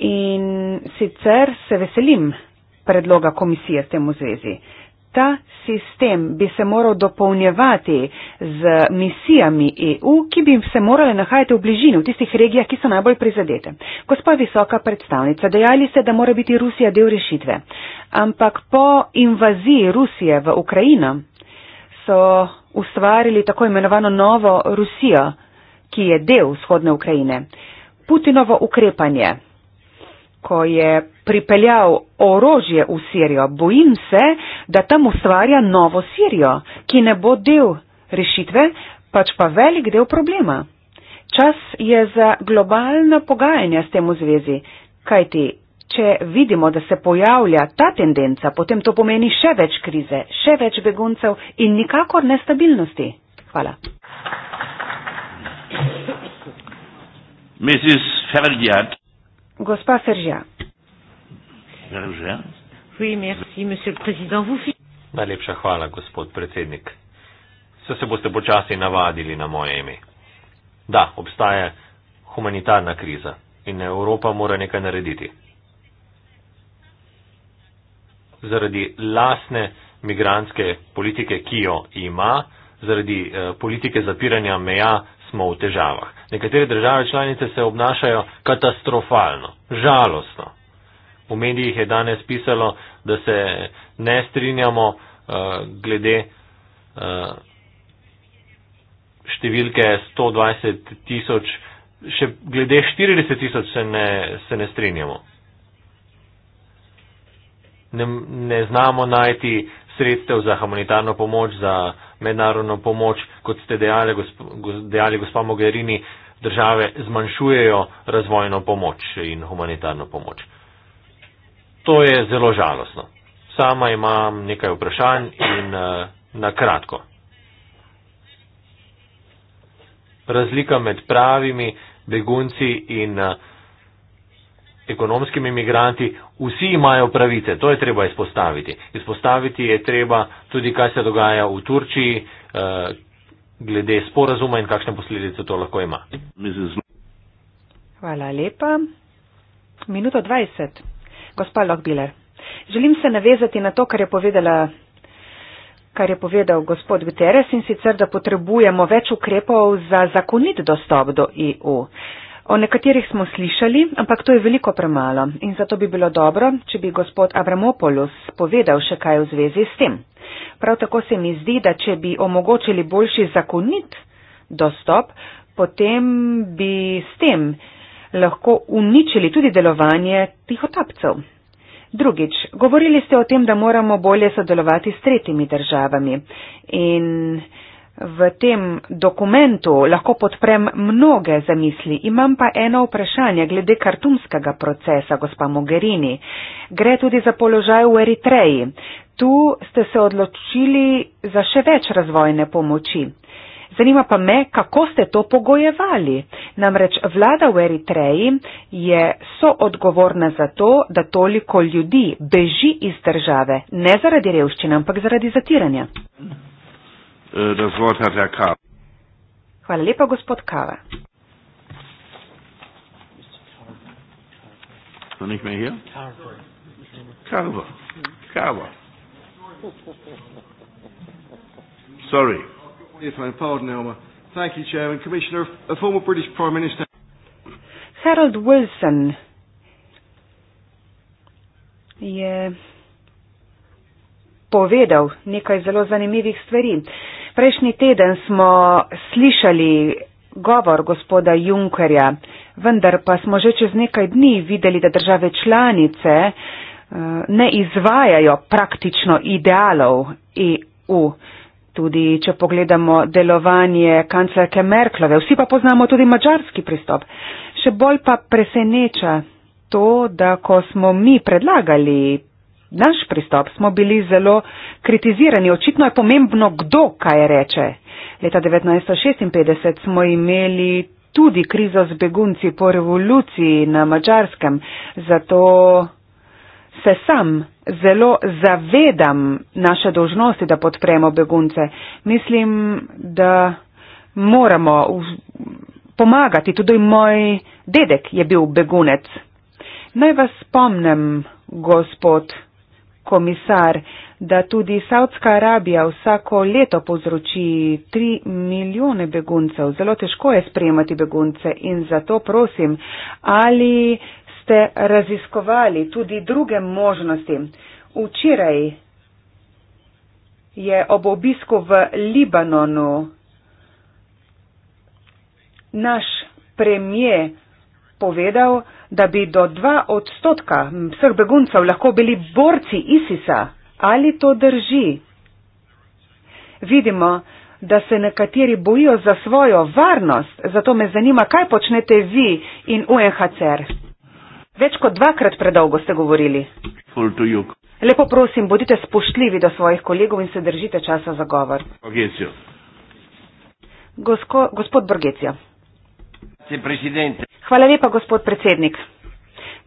In sicer se veselim predloga komisije s tem v zvezi ta sistem bi se moral dopolnjevati z misijami EU, ki bi se morale nahajati v bližini, v tistih regijah, ki so najbolj prizadete. Gospa visoka predstavnica, dejali ste, da mora biti Rusija del rešitve. Ampak po invaziji Rusije v Ukrajino so ustvarili tako imenovano novo Rusijo, ki je del vzhodne Ukrajine. Putinovo ukrepanje ko je pripeljal orožje v Sirijo, bojim se, da tam ustvarja novo Sirijo, ki ne bo del rešitve, pač pa velik del problema. Čas je za globalna pogajanja s tem v zvezi, kajti, če vidimo, da se pojavlja ta tendenca, potem to pomeni še več krize, še več beguncev in nikakor nestabilnosti. Hvala. Mrs. Ferdiad. Gospa Seržja. Najlepša hvala, gospod predsednik. Se, se boste počasi navadili na moje ime. Da, obstaja humanitarna kriza in Evropa mora nekaj narediti. Zaradi lasne migranske politike, ki jo ima, zaradi eh, politike zapiranja meja smo v težavah. Nekatere države članice se obnašajo katastrofalno, žalostno. V medijih je danes pisalo, da se ne strinjamo uh, glede uh, številke 120 tisoč, še glede 40 tisoč se, se ne strinjamo. Ne, ne znamo najti uh, sredstev za humanitarno pomoč, za mednarodno pomoč, kot ste dejali, gospo, dejali gospa Mogherini, države zmanjšujejo razvojno pomoč in humanitarno pomoč. To je zelo žalostno. Sama imam nekaj vprašanj in eh, na kratko. Razlika med pravimi begunci in uh, ekonomskimi imigranti, vsi imajo pravice, to je treba izpostaviti. Izpostaviti je treba tudi, kaj se dogaja v Turčiji, eh, glede sporazuma in kakšne posledice to lahko ima. Hvala lepa. Minuto 20. Gospa Lokbiler, želim se navezati na to, kar je povedala kar je povedal gospod Guterres in sicer, da potrebujemo več ukrepov za zakonit dostop do EU. O nekaterih smo slišali, ampak to je veliko premalo in zato bi bilo dobro, če bi gospod Abramopoulos povedal še kaj v zvezi s tem. Prav tako se mi zdi, da če bi omogočili boljši zakonit dostop, potem bi s tem lahko uničili tudi delovanje tihotapcev. Drugič, govorili ste o tem, da moramo bolje sodelovati s tretjimi državami in v tem dokumentu lahko podprem mnoge zamisli. Imam pa eno vprašanje glede kartumskega procesa, gospa Mogherini. Gre tudi za položaj v Eritreji. Tu ste se odločili za še več razvojne pomoči. Zanima pa me, kako ste to pogojevali. Namreč vlada v Eritreji je soodgovorna za to, da toliko ljudi beži iz države, ne zaradi revščine, ampak zaradi zatiranja. Eh, das Wort hat Herr Kahr. Hvala lepa, gospod Kahr. Noch nicht mehr hier? Carver. Carver. Sorry. Yes, my pardon, Elmer. Thank you, Chairman. Commissioner, a former British Prime Minister. Harold Wilson. Je povedal nekaj zelo zanimivih stvari. Prejšnji teden smo slišali govor gospoda Junkerja, vendar pa smo že čez nekaj dni videli, da države članice eh, ne izvajajo praktično idealov EU. Tudi, če pogledamo delovanje kanclerke Merklove, vsi pa poznamo tudi mačarski pristop. Še bolj pa preseneča to, da ko smo mi predlagali naš pristop smo bili zelo kritizirani. Očitno je pomembno, kdo kaj reče. Leta 1956 smo imeli tudi krizo z begunci po revoluciji na Mačarskem, zato se sam zelo zavedam naše dožnosti, da podpremo begunce. Mislim, da moramo pomagati. Tudi moj dedek je bil begunec. Naj vas spomnem, gospod komisar, da tudi Saudska Arabija vsako leto povzroči 3 milijone beguncev. Zelo težko je sprejemati begunce in zato prosim, ali ste raziskovali tudi druge možnosti. Včeraj je ob obisku v Libanonu naš premijer povedal, da bi do dva odstotka vseh beguncev lahko bili borci ISISA. Ali to drži? Vidimo, da se nekateri bojijo za svojo varnost, zato me zanima, kaj počnete vi in UNHCR. Več kot dvakrat predolgo ste govorili. Lepo prosim, bodite spoštljivi do svojih kolegov in se držite časa za govor. Gospod Borgecija. Hvala lepa, gospod predsednik.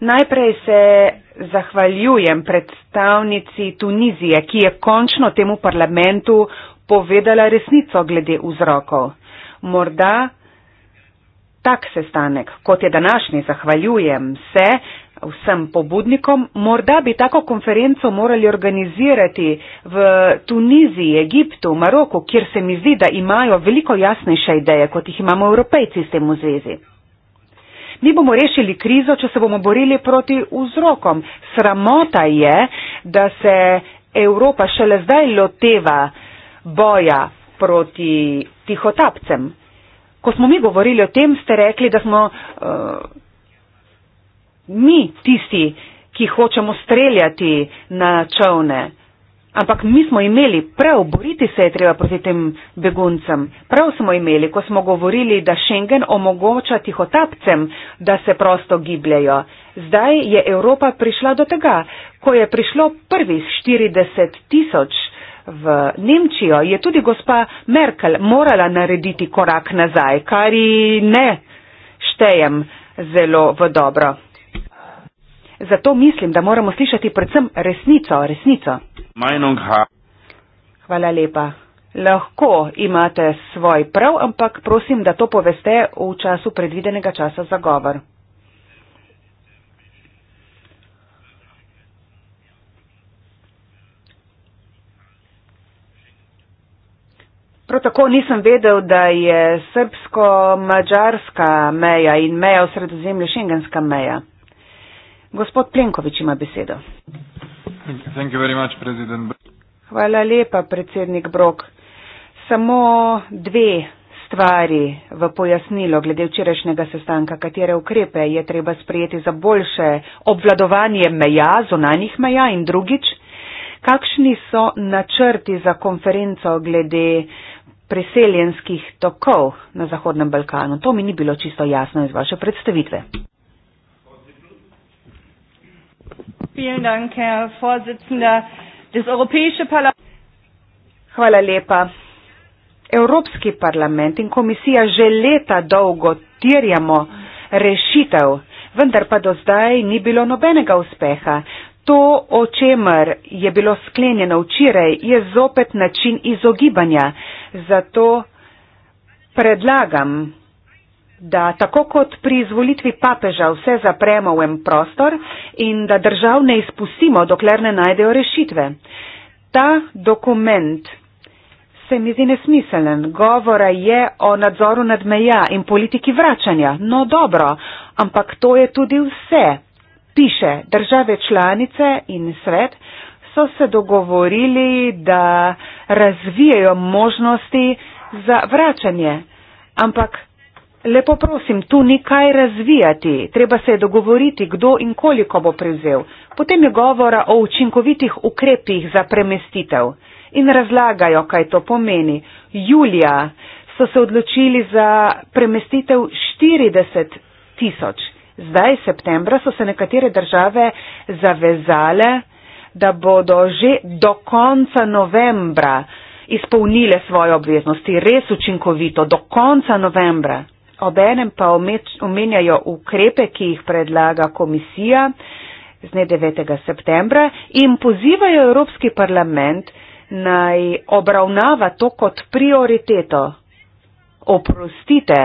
Najprej se zahvaljujem predstavnici Tunizije, ki je končno temu parlamentu povedala resnico glede vzrokov. Morda tak sestanek, kot je današnji, zahvaljujem se, vsem pobudnikom, morda bi tako konferenco morali organizirati v Tuniziji, Egiptu, Maroku, kjer se mi zdi, da imajo veliko jasnejše ideje, kot jih imamo evropejci s tem v zvezi. Mi bomo rešili krizo, če se bomo borili proti vzrokom. Sramota je, da se Evropa šele zdaj loteva boja proti tihotapcem. Ko smo mi govorili o tem, ste rekli, da smo. Uh, mi tisti, ki hočemo streljati na čovne. Ampak mi smo imeli prav, boriti se je treba proti tem beguncem. Prav smo imeli, ko smo govorili, da Schengen omogoča tihotapcem, da se prosto gibljajo. Zdaj je Evropa prišla do tega, ko je prišlo prvi 40 tisoč v Nemčijo, je tudi gospa Merkel morala narediti korak nazaj, kar ji ne štejem zelo v dobro. Zato mislim, da moramo slišati predvsem resnico, resnico. Hvala lepa. Lahko imate svoj prav, ampak prosim, da to poveste v času predvidenega časa za govor. Prav tako nisem vedel, da je srbsko-mađarska meja in meja v sredozemlju šengenska meja. Gospod Plenkovič ima besedo. Hvala lepa, predsednik Brok. Samo dve stvari v pojasnilo glede včerajšnjega sestanka, katere ukrepe je treba sprejeti za boljše obvladovanje meja, zonanih meja in drugič, kakšni so načrti za konferenco glede preseljenskih tokov na Zahodnem Balkanu. To mi ni bilo čisto jasno iz vaše predstavitve. Vielen Dank, Herr Vorsitzender. Das Europäische Parlament. Hvala lepa. Evropski parlament in komisija že leta dolgo tirjamo rešitev, vendar pa do zdaj ni bilo nobenega uspeha. To, o čemer je bilo sklenjeno včeraj, je zopet način izogibanja. Zato predlagam da tako kot pri izvolitvi papeža vse zapremo v en prostor in da držav ne izpustimo, dokler ne najdejo rešitve. Ta dokument se mi zdi nesmiselen. Govora je o nadzoru nad meja in politiki vračanja. No dobro, ampak to je tudi vse. Piše, države članice in svet so se dogovorili, da razvijajo možnosti za vračanje. Ampak Lepo prosim, tu ni kaj razvijati, treba se je dogovoriti, kdo in koliko bo prevzel. Potem je govora o učinkovitih ukrepih za premestitev in razlagajo, kaj to pomeni. Julija so se odločili za premestitev 40 tisoč. Zdaj, septembra, so se nekatere države zavezale, da bodo že do konca novembra izpolnile svoje obveznosti, res učinkovito, do konca novembra obenem pa omenjajo ukrepe, ki jih predlaga komisija z dne 9. septembra in pozivajo Evropski parlament naj obravnava to kot prioriteto. Oprostite,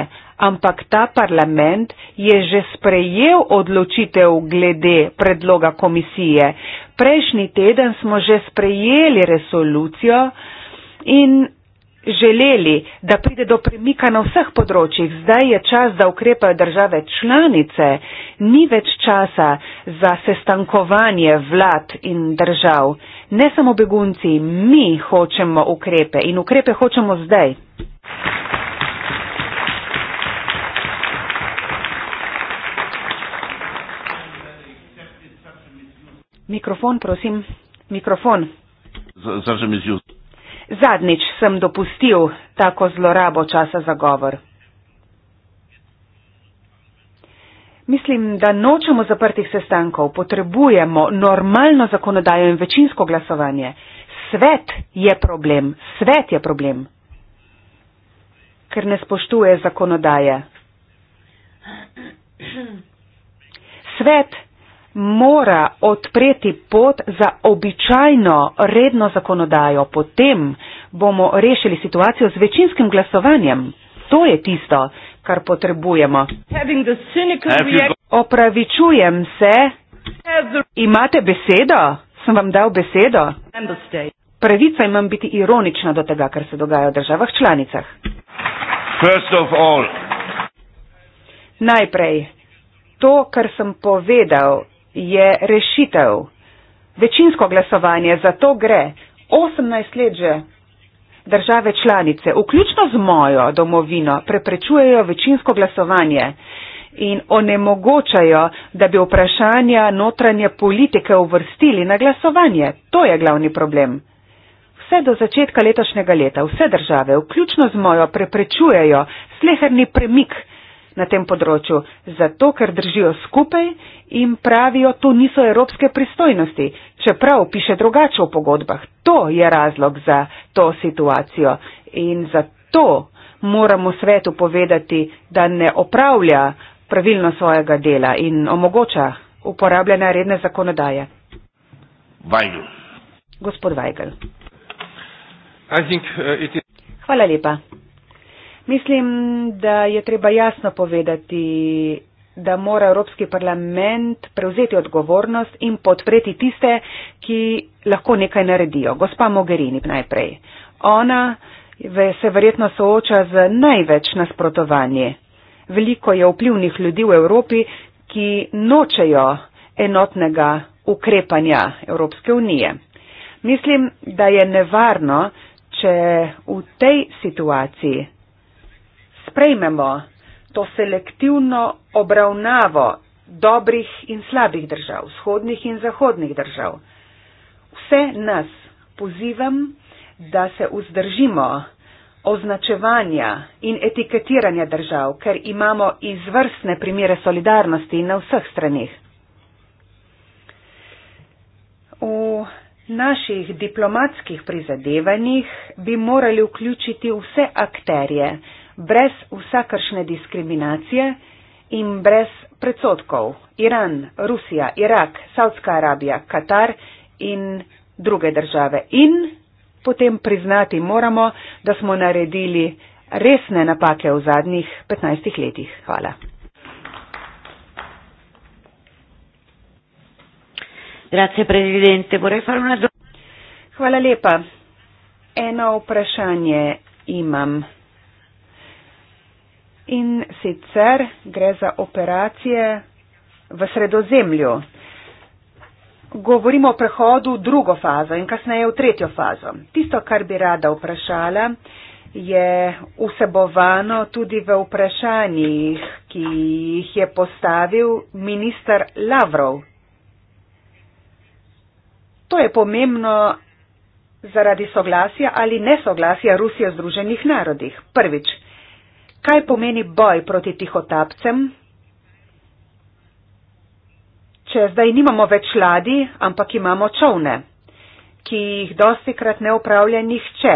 ampak ta parlament je že sprejel odločitev glede predloga komisije. Prejšnji teden smo že sprejeli resolucijo in želeli, da pride do premika na vseh področjih, zdaj je čas, da ukrepajo države članice, ni več časa za sestankovanje vlad in držav. Ne samo begunci, mi hočemo ukrepe in ukrepe hočemo zdaj. Mikrofon, prosim. Mikrofon. Z, z, z, z, z, z. Zadnjič sem dopustil tako zlorabo časa za govor. Mislim, da nočemo zaprtih sestankov, potrebujemo normalno zakonodajo in večinsko glasovanje. Svet je problem, svet je problem, ker ne spoštuje zakonodaje. Svet mora odpreti pot za običajno redno zakonodajo. Potem bomo rešili situacijo z večinskim glasovanjem. To je tisto, kar potrebujemo. Opravičujem se. Imate besedo? Sem vam dal besedo? Pravica imam biti ironična do tega, kar se dogaja v državah članicah. Najprej, to, kar sem povedal, je rešitev. Večinsko glasovanje za to gre. 18 let že države članice, vključno z mojo domovino, preprečujejo večinsko glasovanje in onemogočajo, da bi vprašanja notranje politike uvrstili na glasovanje. To je glavni problem. Vse do začetka letošnjega leta, vse države, vključno z mojo, preprečujejo sleherni premik na tem področju, zato ker držijo skupaj in pravijo, to niso evropske pristojnosti, čeprav piše drugače v pogodbah. To je razlog za to situacijo in zato moramo svetu povedati, da ne opravlja pravilno svojega dela in omogoča uporabljanje redne zakonodaje. Vajgl. Gospod Vajgl. Think, uh, is... Hvala lepa. Mislim, da je treba jasno povedati, da mora Evropski parlament prevzeti odgovornost in podpreti tiste, ki lahko nekaj naredijo. Gospa Mogherini najprej. Ona se verjetno sooča z največ nasprotovanji. Veliko je vplivnih ljudi v Evropi, ki nočejo enotnega ukrepanja Evropske unije. Mislim, da je nevarno, če v tej situaciji sprejmemo to selektivno obravnavo dobrih in slabih držav, vzhodnih in zahodnih držav. Vse nas pozivam, da se vzdržimo označevanja in etiketiranja držav, ker imamo izvrstne primere solidarnosti na vseh stranih. V naših diplomatskih prizadevanjih bi morali vključiti vse akterje, brez vsakršne diskriminacije in brez predsotkov. Iran, Rusija, Irak, Saudska Arabija, Katar in druge države. In potem priznati moramo, da smo naredili resne napake v zadnjih 15 letih. Hvala. Hvala lepa. Eno vprašanje imam in sicer gre za operacije v sredozemlju. Govorimo o prehodu v drugo fazo in kasneje v tretjo fazo. Tisto, kar bi rada vprašala, je vsebovano tudi v vprašanjih, ki jih je postavil minister Lavrov. To je pomembno zaradi soglasja ali nesoglasja Rusije v Združenih narodih. Prvič, Kaj pomeni boj proti tihotapcem? Če zdaj nimamo več ladi, ampak imamo čovne, ki jih dosti krat ne upravlja nihče.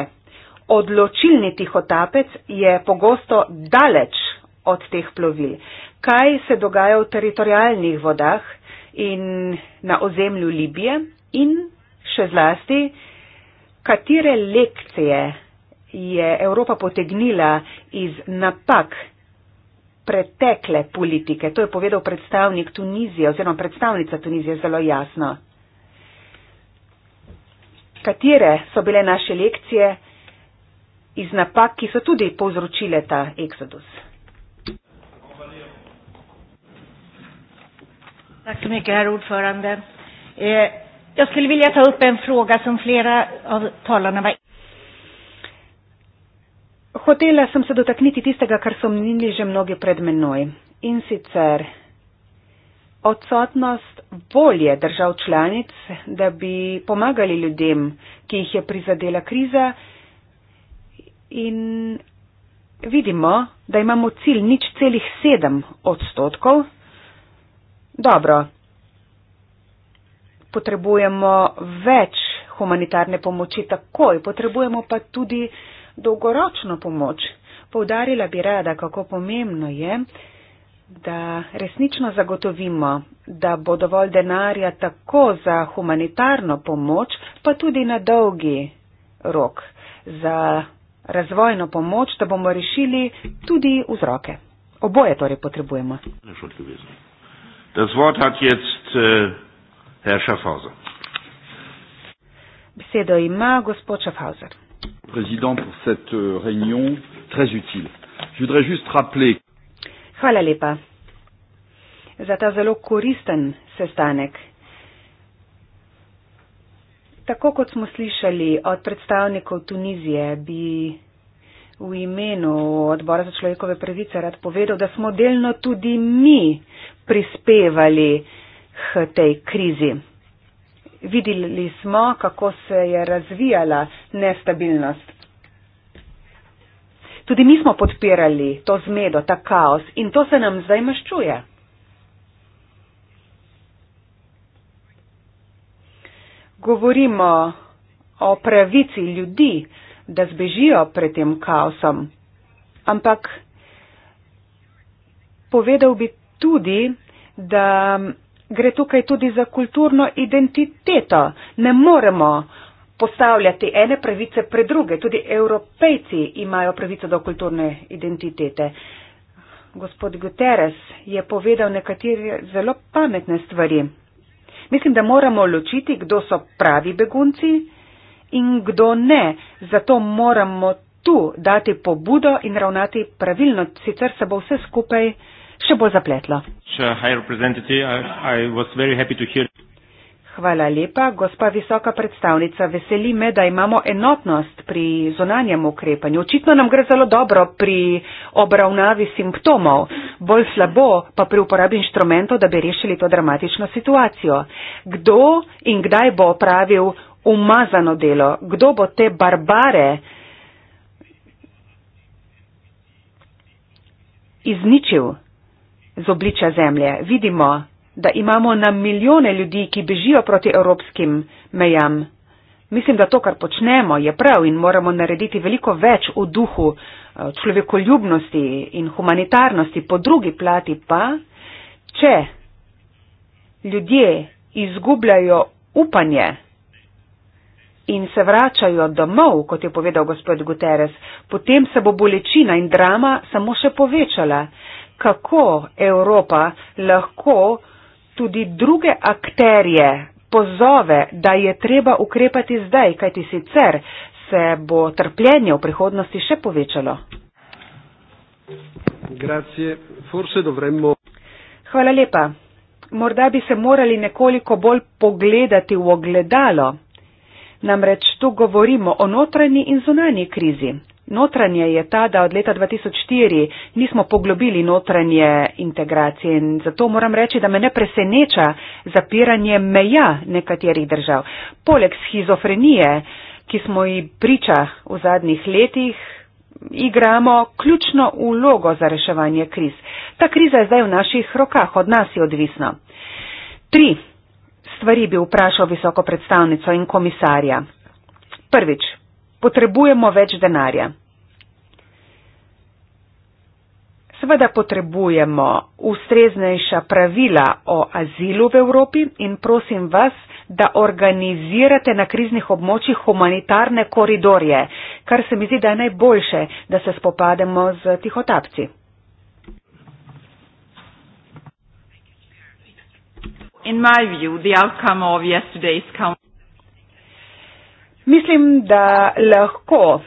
Odločilni tihotapec je pogosto daleč od teh plovil. Kaj se dogaja v teritorijalnih vodah in na ozemlju Libije in še zlasti, katere lekcije je Evropa potegnila iz napak pretekle politike. To je povedal predstavnik Tunizije oziroma predstavnica Tunizije zelo jasno. Katere so bile naše lekcije iz napak, ki so tudi povzročile ta eksodus? Eh, Jaz skulle vilja ta upen fraga, sem flera od talana. Hotela sem se dotakniti tistega, kar so omenili že mnogi pred menoj in sicer odsotnost volje držav članic, da bi pomagali ljudem, ki jih je prizadela kriza in vidimo, da imamo cilj nič celih sedem odstotkov. Dobro, potrebujemo več humanitarne pomoči takoj, potrebujemo pa tudi dolgoročno pomoč. Poudarila bi rada, kako pomembno je, da resnično zagotovimo, da bo dovolj denarja tako za humanitarno pomoč, pa tudi na dolgi rok za razvojno pomoč, da bomo rešili tudi vzroke. Oboje torej potrebujemo. Äh, Besedo ima gospod Šafhauser président pour cette euh, réunion très utile. Je voudrais juste rappeler Hvala lepa za ta zelo koristen sestanek. Tako kot smo slišali od predstavnikov Tunizije, bi v imenu odbora za človekove pravice rad povedal, da smo delno tudi mi prispevali k tej krizi. Videli smo, kako se je razvijala nestabilnost. Tudi mi smo podpirali to zmedo, ta kaos in to se nam zdaj maščuje. Govorimo o pravici ljudi, da zbežijo pred tem kaosom. Ampak povedal bi tudi, da gre tukaj tudi za kulturno identiteto. Ne moremo postavljati ene pravice pred druge. Tudi evropejci imajo pravico do kulturne identitete. Gospod Guterres je povedal nekatere zelo pametne stvari. Mislim, da moramo ločiti, kdo so pravi begunci in kdo ne. Zato moramo tu dati pobudo in ravnati pravilno, sicer se bo vse skupaj še bolj zapletlo. Hvala lepa, gospa visoka predstavnica. Veseli me, da imamo enotnost pri zonanjem ukrepanju. Očitno nam gre zelo dobro pri obravnavi simptomov, bolj slabo pa pri uporabi inštrumentov, da bi rešili to dramatično situacijo. Kdo in kdaj bo opravil umazano delo? Kdo bo te barbare izničil? z obliča zemlje. Vidimo, da imamo na milijone ljudi, ki bežijo proti evropskim mejam. Mislim, da to, kar počnemo, je prav in moramo narediti veliko več v duhu eh, človekoljubnosti in humanitarnosti. Po drugi plati pa, če ljudje izgubljajo upanje in se vračajo domov, kot je povedal gospod Guterres, potem se bo bolečina in drama samo še povečala kako Evropa lahko tudi druge akterje pozove, da je treba ukrepati zdaj, kajti sicer se bo trpljenje v prihodnosti še povečalo. Hvala lepa. Morda bi se morali nekoliko bolj pogledati v ogledalo. Namreč tu govorimo o notranji in zunanji krizi. Notranje je ta, da od leta 2004 nismo poglobili notranje integracije in zato moram reči, da me ne preseneča zapiranje meja nekaterih držav. Poleg schizofrenije, ki smo ji priča v zadnjih letih, igramo ključno ulogo za reševanje kriz. Ta kriza je zdaj v naših rokah, od nas je odvisno. Tri stvari bi vprašal visoko predstavnico in komisarja. Prvič, potrebujemo več denarja. Seveda potrebujemo ustreznejša pravila o azilu v Evropi in prosim vas, da organizirate na kriznih območjih humanitarne koridorje, kar se mi zdi, da je najboljše, da se spopademo z tihotapci. In my view, the outcome of yesterday's conference. Mislim, da lahko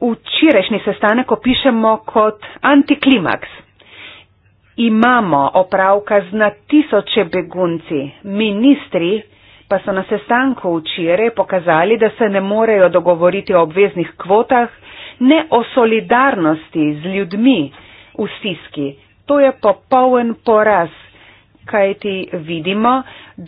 včerajšnji sestanek opišemo kot antiklimaks. Imamo opravka z na tisoče begunci. Ministri pa so na sestanku včeraj pokazali, da se ne morejo dogovoriti o obveznih kvotah, ne o solidarnosti z ljudmi v stiski. To je popoln poraz kajti vidimo,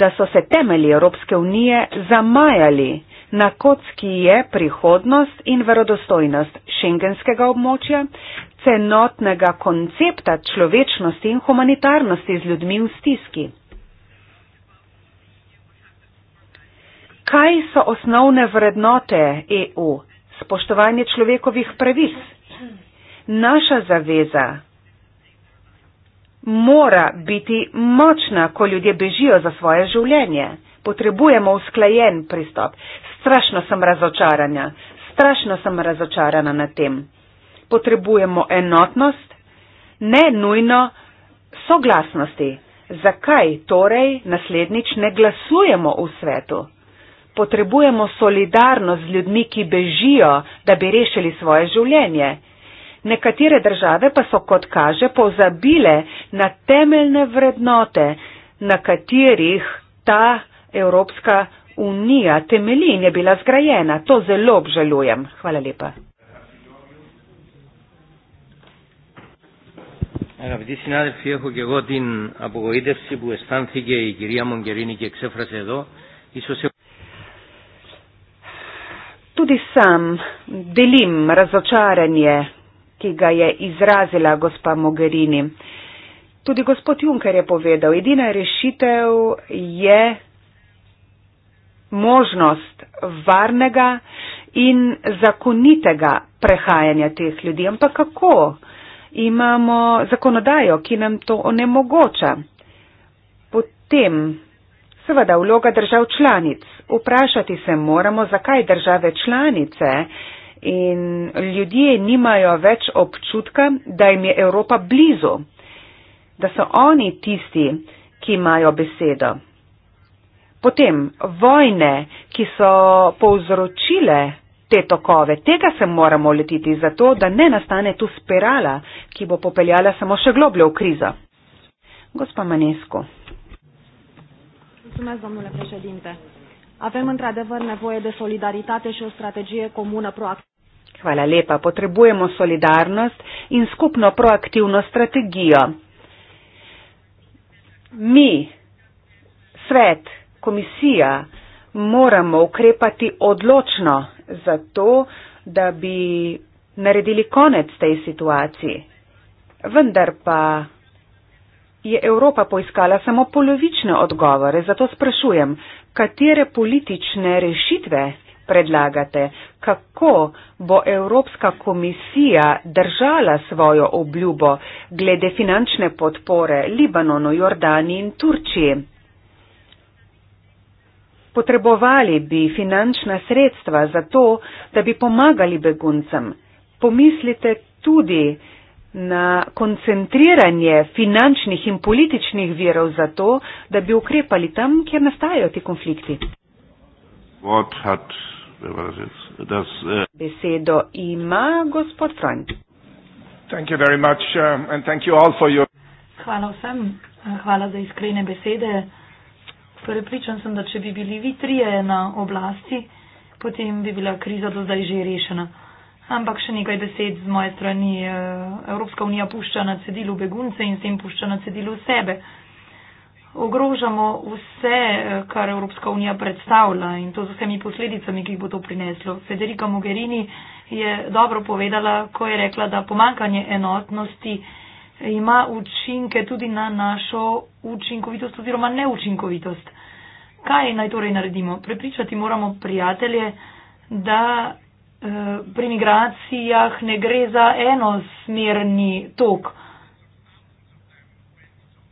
da so se temelji Evropske unije zamajali. Na kocki je prihodnost in verodostojnost šengenskega območja, cenotnega koncepta človečnosti in humanitarnosti z ljudmi v stiski. Kaj so osnovne vrednote EU? Spoštovanje človekovih pravic. Naša zaveza mora biti močna, ko ljudje bežijo za svoje življenje. Potrebujemo usklajen pristop. Strašno sem razočarana, strašno sem razočarana na tem. Potrebujemo enotnost, ne nujno soglasnosti. Zakaj torej naslednjič ne glasujemo v svetu? Potrebujemo solidarnost z ljudmi, ki bežijo, da bi rešili svoje življenje. Nekatere države pa so, kot kaže, pozabile na temeljne vrednote, na katerih ta Evropska unija temelji in je bila zgrajena. To zelo obžalujem. Hvala lepa. Tudi sam delim razočaranje ki ga je izrazila gospa Mogherini. Tudi gospod Juncker je povedal, edina rešitev je možnost varnega in zakonitega prehajanja teh ljudi. Ampak kako? Imamo zakonodajo, ki nam to onemogoča. Potem, seveda, vloga držav članic. Vprašati se moramo, zakaj države članice in ljudje nimajo več občutka, da jim je Evropa blizu, da so oni tisti, ki imajo besedo. Potem vojne, ki so povzročile te tokove, tega se moramo letiti zato, da ne nastane tu spirala, ki bo popeljala samo še globljo v krizo. Gospa Manesko. Mulțumesc, domnule președinte. Avem într-adevăr nevoie de solidaritate și o strategie comună proactivă. Hvala lepa. Potrebujemo solidarnost in skupno proaktivno strategijo. Mi, svet, komisija, moramo ukrepati odločno za to, da bi naredili konec tej situaciji. Vendar pa je Evropa poiskala samo polovične odgovore, zato sprašujem, katere politične rešitve predlagate, kako bo Evropska komisija držala svojo obljubo glede finančne podpore Libanonu, Jordani in Turčiji. Potrebovali bi finančna sredstva za to, da bi pomagali beguncem. Pomislite tudi, na koncentriranje finančnih in političnih virov za to, da bi ukrepali tam, kjer nastajajo ti konflikti. Hat, das, uh... Besedo ima gospod Franc. Eh, hvala vsem, eh, hvala za iskrene besede. Prepričan sem, da če bi bili vi trije na oblasti, potem bi bila kriza do zdaj že rešena. Ampak še nekaj besed z moje strani. Eh, Evropska unija pušča na cedilu begunce in s tem pušča na cedilu sebe. Ogrožamo vse, eh, kar Evropska unija predstavlja in to z vsemi posledicami, ki jih bo to prineslo. Federica Mogherini je dobro povedala, ko je rekla, da pomankanje enotnosti ima učinke tudi na našo učinkovitost oziroma neučinkovitost. Kaj naj torej naredimo? Prepričati moramo prijatelje, da pri migracijah ne gre za enosmerni tok.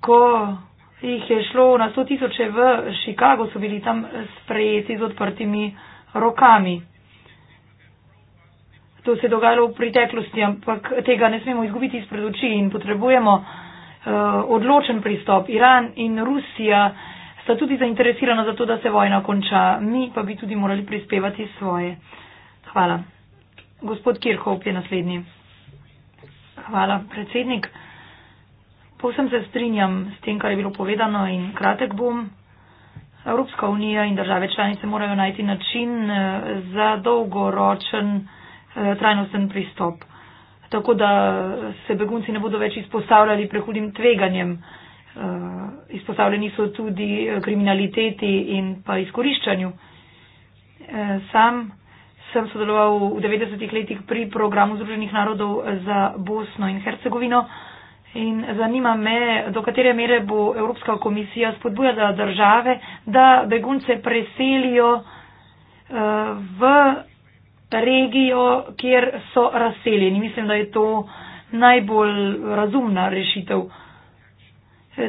Ko jih je šlo na sto tisoče v Chicago, so bili tam sprejeti z odprtimi rokami. To se je dogajalo v preteklosti, ampak tega ne smemo izgubiti izpred oči in potrebujemo uh, odločen pristop. Iran in Rusija sta tudi zainteresirana za to, da se vojna konča. Mi pa bi tudi morali prispevati svoje. Hvala. Gospod Kirchhoff je naslednji. Hvala, predsednik. Povsem se strinjam s tem, kar je bilo povedano in kratek bom. Evropska unija in države članice morajo najti način eh, za dolgoročen eh, trajnosten pristop, tako da eh, se begunci ne bodo več izpostavljali prehudim tveganjem. Izpostavljeni so tudi kriminaliteti in pa izkoriščanju. Sam sem sodeloval v 90-ih letih pri programu Združenih narodov za Bosno in Hercegovino. In zanima me, do katere mere bo Evropska komisija spodbujala države, da begunce preselijo eh, v regijo, kjer so razseljeni. Mislim, da je to najbolj razumna rešitev.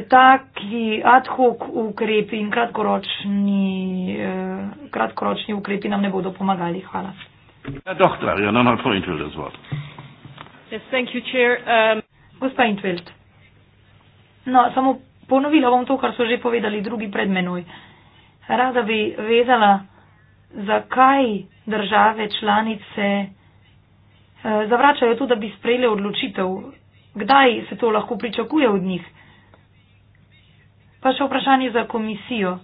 Taki ad hoc ukrepi in kratkoročni, eh, kratkoročni ukrepi nam ne bodo pomagali. Hvala. Ja, um, Gospa Intveld, no, samo ponovila bom to, kar so že povedali drugi pred menoj. Rada bi vezala, zakaj države članice eh, zavračajo to, da bi sprejeli odločitev. Kdaj se to lahko pričakuje od njih? Pa še vprašanje za komisijo.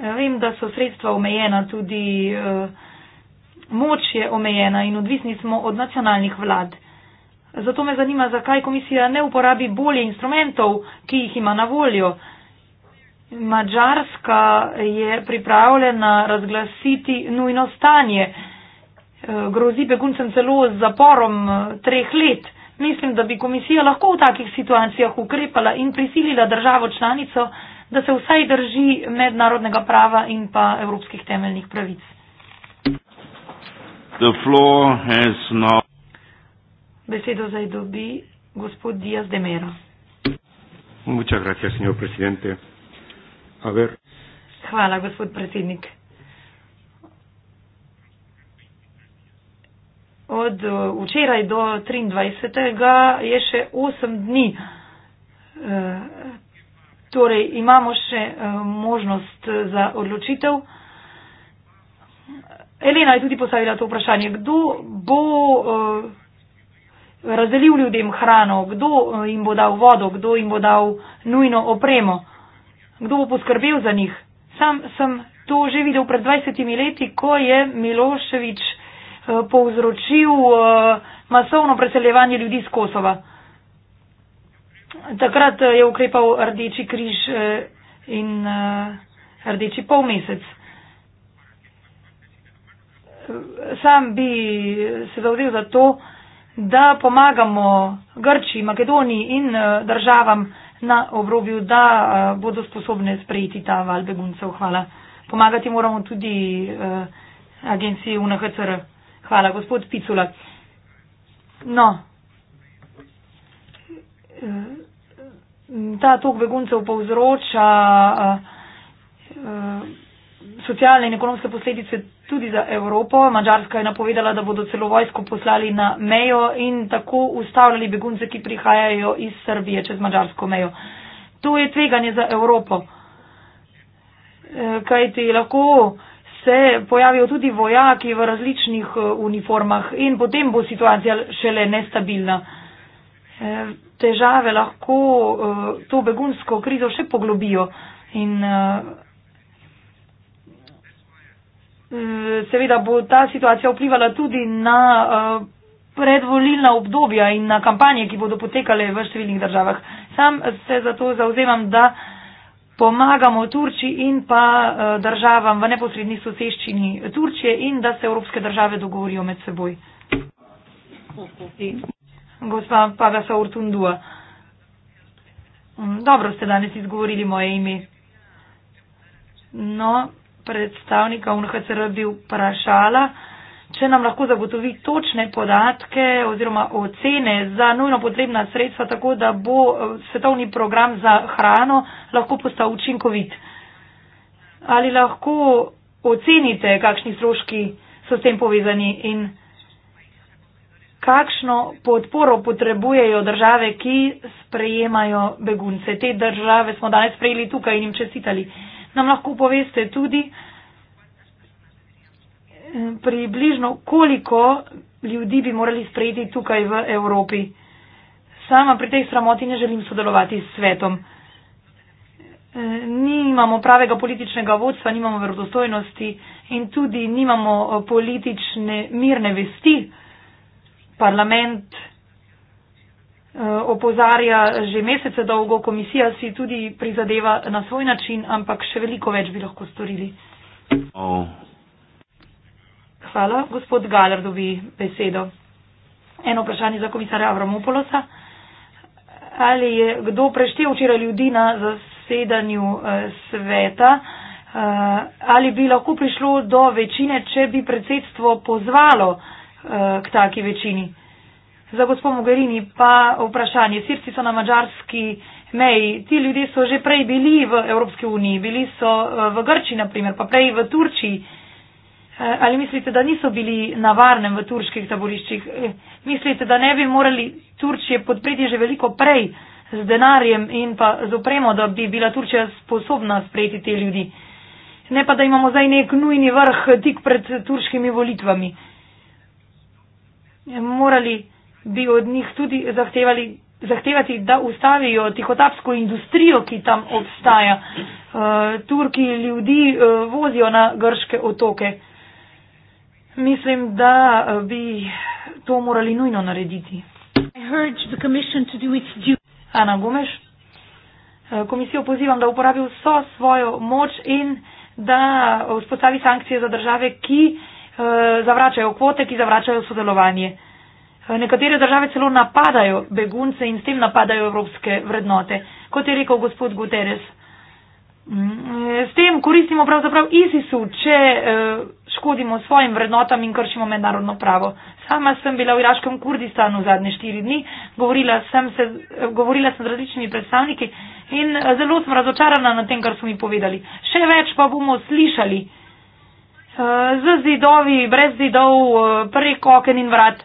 Vem, da so sredstva omejena, tudi eh, moč je omejena in odvisni smo od nacionalnih vlad. Zato me zanima, zakaj komisija ne uporabi bolje instrumentov, ki jih ima na voljo. Mačarska je pripravljena razglasiti nujno stanje, eh, grozi beguncem celo z zaporom eh, treh let. Mislim, da bi komisija lahko v takih situacijah ukrepala in prisilila državo članico, da se vsaj drži mednarodnega prava in pa evropskih temeljnih pravic. Besedo zdaj dobi gospod Díaz de Mera. Gracias, ver... Hvala, gospod predsednik. od eh, včeraj do 23. je še 8 dni. Eh, torej imamo še eh, možnost za odločitev. Elena je tudi postavila to vprašanje, kdo bo razdelil ljudem hrano, kdo jim bo dal vodo, kdo jim bo dal nujno opremo, kdo bo poskrbel za njih. Sam sem to že videl pred 20 leti, ko je Miloševič eh, Eh, povzročil eh, masovno preseljevanje ljudi z Kosova. Takrat eh, je ukrepal Rdeči križ in Rdeči polmesec. Sam bi se zavzel za to, da pomagamo Grči, Makedoniji in državam na obrobju, da bodo sposobne sprejeti ta val beguncev. Hvala. Pomagati moramo tudi agenciji UNHCR. Hvala, gospod Picula. No, ta tok beguncev povzroča eh, eh, socialne in ekonomske posledice tudi za Evropo. Mačarska je napovedala, da bodo celo vojsko poslali na mejo in tako ustavljali begunce, ki prihajajo iz Srbije čez mačarsko mejo. To je tveganje za Evropo. Eh, Kaj ti lahko? se pojavijo tudi vojaki v različnih eh, uniformah in potem bo situacija šele nestabilna. Eh, težave lahko eh, to begunsko krizo še poglobijo in seveda bo ta situacija vplivala tudi na predvolilna obdobja in na kampanje, ki bodo potekale v številnih državah. Sam se zato zauzemam, da pomagamo Turčiji in pa eh, državam v neposredni soseščini Turčije in da se evropske države dogovorijo med seboj. Gospa Pagasa Urtundua. Mm, dobro ste danes izgovorili moje ime. No, predstavnika UNHCR bi vprašala če nam lahko zagotovi točne podatke oziroma ocene za nujno potrebna sredstva, tako da bo eh, svetovni program za hrano lahko postal učinkovit. Ali lahko ocenite, kakšni stroški so s tem povezani in kakšno podporo potrebujejo države, ki sprejemajo begunce. Te države smo danes sprejeli tukaj in jim čestitali. Nam lahko poveste tudi, približno koliko ljudi bi morali sprejeti tukaj v Evropi. Sama pri tej sramoti ne želim sodelovati s svetom. E, nimamo pravega političnega vodstva, nimamo verodostojnosti in tudi nimamo e, politične mirne vesti. Parlament e, opozarja že mesece dolgo, komisija si tudi prizadeva na svoj način, ampak še veliko več bi lahko storili. Oh hvala. Gospod Galer dobi besedo. Eno vprašanje za komisarja Avramopolosa. Ali je kdo preštev včeraj ljudi na zasedanju eh, sveta? Eh, ali bi lahko prišlo do večine, če bi predsedstvo pozvalo eh, k taki večini? Za gospod Mogherini pa vprašanje. Sirci so na mačarski meji. Ti ljudje so že prej bili v Evropski uniji, bili so eh, v Grči, naprimer, pa prej v Turčiji. Eh, ali mislite, da niso bili na varnem v turških taboriščih? Eh, mislite, da ne bi morali Turčije podpreti že veliko prej z denarjem in pa z opremo, da bi bila Turčija sposobna sprejeti te ljudi? Ne pa, da imamo zdaj nek nujni vrh tik pred turškimi volitvami. Eh, morali bi od njih tudi zahtevali, zahtevati, da ustavijo tihotapsko industrijo, ki tam obstaja. Uh, Turki ljudi uh, vozijo na grške otoke. Uh, Mislim, da eh, bi to morali nujno narediti. Ana Gomeš, eh, komisijo pozivam, da uporabi vso svojo moč in da vzpostavi sankcije za države, ki eh, zavračajo kvote, ki zavračajo sodelovanje. Nekatere države celo napadajo begunce in s tem napadajo evropske vrednote, kot je rekel gospod Guterres. Mm, s tem koristimo pravzaprav ISIS-u, če škodimo svojim vrednotam in kršimo mednarodno pravo. Sama sem bila v iraškem Kurdistanu zadnje štiri dni, govorila sem, se, govorila sem z različnimi predstavniki in eh, zelo sem razočarana na tem, kar so mi povedali. Še več pa bomo slišali eh, z zidovi, brez zidov, eh, prek oken in vrat.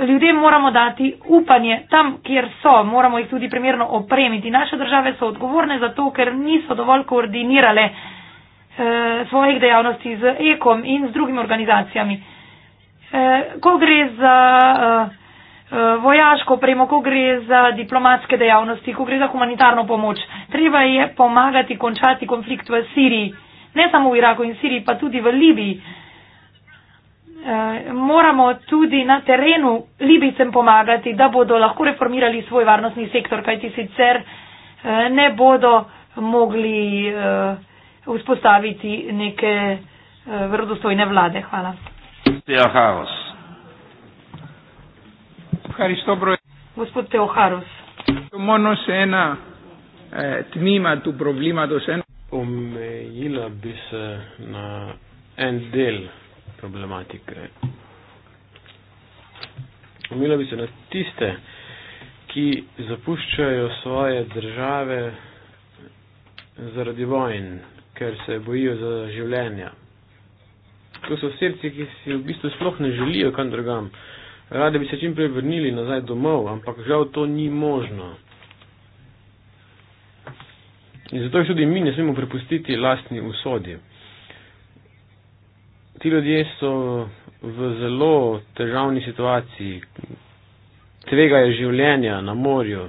Ljudem moramo dati upanje tam, kjer so, moramo jih tudi primerno opremiti. Naše države so odgovorne za to, ker niso dovolj koordinirale. Eh, svojih dejavnosti z ekom in z drugimi organizacijami. Eh, ko gre za eh, vojaško premo, ko gre za diplomatske dejavnosti, ko gre za humanitarno pomoč, treba je pomagati končati konflikt v Siriji, ne samo v Iraku in Siriji, pa tudi v Libiji. Moramo tudi na terenu Libijcem pomagati, da bodo lahko reformirali svoj varnostni sektor, kajti sicer ne bodo mogli. Uh, vzpostaviti neke eh, vrodostojne vlade. Hvala. Teoharus. Gospod Teoharus. Eh, Omejila bi se na en del problematike. Omejila bi se na tiste, ki zapuščajo svoje države zaradi vojn, ker se bojijo za življenja. To so srci, ki si v bistvu sploh ne želijo kam drugam. Rade bi se čim prej vrnili nazaj domov, ampak žal to ni možno. In zato jih tudi mi ne smemo prepustiti lastni usodi. Ti ljudje so v zelo težavni situaciji, tvegajo življenja na morju,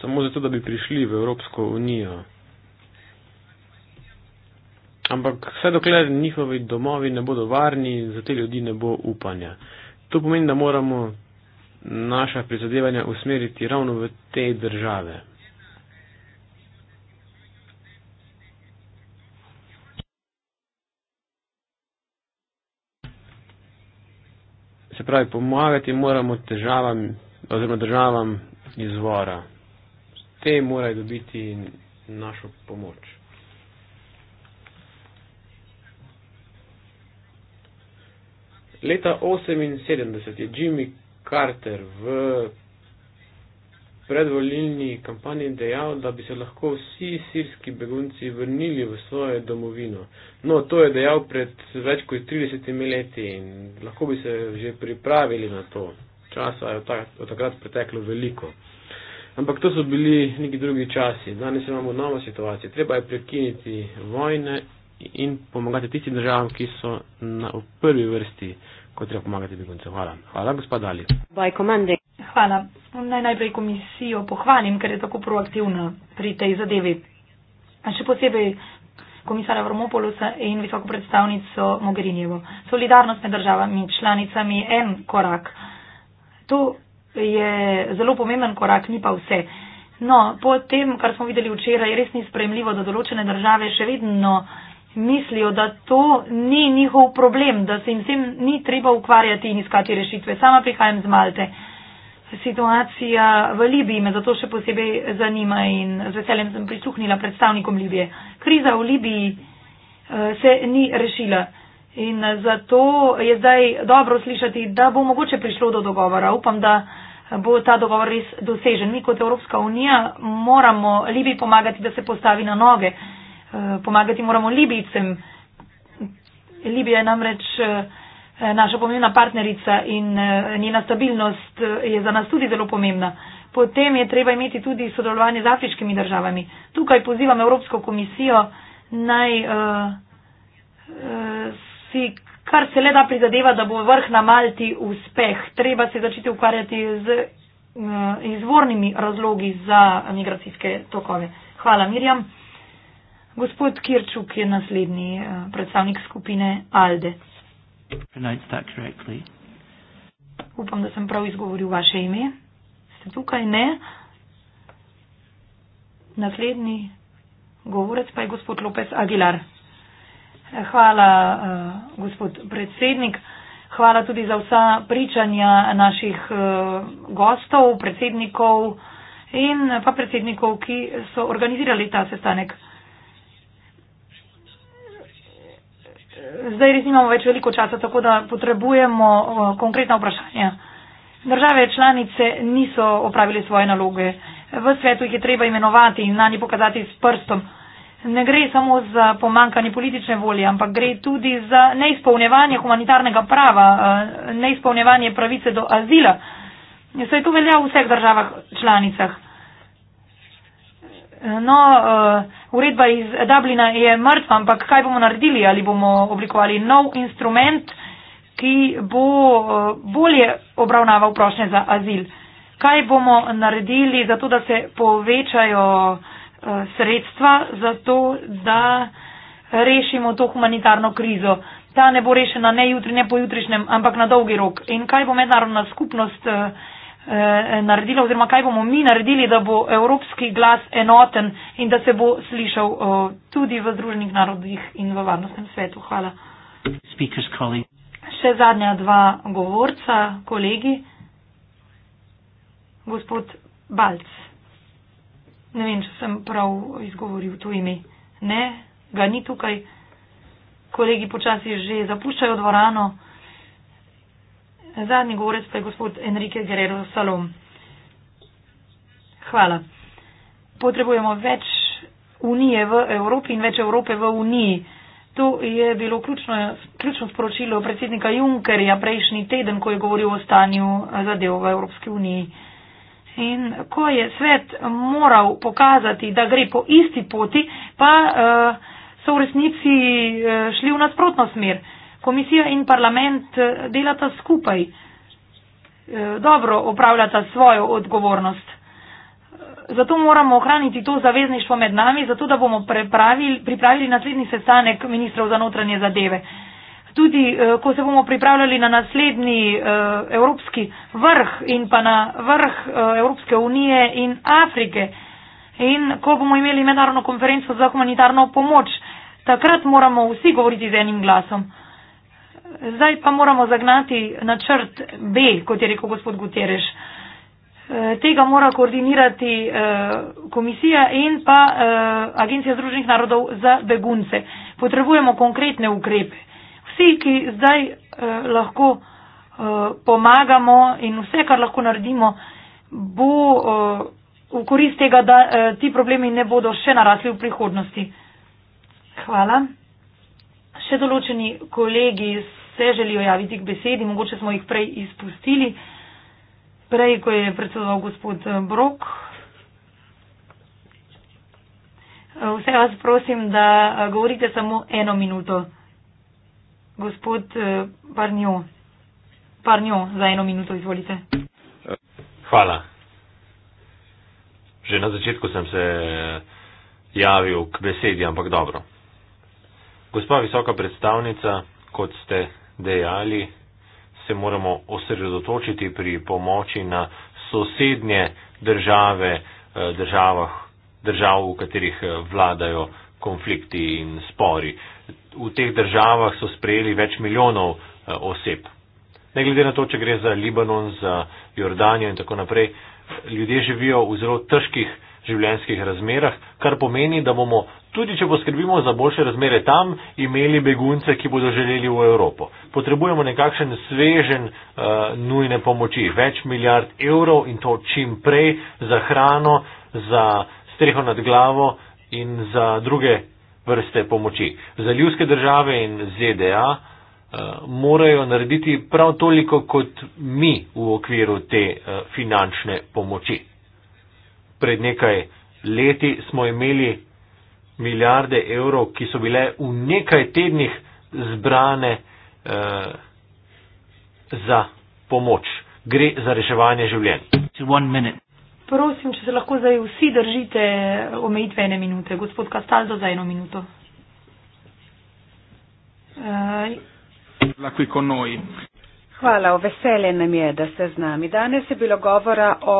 samo zato, da bi prišli v Evropsko unijo. Ampak vse dokler njihovi domovi ne bodo varni, za te ljudi ne bo upanja. To pomeni, da moramo naša prizadevanja usmeriti ravno v te države. Se pravi, pomagati moramo težavam oziroma državam izvora. Te morajo dobiti našo pomoč. Leta 1978 je Jimmy Carter v predvolilni kampanji dejal, da bi se lahko vsi sirski begunci vrnili v svojo domovino. No, to je dejal pred več kot 30 leti in lahko bi se že pripravili na to. Časa je od takrat preteklo veliko. Ampak to so bili neki drugi časi. Danes imamo novo situacijo. Treba je prekiniti vojne in pomagati tistim državam, ki so na prvi vrsti, kot treba pomagati beguncem. Hvala. Hvala, gospod Dali. Hvala. Naj najprej komisijo pohvalim, ker je tako proaktivna pri tej zadevi. Še posebej komisara Vromopolusa in visoko predstavnico Mogherinjevo. Solidarnost med državami in članicami je en korak. To je zelo pomemben korak, ni pa vse. No, po tem, kar smo videli včeraj, je res nesprejemljivo, da določene države še vedno mislijo, da to ni njihov problem, da se jim s tem ni treba ukvarjati in iskati rešitve. Sama prihajam z Malte. Situacija v Libiji me zato še posebej zanima in z veseljem sem prisluhnila predstavnikom Libije. Kriza v Libiji eh, se ni rešila in eh, zato je zdaj dobro slišati, da bo mogoče prišlo do dogovora. Upam, da bo ta dogovor res dosežen. Mi kot Evropska unija moramo Libiji pomagati, da se postavi na noge. Eh, pomagati moramo Libijcem. Libija je namreč eh, naša pomembna partnerica in eh, njena stabilnost je za nas tudi zelo pomembna. Potem je treba imeti tudi sodelovanje z afriškimi državami. Tukaj pozivam Evropsko komisijo naj uh, uh, si kar se le da prizadeva, da bo vrh na Malti uspeh. Treba se začeti ukvarjati z uh, izvornimi razlogi za migracijske tokove. Hvala, Mirjam. Gospod Kirčuk je naslednji eh, predstavnik skupine ALDE. Upam, da sem prav izgovoril vaše ime. Ste tukaj? Ne. Naslednji govorec pa je gospod Lopez Aguilar. Eh, hvala, eh, gospod predsednik. Hvala tudi za vsa pričanja naših gostov, predsednikov in pa predsednikov, ki so organizirali ta sestanek. zdaj res nimamo več veliko časa, tako da potrebujemo uh, konkretna vprašanja. Države članice niso opravile svoje naloge. V svetu jih je treba imenovati in na njih pokazati s prstom. Ne gre samo za pomankanje politične volje, ampak gre tudi za neizpolnjevanje humanitarnega prava, uh, neizpolnjevanje pravice do azila. Vse to velja v vseh državah članicah. No, uh, uredba iz Dublina je mrtva, ampak kaj bomo naredili? Ali bomo oblikovali nov instrument, ki bo uh, bolje obravnaval prošnje za azil? Kaj bomo naredili za to, da se povečajo uh, sredstva za to, da rešimo to humanitarno krizo? Ta ne bo rešena ne jutri, ne pojutrišnjem, ampak na dolgi rok. In kaj bo mednarodna skupnost? Uh, Eh, naredila oziroma kaj bomo mi naredili, da bo evropski glas enoten in da se bo slišal eh, tudi v Združenih narodih in v varnostnem svetu. Hvala. Speakers, Še zadnja dva govorca, kolegi. Gospod Balc. Ne vem, če sem prav izgovoril tu ime. Ne, ga ni tukaj. Kolegi počasi že zapuščajo dvorano. Zadnji govorec pa je gospod Enrique Guerrero Salom. Hvala. Potrebujemo več unije v Evropi in več Evrope v uniji. To je bilo ključno, ključno sporočilo predsednika Junckerja prejšnji teden, ko je govoril o stanju zadev v Evropski uniji. In ko je svet moral pokazati, da gre po isti poti, pa uh, so v resnici uh, šli v nasprotno smer. Uh, Komisija in parlament eh, delata skupaj, eh, dobro upravljata svojo odgovornost. Eh, zato moramo ohraniti to zavezništvo med nami, zato da bomo pripravili naslednji sestanek ministrov za notranje zadeve. Tudi, ko se bomo pripravljali na naslednji evropski vrh in pa na vrh Evropske unije in Afrike in ko bomo imeli mednarodno konferenco za humanitarno pomoč, takrat moramo vsi govoriti z enim glasom. Zdaj pa moramo zagnati načrt B, kot je rekel gospod Gutereš. E, tega mora koordinirati e, komisija in pa e, Agencija Združenih narodov za begunce. Potrebujemo konkretne ukrepe. Vsi, ki zdaj lahko pomagamo in vse, kar lahko naredimo, bo v korist tega, da ti problemi ne bodo še narasli v prihodnosti. Hvala. Še določeni kolegi se želijo javiti k besedi, mogoče smo jih prej izpustili, prej, ko je predsedoval gospod eh, Brok. Eh, vse vas prosim, da eh, govorite samo eno minuto. Gospod Parnjo, Parnjo, za eno minuto izvolite. Hvala. Že na začetku sem se javil k besedi, ampak dobro. Gospa visoka predstavnica, kot ste dejali, se moramo osredotočiti pri pomoči na sosednje države, eh, državah, držav, v katerih eh, vladajo konflikti in spori. V teh državah so sprejeli več milijonov eh, oseb. Ne glede na to, če gre za Libanon, za Jordanijo in tako naprej, ljudje živijo v zelo težkih življenjskih razmerah, kar pomeni, da bomo, tudi če poskrbimo za boljše razmere tam, imeli begunce, ki bodo želeli v Evropo. Potrebujemo nekakšen svežen uh, nujne pomoči, več milijard evrov in to čim prej za hrano, za streho nad glavo in za druge vrste pomoči. Za ljudske države in ZDA eh, morajo narediti prav toliko kot mi v okviru te eh, finančne pomoči pred nekaj leti smo imeli milijarde evrov, ki so bile v nekaj tednih zbrane eh, za pomoč. Gre za reševanje življenj. Prosim, če se lahko zdaj vsi držite omejitve ene minute. Gospod Kastaldo za eno minuto. Eh. Lahko je konoji. Hvala, vesele nam je, da ste z nami. Danes je bilo govora o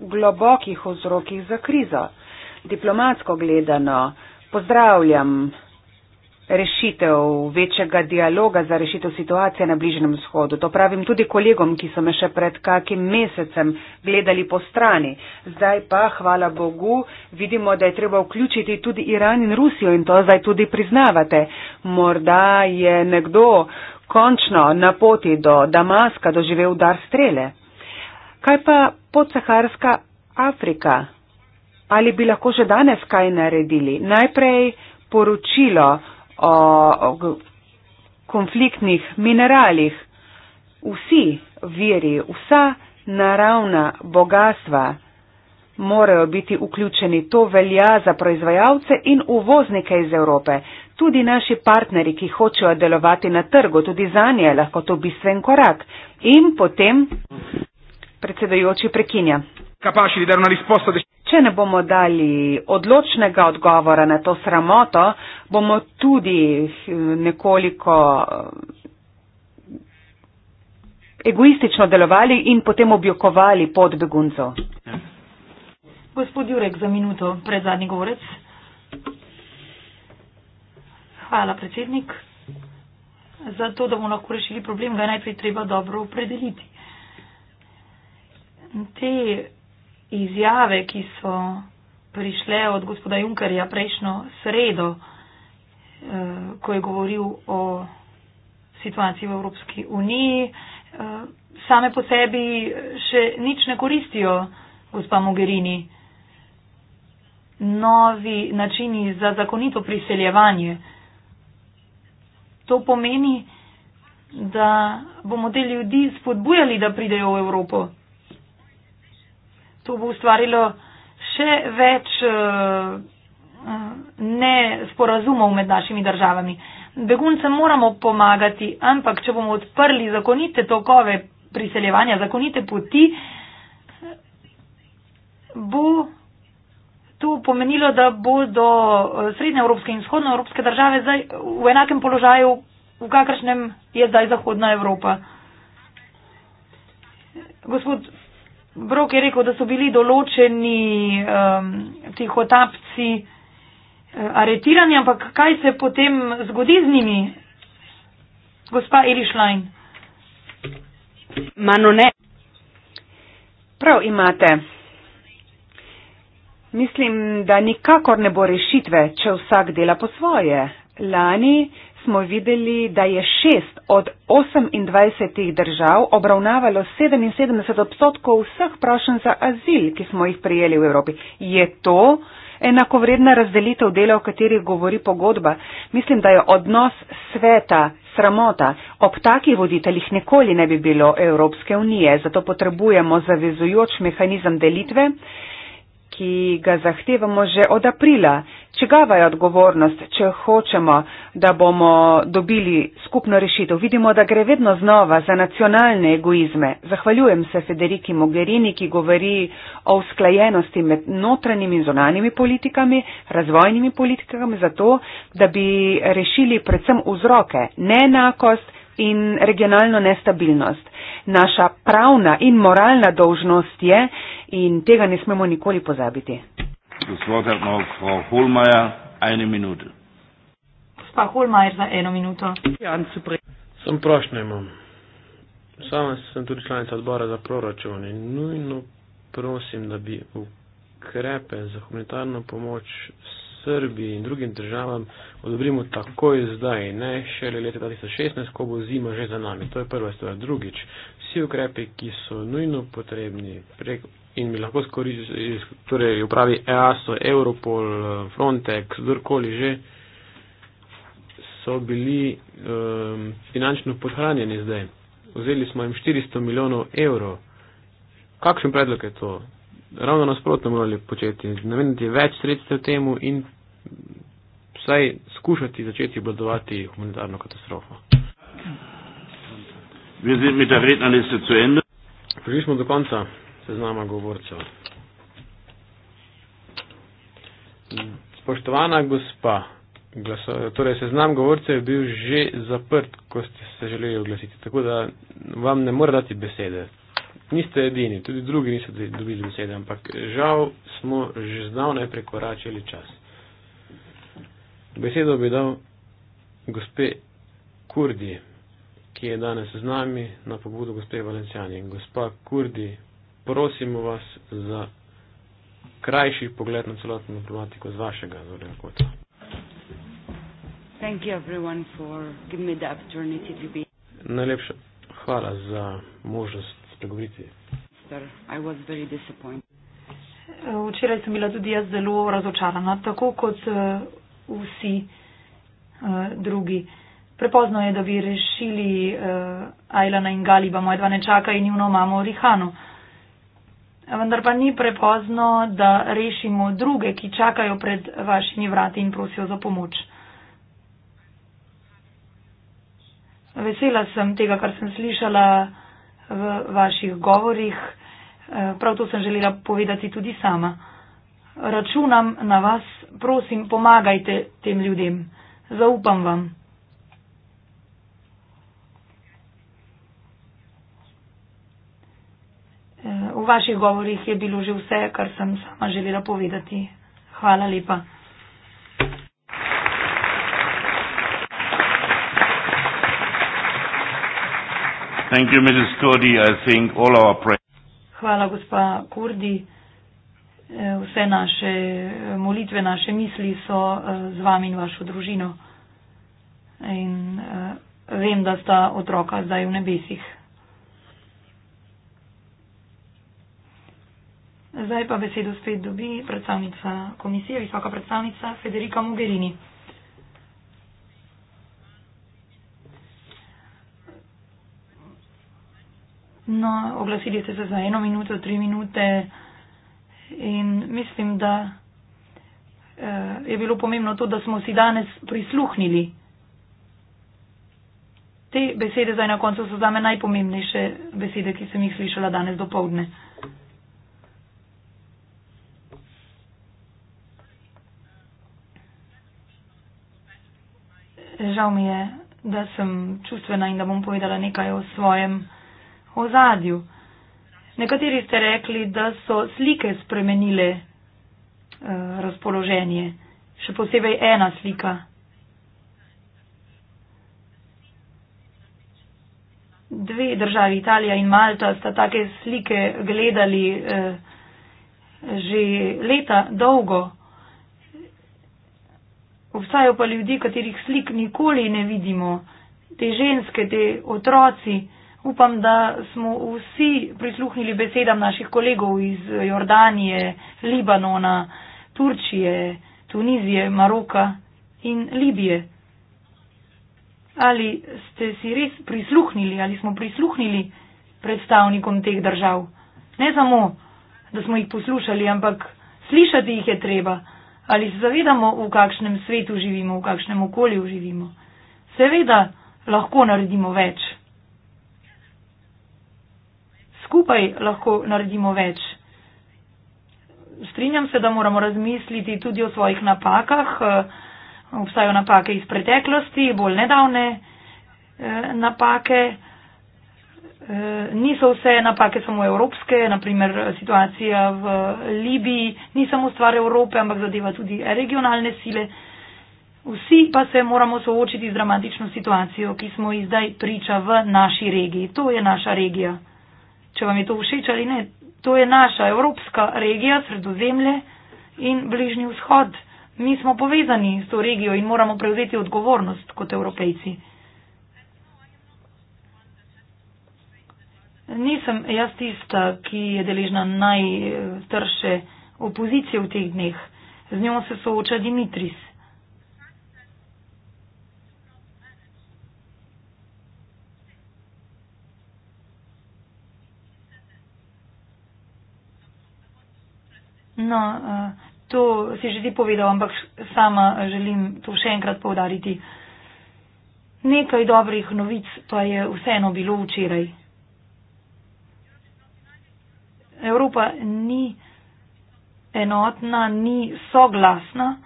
globokih vzrokih za krizo. Diplomatsko gledano pozdravljam rešitev večjega dialoga za rešitev situacije na Bližnem vzhodu. To pravim tudi kolegom, ki so me še pred kakim mesecem gledali po strani. Zdaj pa, hvala Bogu, vidimo, da je treba vključiti tudi Iran in Rusijo in to zdaj tudi priznavate. Morda je nekdo, končno na poti do Damaska doživel dar strele. Kaj pa podsaharska Afrika? Ali bi lahko že danes kaj naredili? Najprej poročilo o, o konfliktnih mineralih. Vsi viri, vsa naravna bogatstva morajo biti vključeni. To velja za proizvajalce in uvoznike iz Evrope tudi naši partneri, ki hočejo delovati na trgu, tudi za nje je lahko to bistven korak. In potem predsedojoči prekinja. Če ne bomo dali odločnega odgovora na to sramoto, bomo tudi eh, nekoliko eh, egoistično delovali in potem objokovali pod beguncov. Gospod Jurek, za minuto pred zadnji govorec. Hvala, predsednik. Za to, da bomo lahko rešili problem, ga je najprej treba dobro opredeliti. Te izjave, ki so prišle od gospoda Junkerja prejšnjo sredo, eh, ko je govoril o situaciji v Evropski uniji, eh, same po sebi še nič ne koristijo, gospa Mogherini. Novi načini za zakonito priseljevanje. To pomeni, da bomo te ljudi spodbujali, da pridejo v Evropo. To bo ustvarilo še več eh, nesporazumov med našimi državami. Beguncem moramo pomagati, ampak če bomo odprli zakonite tokove priseljevanja, zakonite poti, bo to pomenilo, da bodo eh, srednje evropske in vzhodno evropske države zdaj v enakem položaju, v kakršnem je zdaj zahodna Evropa. Gospod Brok je rekel, da so bili določeni um, tih otapci uh, eh, aretirani, ampak kaj se potem zgodi z njimi, gospa Elišlajn? Mano ne. Prav imate. Mislim, da nikakor ne bo rešitve, če vsak dela po svoje. Lani smo videli, da je 6 od 28 držav obravnavalo 77 odstotkov vseh prošen za azil, ki smo jih prijeli v Evropi. Je to enakovredna razdelitev dela, o kateri govori pogodba? Mislim, da je odnos sveta sramota. Ob takih voditeljih nikoli ne bi bilo Evropske unije, zato potrebujemo zavezujoč mehanizem delitve ki ga zahtevamo že od aprila. Čigava je odgovornost, če hočemo, da bomo dobili skupno rešitev? Vidimo, da gre vedno znova za nacionalne egoizme. Zahvaljujem se Federiki Mogherini, ki govori o usklajenosti med notranjimi in zonanjimi politikami, razvojnimi politikami, zato, da bi rešili predvsem vzroke neenakost in regionalno nestabilnost naša pravna in moralna dolžnost je in tega ne smemo nikoli pozabiti. No, gospa Holmajer za eno minuto. Sem prošnja imam. Sama sem tudi članica odbora za proračun in nujno prosim, da bi ukrepe za humanitarno pomoč Srbiji in drugim državam odobrimo takoj zdaj, ne šele leta 2016, ko bo zima že za nami. To je prva stvar. Drugič, vsi ukrepi, ki so nujno potrebni prek in mi lahko skoristi, torej upravi EASO, Europol, Frontex, kdorkoli že, so bili um, finančno podhranjeni zdaj. Vzeli smo jim 400 milijonov evrov. Kakšen predlog je to? ravno nasprotno morali početi. Namenjati več sredstev temu in vsaj skušati začeti obladovati humanitarno katastrofo. Prišli smo do konca seznama govorcev. Spoštovana gospa, glaso, torej seznam govorcev je bil že zaprt, ko ste se želeli oglasiti, tako da vam ne more dati besede niste edini, tudi drugi niso dobili besede, ampak žal smo že zdavnaj prekoračili čas. Besedo bi dal gospe Kurdi, ki je danes z nami na pobudu gospe Valencijani. Gospa Kurdi, prosimo vas za krajši pogled na celotno problematiko z vašega zornega kota. Najlepša hvala za možnost spregovoriti. Včeraj sem bila tudi jaz zelo razočarana, no, tako kot eh, vsi eh, drugi. Prepozno je, da bi rešili eh, Ajlana in Galiba, moja dva nečaka in njuno mamo Rihano. Vendar pa ni prepozno, da rešimo druge, ki čakajo pred vašimi vrati in prosijo za pomoč. Vesela sem tega, kar sem slišala v vaših govorih. Eh, prav to sem želela povedati tudi sama. Računam na vas, prosim, pomagajte tem ljudem. Zaupam vam. Eh, v vaših govorih je bilo že vse, kar sem sama želela povedati. Hvala lepa. Thank you, Mrs. Kurdi. I think all our prayers. Hvala, gospa Kurdi. Eh, vse naše eh, molitve, naše misli so eh, z vami in vašo družino. In vem, da sta otroka zdaj v nebesih. Zdaj pa besedo spet dobi predstavnica komisije, visoka predstavnica Federica Mogherini. No, oglasili ste se za eno minuto, tri minute in mislim, da eh, je bilo pomembno to, da smo si danes prisluhnili. Te besede zdaj na koncu so zame najpomembnejše besede, ki sem jih slišala danes do povdne. Žal mi je, da sem čustvena in da bom povedala nekaj o svojem v zadju. Nekateri ste rekli, da so slike spremenile eh, razpoloženje, še posebej ena slika. Dve državi, Italija in Malta, sta take slike gledali eh, že leta dolgo. Obstajajo pa ljudi, katerih slik nikoli ne vidimo, te ženske, te otroci. Upam, da smo vsi prisluhnili besedam naših kolegov iz Jordanije, Libanona, Turčije, Tunizije, Maroka in Libije. Ali ste si res prisluhnili, ali smo prisluhnili predstavnikom teh držav? Ne samo, da smo jih poslušali, ampak slišati jih je treba. Ali se zavedamo, v kakšnem svetu živimo, v kakšnem okolju živimo? Seveda lahko naredimo več skupaj lahko naredimo več. Strinjam se, da moramo razmisliti tudi o svojih napakah. Eh, obstajajo napake iz preteklosti, bolj nedavne eh, napake. Eh, niso vse napake samo evropske, naprimer situacija v Libiji ni samo stvar Evrope, ampak zadeva tudi regionalne sile. Vsi pa se moramo soočiti z dramatično situacijo, ki smo jih zdaj priča v naši regiji. To je naša regija če vam je to všeč ali ne, to je naša evropska regija, sredozemlje in bližnji vzhod. Mi smo povezani s to regijo in moramo prevzeti odgovornost kot evropejci. Nisem jaz tista, ki je deležna najtrše opozicije v teh dneh. Z njo se sooča Dimitris. vedno eh, to si že ti povedal, ampak sama želim to še enkrat povdariti. Nekaj dobrih novic pa je vseeno bilo včeraj. Evropa ni enotna, ni soglasna.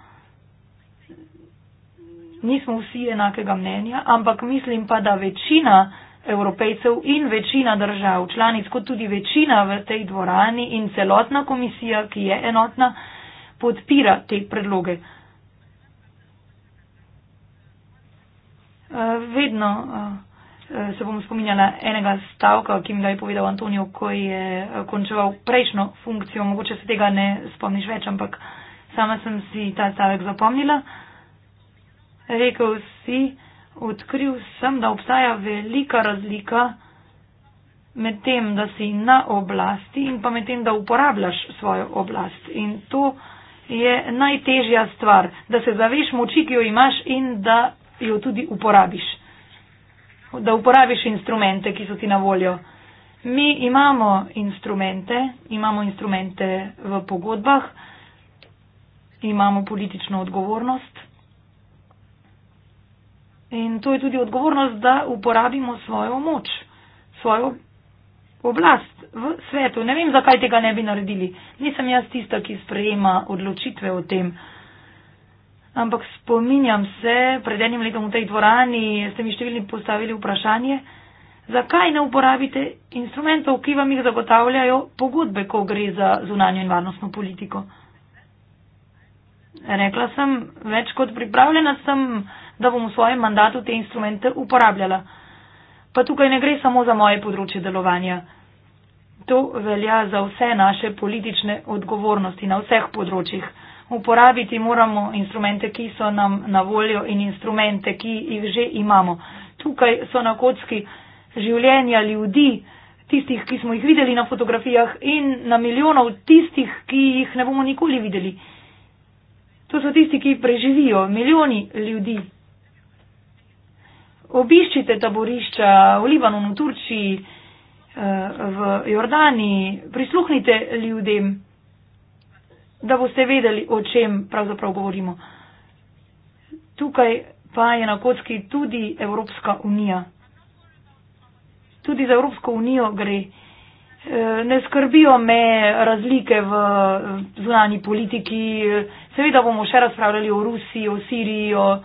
Nismo vsi enakega mnenja, ampak mislim pa, da večina evropejcev in večina držav članic, kot tudi večina v tej dvorani in celotna komisija, ki je enotna, podpira te predloge. Eh, vedno eh, eh, se bom spominjala enega stavka, ki mi ga je povedal Antonijo, ko je končeval prejšnjo funkcijo. Mogoče se tega ne spomniš več, ampak sama sem si ta stavek zapomnila. Rekel si, odkril sem, da obstaja velika razlika med tem, da si na oblasti in pa med tem, da uporabljaš svojo oblast. In to je najtežja stvar, da se zaveš moči, ki jo imaš in da jo tudi uporabiš. Da uporabiš instrumente, ki so ti na voljo. Mi imamo instrumente, imamo instrumente v pogodbah, imamo politično odgovornost, In to je tudi odgovornost, da uporabimo svojo moč, svojo oblast v svetu. Ne vem, zakaj tega ne bi naredili. Nisem jaz tista, ki sprejema odločitve o tem. Ampak spominjam se, pred enim letom v tej dvorani ste mi številni postavili vprašanje, zakaj ne uporabite instrumentov, ki vam jih zagotavljajo pogodbe, ko gre za zunanjo in varnostno politiko. Rekla sem, več kot pripravljena sem da bom v svojem mandatu te instrumente uporabljala. Pa tukaj ne gre samo za moje področje delovanja. To velja za vse naše politične odgovornosti na vseh področjih. Uporabiti moramo instrumente, ki so nam na voljo in instrumente, ki jih že imamo. Tukaj so na kocki življenja ljudi, tistih, ki smo jih videli na fotografijah in na milijonov tistih, ki jih ne bomo nikoli videli. To so tisti, ki preživijo, milijoni ljudi, obiščite taborišča v Libanonu, v Turčiji, eh, v Jordaniji, prisluhnite ljudem, da boste vedeli, o čem pravzaprav govorimo. Tukaj pa je na kocki tudi Evropska unija. Tudi za Evropsko unijo gre. Eh, ne skrbijo me razlike v zunani politiki. Seveda bomo še razpravljali o Rusiji, o Siriji, o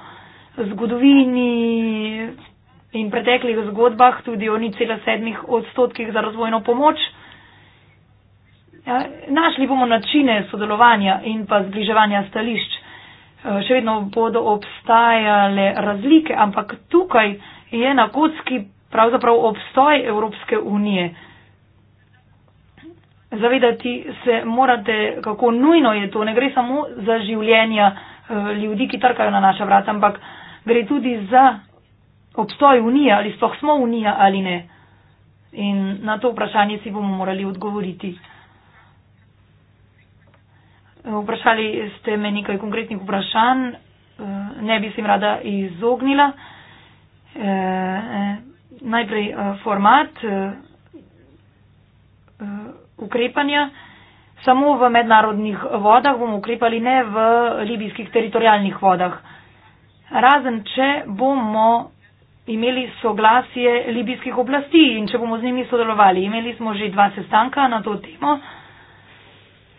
zgodovini in preteklih zgodbah, tudi o nič cela sedmih odstotkih za razvojno pomoč. Ja, našli bomo načine sodelovanja in pa zbliževanja stališč. Eh, še vedno bodo obstajale razlike, ampak tukaj je na kocki pravzaprav obstoj Evropske unije. Zavedati se morate, kako nujno je to. Ne gre samo za življenja eh, ljudi, ki trkajo na naša vrata, ampak gre tudi za obstoj unije ali sploh smo unija ali ne. In na to vprašanje si bomo morali odgovoriti. Vprašali ste me nekaj konkretnih vprašanj, eh, ne bi se jim rada izognila. Eh, najprej eh, format ukrepanja. Samo v mednarodnih vodah bomo ukrepali, ne v libijskih teritorijalnih vodah razen če bomo imeli soglasje libijskih oblasti in če bomo z njimi sodelovali. Imeli smo že dva sestanka na to temo.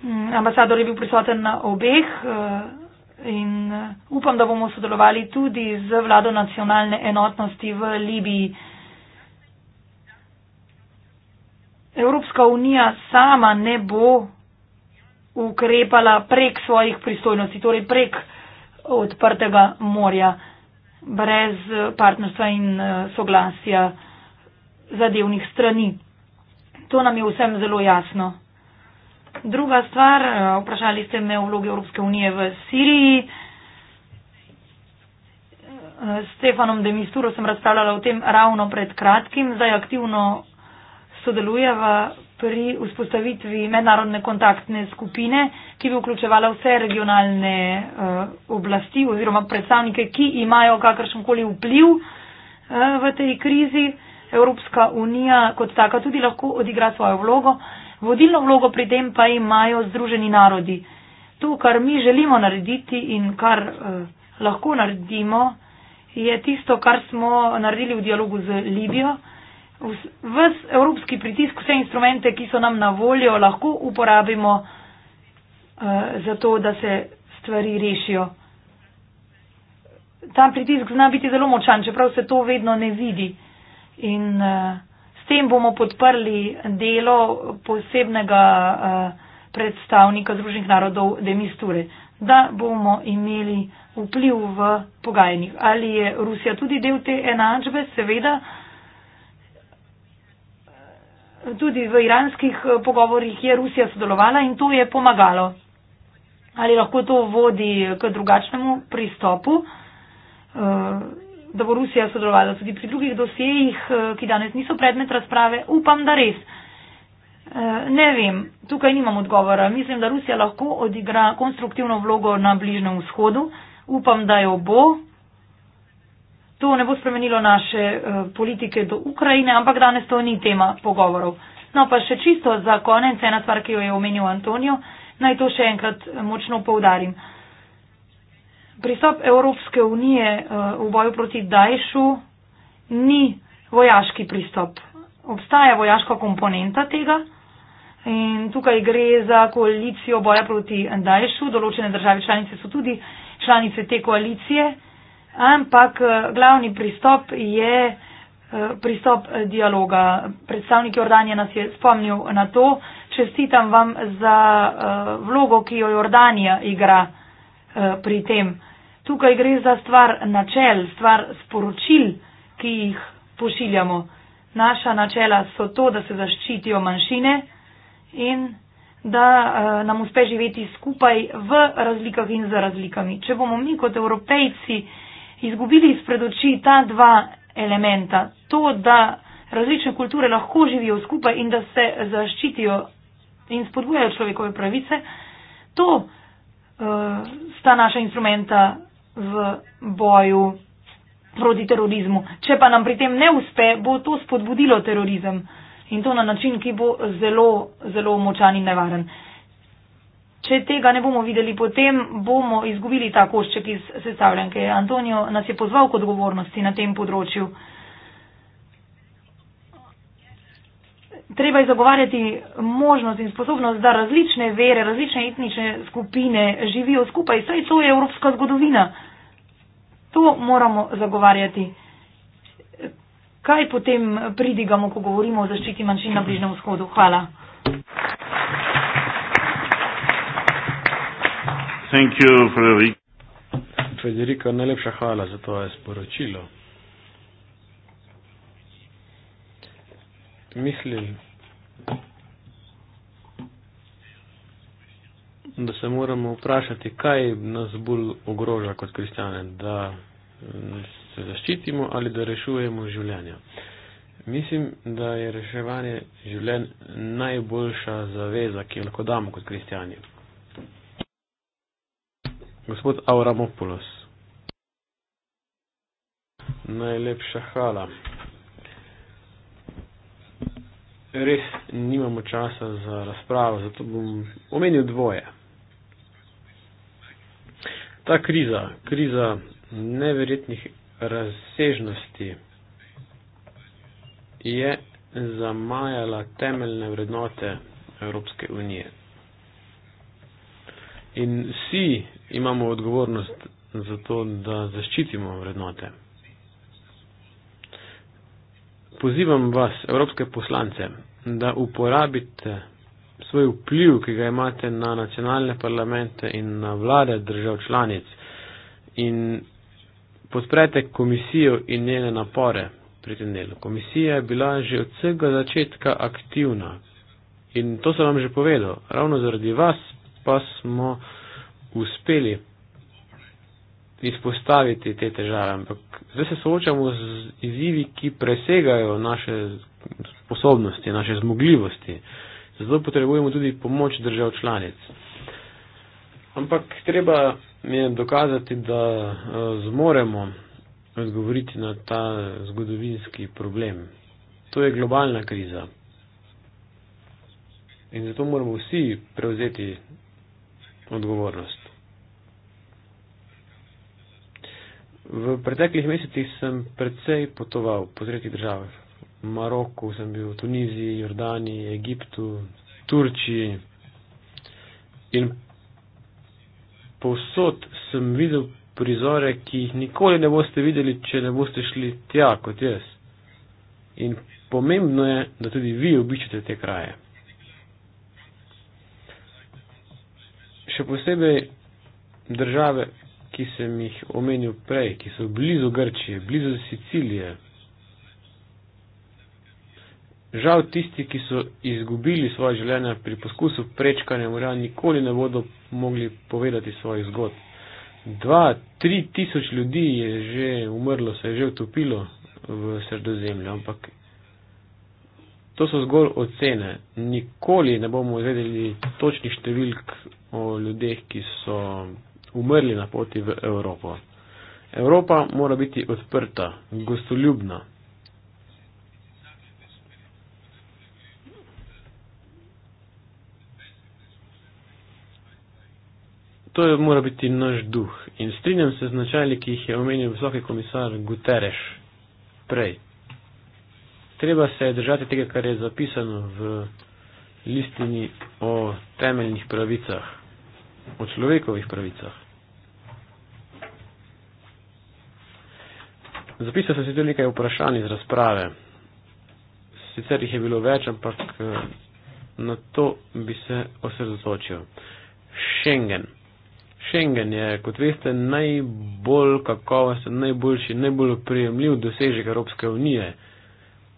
Mm, ambasador je bil prisoten na obeh eh, in eh, upam, da bomo sodelovali tudi z vlado nacionalne enotnosti v Libiji. Evropska unija sama ne bo ukrepala prek svojih pristojnosti, torej prek odprtega morja, brez eh, partnerstva in eh, soglasja zadevnih strani. To nam je vsem zelo jasno. Druga stvar, eh, vprašali ste me o vlogi Evropske unije v Siriji. Stefanom Demisturo sem razpravljala o tem ravno pred kratkim, zdaj aktivno sodelujeva pri vzpostavitvi mednarodne kontaktne skupine, ki bi vključevala vse regionalne uh, oblasti oziroma predstavnike, ki imajo kakršenkoli vpliv uh, v tej krizi. Evropska unija kot taka tudi lahko odigra svojo vlogo. Vodilno vlogo pri tem pa imajo združeni narodi. To, kar mi želimo narediti in kar uh, lahko naredimo, je tisto, kar smo naredili v dialogu z Libijo. Uh, Ves evropski pritisk, vse instrumente, ki so nam na voljo, lahko uporabimo uh, za to, da se stvari rešijo. Ta pritisk zna biti zelo močan, čeprav se to vedno ne vidi. In uh, s tem bomo podprli delo posebnega uh, predstavnika Združenih narodov, Demisture, da bomo imeli vpliv v pogajanjih. Ali je Rusija tudi del te enačbe? Seveda tudi v iranskih eh, pogovorjih je Rusija sodelovala in to je pomagalo. Ali lahko to vodi eh, k drugačnemu pristopu, eh, da bo Rusija sodelovala tudi pri drugih dosejih, ki danes niso predmet razprave? Upam, da res. Ne vem, tukaj nimam odgovora. Mislim, da Rusija lahko odigra konstruktivno vlogo na Bližnem vzhodu. Upam, da jo bo, to ne bo spremenilo naše uh, politike do Ukrajine, ampak danes to ni tema pogovorov. No pa še čisto za konec ena stvar, ki jo je omenil Antonijo, naj to še enkrat eh, močno povdarim. Pristop Evropske unije uh, v boju proti Dajšu ni vojaški pristop. Obstaja vojaška komponenta tega in tukaj gre za koalicijo boja proti Dajšu. Določene države članice so tudi članice te koalicije ampak eh, glavni pristop je eh, pristop eh, dialoga. Predstavnik Jordanije nas je spomnil na to. Čestitam vam za vlogo, ki jo Jordanija igra pri tem. Tukaj gre za stvar načel, stvar sporočil, ki jih pošiljamo. Naša načela so to, da se zaščitijo manjšine in da nam uspe živeti skupaj v razlikah in za razlikami. Če bomo mi kot evropejci izgubili izpred oči ta dva elementa. To, da različne kulture lahko živijo skupaj in da se zaščitijo in spodbujajo človekove pravice, to uh, sta naša instrumenta v boju proti terorizmu. Če pa nam pri tem ne uspe, bo to spodbudilo terorizem in to na način, ki bo zelo, zelo močan in nevaren. Če tega ne bomo videli, potem bomo izgubili ta košček iz sestavljanke. Antonijo nas je pozval k odgovornosti na tem področju. Treba je zagovarjati možnost in sposobnost, da različne vere, različne etnične skupine živijo skupaj. Saj to je evropska zgodovina. To moramo zagovarjati. Kaj potem pridigamo, ko govorimo o zaščiti manjšin na Bližnem vzhodu? Hvala. Thank you, Federico, najlepša hvala za to sporočilo. Mislim, da se moramo vprašati, kaj nas bolj ogroža kot kristjane, da se zaščitimo ali da rešujemo življenja. Mislim, da je reševanje življenj najboljša zaveza, ki jo lahko damo kot kristjani. Gospod Avramopoulos. Najlepša hvala. Res nimamo časa za razpravo, zato bom omenil dvoje. Ta kriza, kriza neverjetnih razsežnosti je zamajala temeljne vrednote Evropske unije. In vsi imamo odgovornost za to, da zaščitimo vrednote. Pozivam vas, evropske poslance, da uporabite svoj vpliv, ki ga imate na nacionalne parlamente in na vlade držav članic in podprete komisijo in njene napore pri tem delu. Komisija je bila že od vsega začetka aktivna in to sem vam že povedal. Ravno zaradi vas pa smo uspeli izpostaviti te težave. Ampak zdaj se soočamo z izzivi, ki presegajo naše sposobnosti, naše zmogljivosti. Zato potrebujemo tudi pomoč držav članic. Ampak treba mi je dokazati, da eh, zmoremo odgovoriti na ta zgodovinski problem. To je globalna kriza. In zato moramo vsi prevzeti odgovornost. V preteklih mesecih sem precej potoval po tretjih državah. V Maroku sem bil, v Tuniziji, Jordaniji, Egiptu, Turčiji. In povsod sem videl prizore, ki jih nikoli ne boste videli, če ne boste šli tja kot jaz. In pomembno je, da tudi vi obiščete te kraje. Še posebej države ki sem jih omenil prej, ki so blizu Grčije, blizu Sicilije. Žal tisti, ki so izgubili svoje življenje pri poskusu prečkanja morja, nikoli ne bodo mogli povedati svojih zgodb. Dva, tri tisoč ljudi je že umrlo, se je že utopilo v sredozemlju, ampak to so zgolj ocene. Nikoli ne bomo izvedeli točnih številk o ljudeh, ki so umrli na poti v Evropo. Evropa mora biti odprta, gostoljubna. To je, mora biti naš duh in strinjam se z načali, ki jih je omenil visoki komisar Guterres prej. Treba se držati tega, kar je zapisano v listini o temeljnih pravicah o človekovih pravicah. Zapisal sem si tudi nekaj vprašanj iz razprave. Sicer jih je bilo več, ampak eh, na to bi se osredotočil. Schengen. Schengen je, kot veste, najbolj kakovosten, najboljši, najbolj prijemljiv dosežek Evropske unije.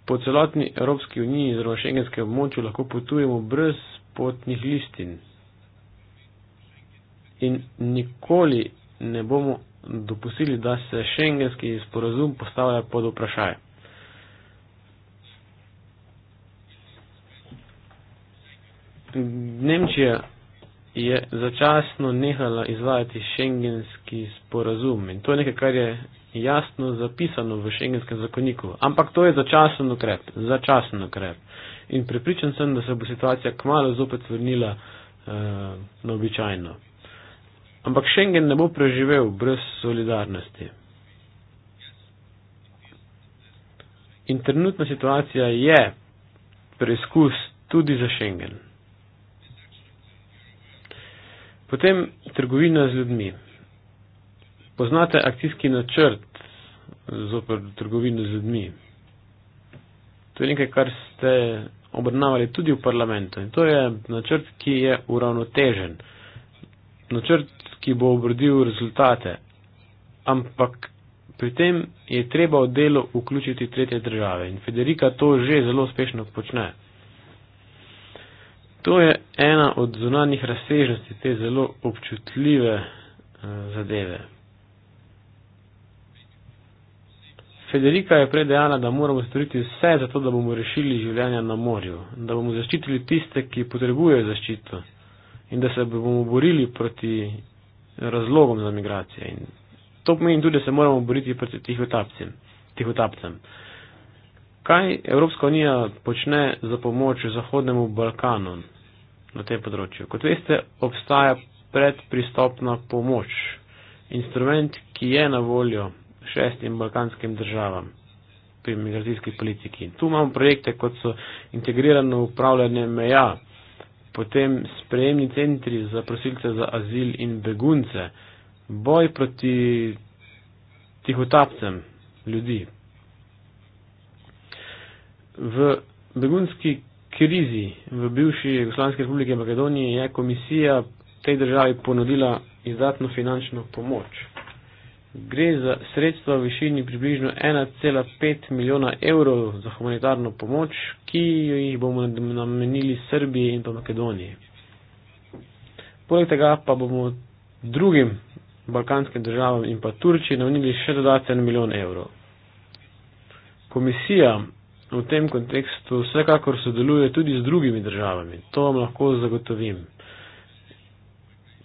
Po celotni Evropski uniji, zelo šengenskem območju, lahko potujemo brez potnih listin, in nikoli ne bomo dopustili, da se šengenski sporozum postavlja pod vprašaj. Nemčija je začasno nehala izvajati šengenski sporozum in to je nekaj, kar je jasno zapisano v šengenskem zakoniku. Ampak to je začasen ukrep, začasen ukrep. In pripričan sem, da se bo situacija kmalo zopet vrnila eh, na običajno. Ampak Schengen ne bo preživel brez solidarnosti. In trenutna situacija je preizkus tudi za Schengen. Potem trgovina z ljudmi. Poznate akcijski načrt zopr trgovino z ljudmi. To je nekaj, kar ste obrnavali tudi v parlamentu. In to je načrt, ki je uravnotežen. Načrt ki bo obrodil rezultate. Ampak pri tem je treba v delo vključiti tretje države in Federika to že zelo uspešno počne. To je ena od zunanjih razsežnosti te zelo občutljive eh, zadeve. Federika je predejala, da moramo storiti vse za to, da bomo rešili življenja na morju, da bomo zaščitili tiste, ki potrebujejo zaščito in da se bomo borili proti razlogom za migracije. In to pomeni tudi, da se moramo boriti proti tih utapcem. Kaj Evropska unija počne za pomoč Zahodnemu Balkanu na tem področju? Kot veste, obstaja predpristopna pomoč, instrument, ki je na voljo šestim balkanskim državam pri migracijski politiki. Tu imamo projekte, kot so integrirano upravljanje meja, potem sprejemni centri za prosilce za azil in begunce, boj proti tihotapcem ljudi. V begunski krizi v bivši Jugoslavijski republiki Makedoniji je komisija tej državi ponudila izdatno finančno pomoč. Gre za sredstva v višini približno 1,5 milijona evrov za humanitarno pomoč, ki jo jih bomo namenili Srbiji in pa Makedoniji. Poleg tega pa bomo drugim balkanskim državam in pa Turčiji namenili še dodaten milijon evrov. Komisija v tem kontekstu vsekakor sodeluje tudi z drugimi državami, to vam lahko zagotovim.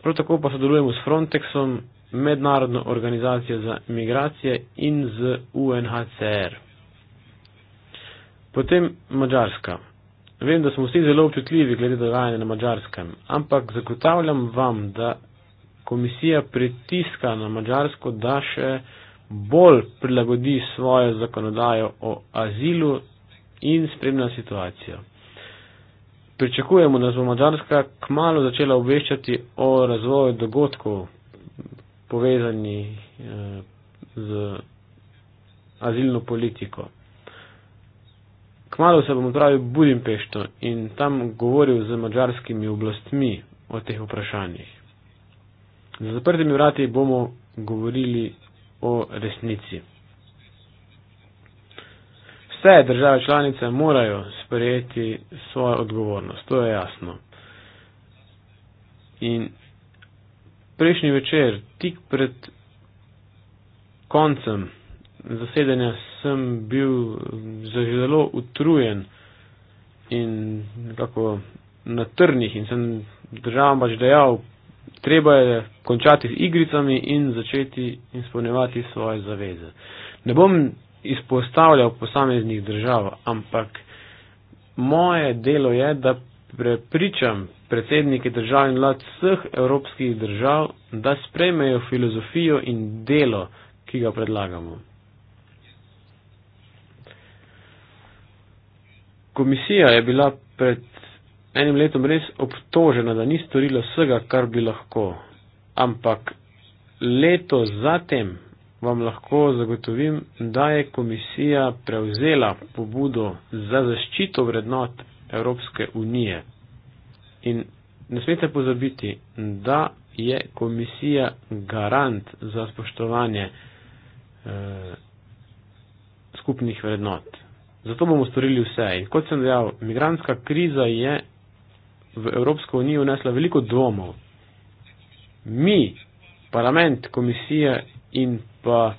Prav tako pa sodelujemo s Frontexom Mednarodno organizacijo za migracije in z UNHCR. Potem Mačarska. Vem, da smo vsi zelo občutljivi glede dogajanja na Mačarskem, ampak zagotavljam vam, da komisija pritiska na Mačarsko, da še bolj prilagodi svojo zakonodajo o azilu in spremlja situacijo. Pričakujemo, da bo Mačarska kmalo začela obveščati o razvoju dogodkov povezani eh, z azilno politiko. Kmalo se bom odpravil v Budimpešto in tam govoril z mađarskimi oblastmi o teh vprašanjih. Za zaprtimi vrati bomo govorili o resnici. Vse države članice morajo sprejeti svojo odgovornost, to je jasno. In prejšnji večer, tik pred koncem zasedanja, sem bil zelo utrujen in nekako na trnih in sem državam pač dejal, treba je končati z igricami in začeti izpolnjevati svoje zaveze. Ne bom izpostavljal posameznih držav, ampak moje delo je, da prepričam predsednike držav in vlad vseh evropskih držav, da sprejmejo filozofijo in delo, ki ga predlagamo. Komisija je bila pred enim letom res obtožena, da ni storila vsega, kar bi lahko, ampak leto zatem vam lahko zagotovim, da je komisija prevzela pobudo za zaščito vrednot Evropske unije. In ne smete pozabiti, da je komisija garant za spoštovanje eh, skupnih vrednot. Zato bomo storili vse. In kot sem dejal, migranska kriza je v Evropsko unijo unesla veliko dvomov. Mi, parlament, komisija in pa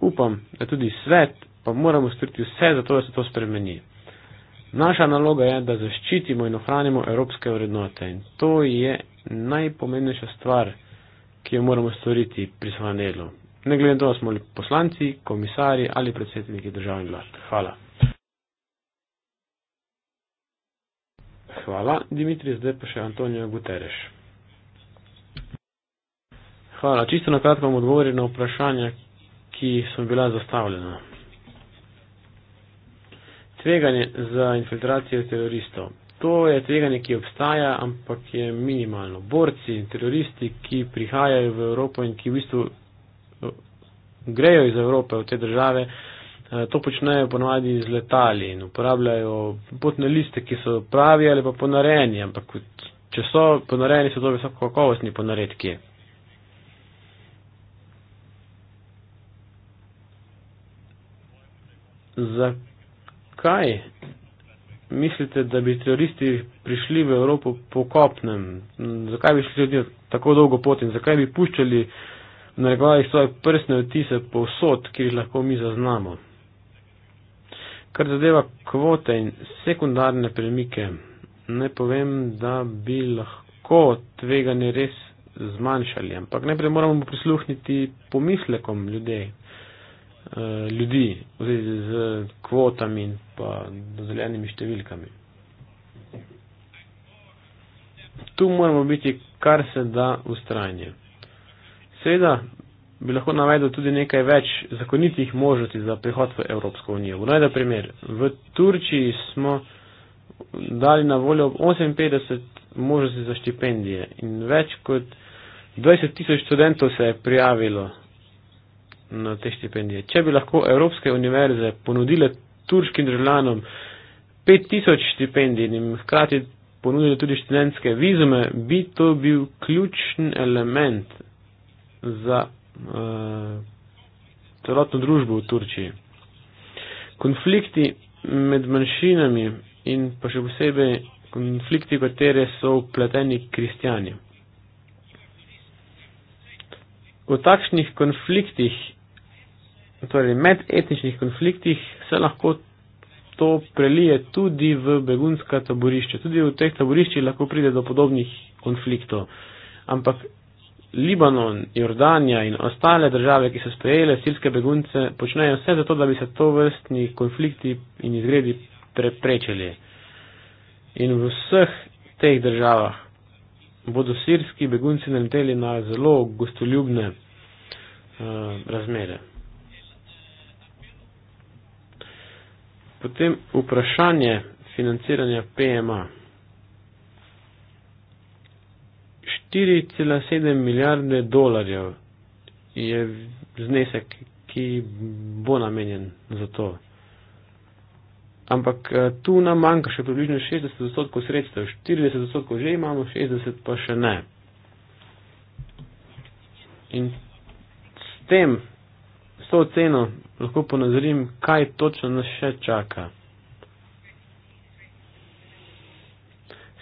upam, da tudi svet, pa moramo storiti vse za to, da se to spremeni. Naša naloga je, da zaščitimo in ohranimo evropske vrednote in to je najpomembnejša stvar, ki jo moramo storiti pri svojem delu. Ne glede na to, smo li poslanci, komisari ali predsedniki držav in vlad. Hvala. Hvala, Dimitri, zdaj pa še Antonijo Guterres. Hvala, čisto na kratko bom odgovoril na vprašanja, ki so bila zastavljena tveganje za infiltracijo teroristov. To je tveganje, ki obstaja, ampak je minimalno. Borci in teroristi, ki prihajajo v Evropo in ki v bistvu eh, grejo iz Evrope v te države, eh, to počnejo ponovadi z letali in uporabljajo potne liste, ki so pravi ali pa ponarejeni, ampak če so ponarejeni, so to visoko kakovostni ponaredki. Za Zakaj mislite, da bi teroristi prišli v Evropo po kopnem? Zakaj bi šli ljudje tako dolgo pot in zakaj bi puščali v narekovajih svoje prsne vtise povsod, ki jih lahko mi zaznamo? Kar zadeva kvote in sekundarne premike, ne povem, da bi lahko tveganje res zmanjšali, ampak najprej moramo prisluhniti pomislekom ljudi, Eh, ljudi z, z kvotami in pa dozvoljenimi številkami. Tu moramo biti kar se da ustrajni. Seveda bi lahko navedel tudi nekaj več zakonitih možnosti za prihod v Evropsko unijo. Naj da primer. V Turčiji smo dali na voljo 58 možnosti za štipendije in več kot 20 tisoč študentov se je prijavilo na te štipendije. Če bi lahko Evropske univerze ponudile turškim državljanom 5000 štipendij in hkrati ponudile tudi študentske vizume, bi to bil ključni element za uh, celotno družbo v Turčiji. Konflikti med manjšinami in pa še posebej konflikti, v katere so upleteni kristijani. V takšnih konfliktih torej med etničnih konfliktih se lahko to prelije tudi v begunska taborišča. Tudi v teh taboriščih lahko pride do podobnih konfliktov. Ampak Libanon, Jordanija in ostale države, ki so sprejele sirske begunce, počnejo vse zato, da bi se to vrstni konflikti in izgredi preprečili. In v vseh teh državah bodo sirski begunci naleteli na zelo gostoljubne uh, razmere. Potem vprašanje financiranja PMA. 4,7 milijarde dolarjev je znesek, ki bo namenjen za to. Ampak eh, tu nam manjka še približno 60 odstotkov sredstev. 40 odstotkov že imamo, 60 pa še ne. In s tem, s to ceno lahko ponazorim, kaj točno nas še čaka.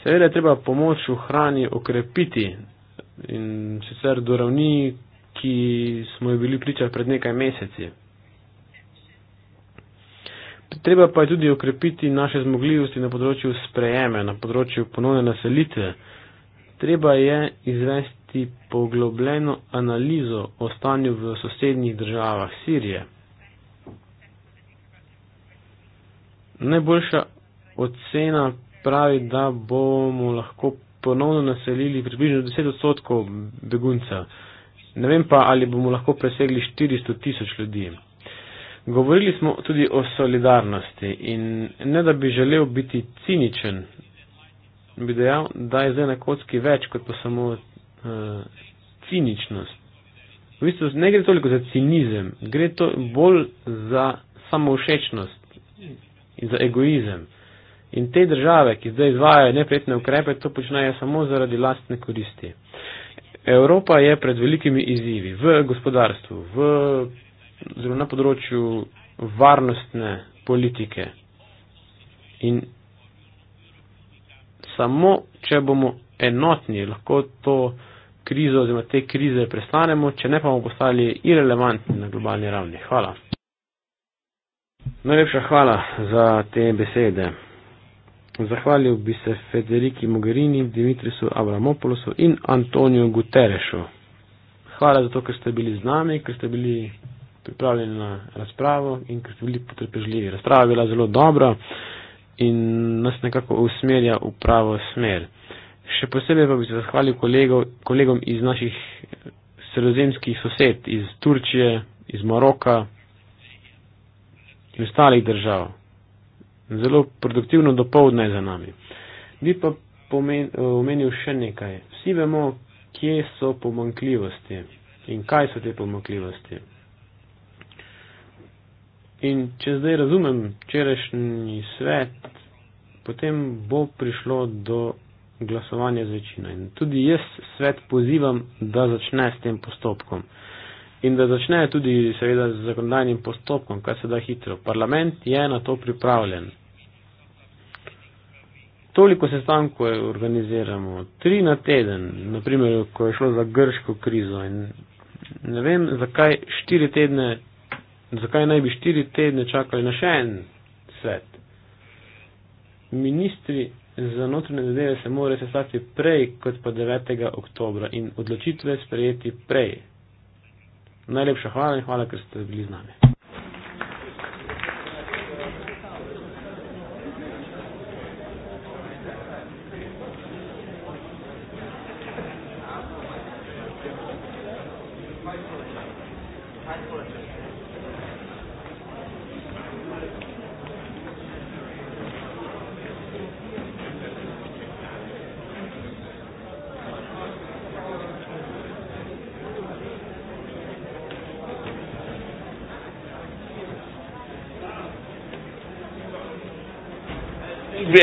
Seveda je treba pomoč v hrani okrepiti in sicer do ravni, ki smo jo bili priča pred nekaj meseci. Treba pa je tudi okrepiti naše zmogljivosti na področju sprejeme, na področju ponovne naselitve. Treba je izvesti poglobljeno analizo o stanju v sosednjih državah Sirije. najboljša ocena pravi, da bomo lahko ponovno naselili približno 10 odstotkov beguncev. Ne vem pa, ali bomo lahko presegli 400 tisoč ljudi. Govorili smo tudi o solidarnosti in ne da bi želel biti ciničen, bi dejal, da je zdaj na kocki več kot pa samo uh, ciničnost. V bistvu ne gre toliko za cinizem, gre to bolj za samo všečnost in za egoizem. In te države, ki zdaj izvajajo neprijetne ukrepe, to počnejo samo zaradi lastne koristi. Evropa je pred velikimi izzivi v gospodarstvu, v, zelo na področju varnostne politike. In samo, če bomo enotni, lahko to krizo oziroma te krize prestanemo, če ne pa bomo postali irelevantni na globalni ravni. Hvala. Najlepša hvala za te besede. Zahvalil bi se Federiki Mogherini, Dimitrisu Avramopolosu in Antoniju Guterešu. Hvala za to, ker ste bili z nami, ker ste bili pripravljeni na razpravo in ker ste bili potrpežljivi. Razprava je bila zelo dobra in nas nekako usmerja v pravo smer. Še posebej pa bi se zahvalil kolegov, kolegom iz naših sredozemskih sosed, iz Turčije, iz Maroka in ostalih držav. Zelo produktivno dopoledne za nami. Bi pa pomen, omenil še nekaj. Vsi vemo, kje so pomankljivosti in kaj so te pomankljivosti. In če zdaj razumem včerajšnji svet, potem bo prišlo do glasovanja z večino. In tudi jaz svet pozivam, da začne s tem postopkom in da začnejo tudi seveda z zakonodajnim postopkom, kar se da hitro. Parlament je na to pripravljen. Toliko sestankov organiziramo, tri na teden, naprimer, ko je šlo za grško krizo in ne vem, zakaj štiri tedne, zakaj naj bi štiri tedne čakali na še en svet. Ministri za notranje zadeve se morajo sestati prej kot pa 9. oktobra in odločitve sprejeti prej. Najlepša hvala in hvala, ker ste bili z nami.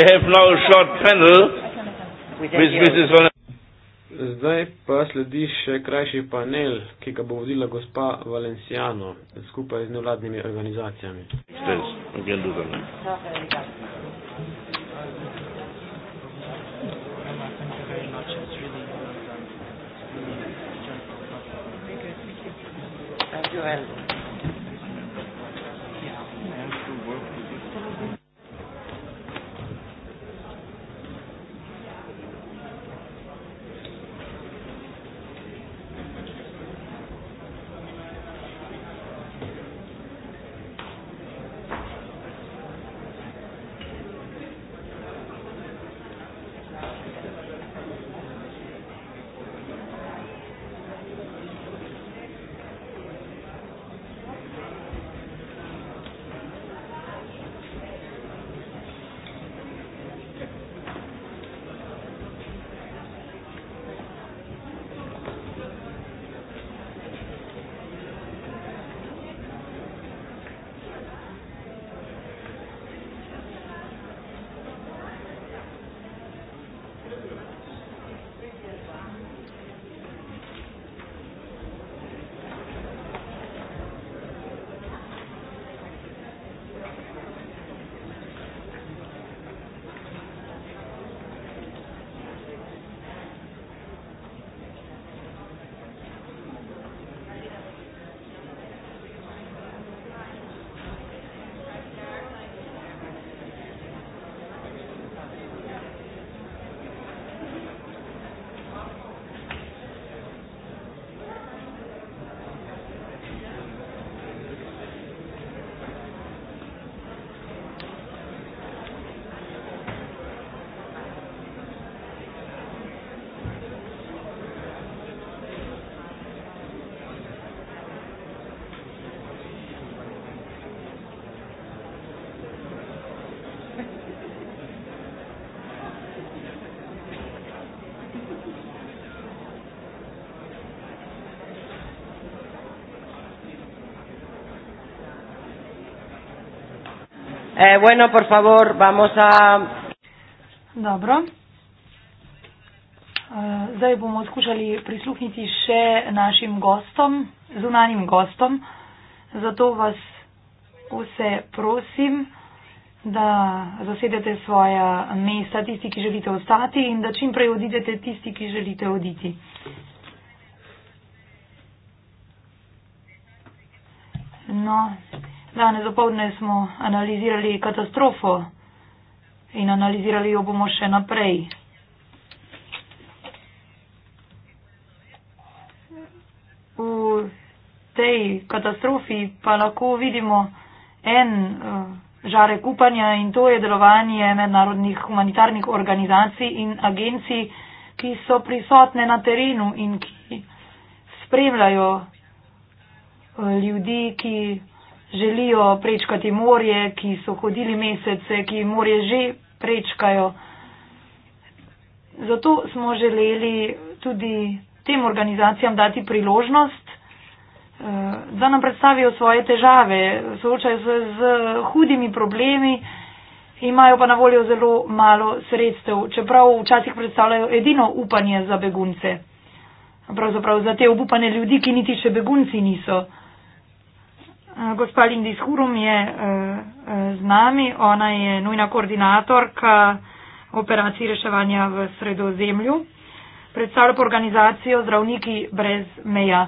have now short panel with Mrs. Zdaj pa sledi še krajši panel, ki ga bo vodila gospa Valenciano skupaj z nevladnimi organizacijami. Yeah. Yeah. Eh, bueno, por favor, vamos a. Dobro. Eh, zdaj bomo skušali prisluhniti še našim gostom, zunanim gostom. Zato vas vse prosim, da zasedete svoje mesta tisti, ki želite ostati in da čim prej odidete tisti, ki želite oditi. Danes zapovdne smo analizirali katastrofo in analizirali jo bomo še naprej. V tej katastrofi pa lahko vidimo en eh, žarek upanja in to je delovanje mednarodnih humanitarnih organizacij in agencij, ki so prisotne na terenu in ki spremljajo eh, ljudi, ki želijo prečkati morje, ki so hodili mesece, ki morje že prečkajo. Zato smo želeli tudi tem organizacijam dati priložnost, eh, da nam predstavijo svoje težave, soočajo se z hudimi problemi, imajo pa na voljo zelo malo sredstev, čeprav včasih predstavljajo edino upanje za begunce. Pravzaprav za te obupane ljudi, ki niti še begunci niso. Gospa Lindy Skurum je eh, eh, z nami, ona je nujna koordinatorka operacij reševanja v sredozemlju. Predstavlja pa organizacijo Zdravniki brez meja.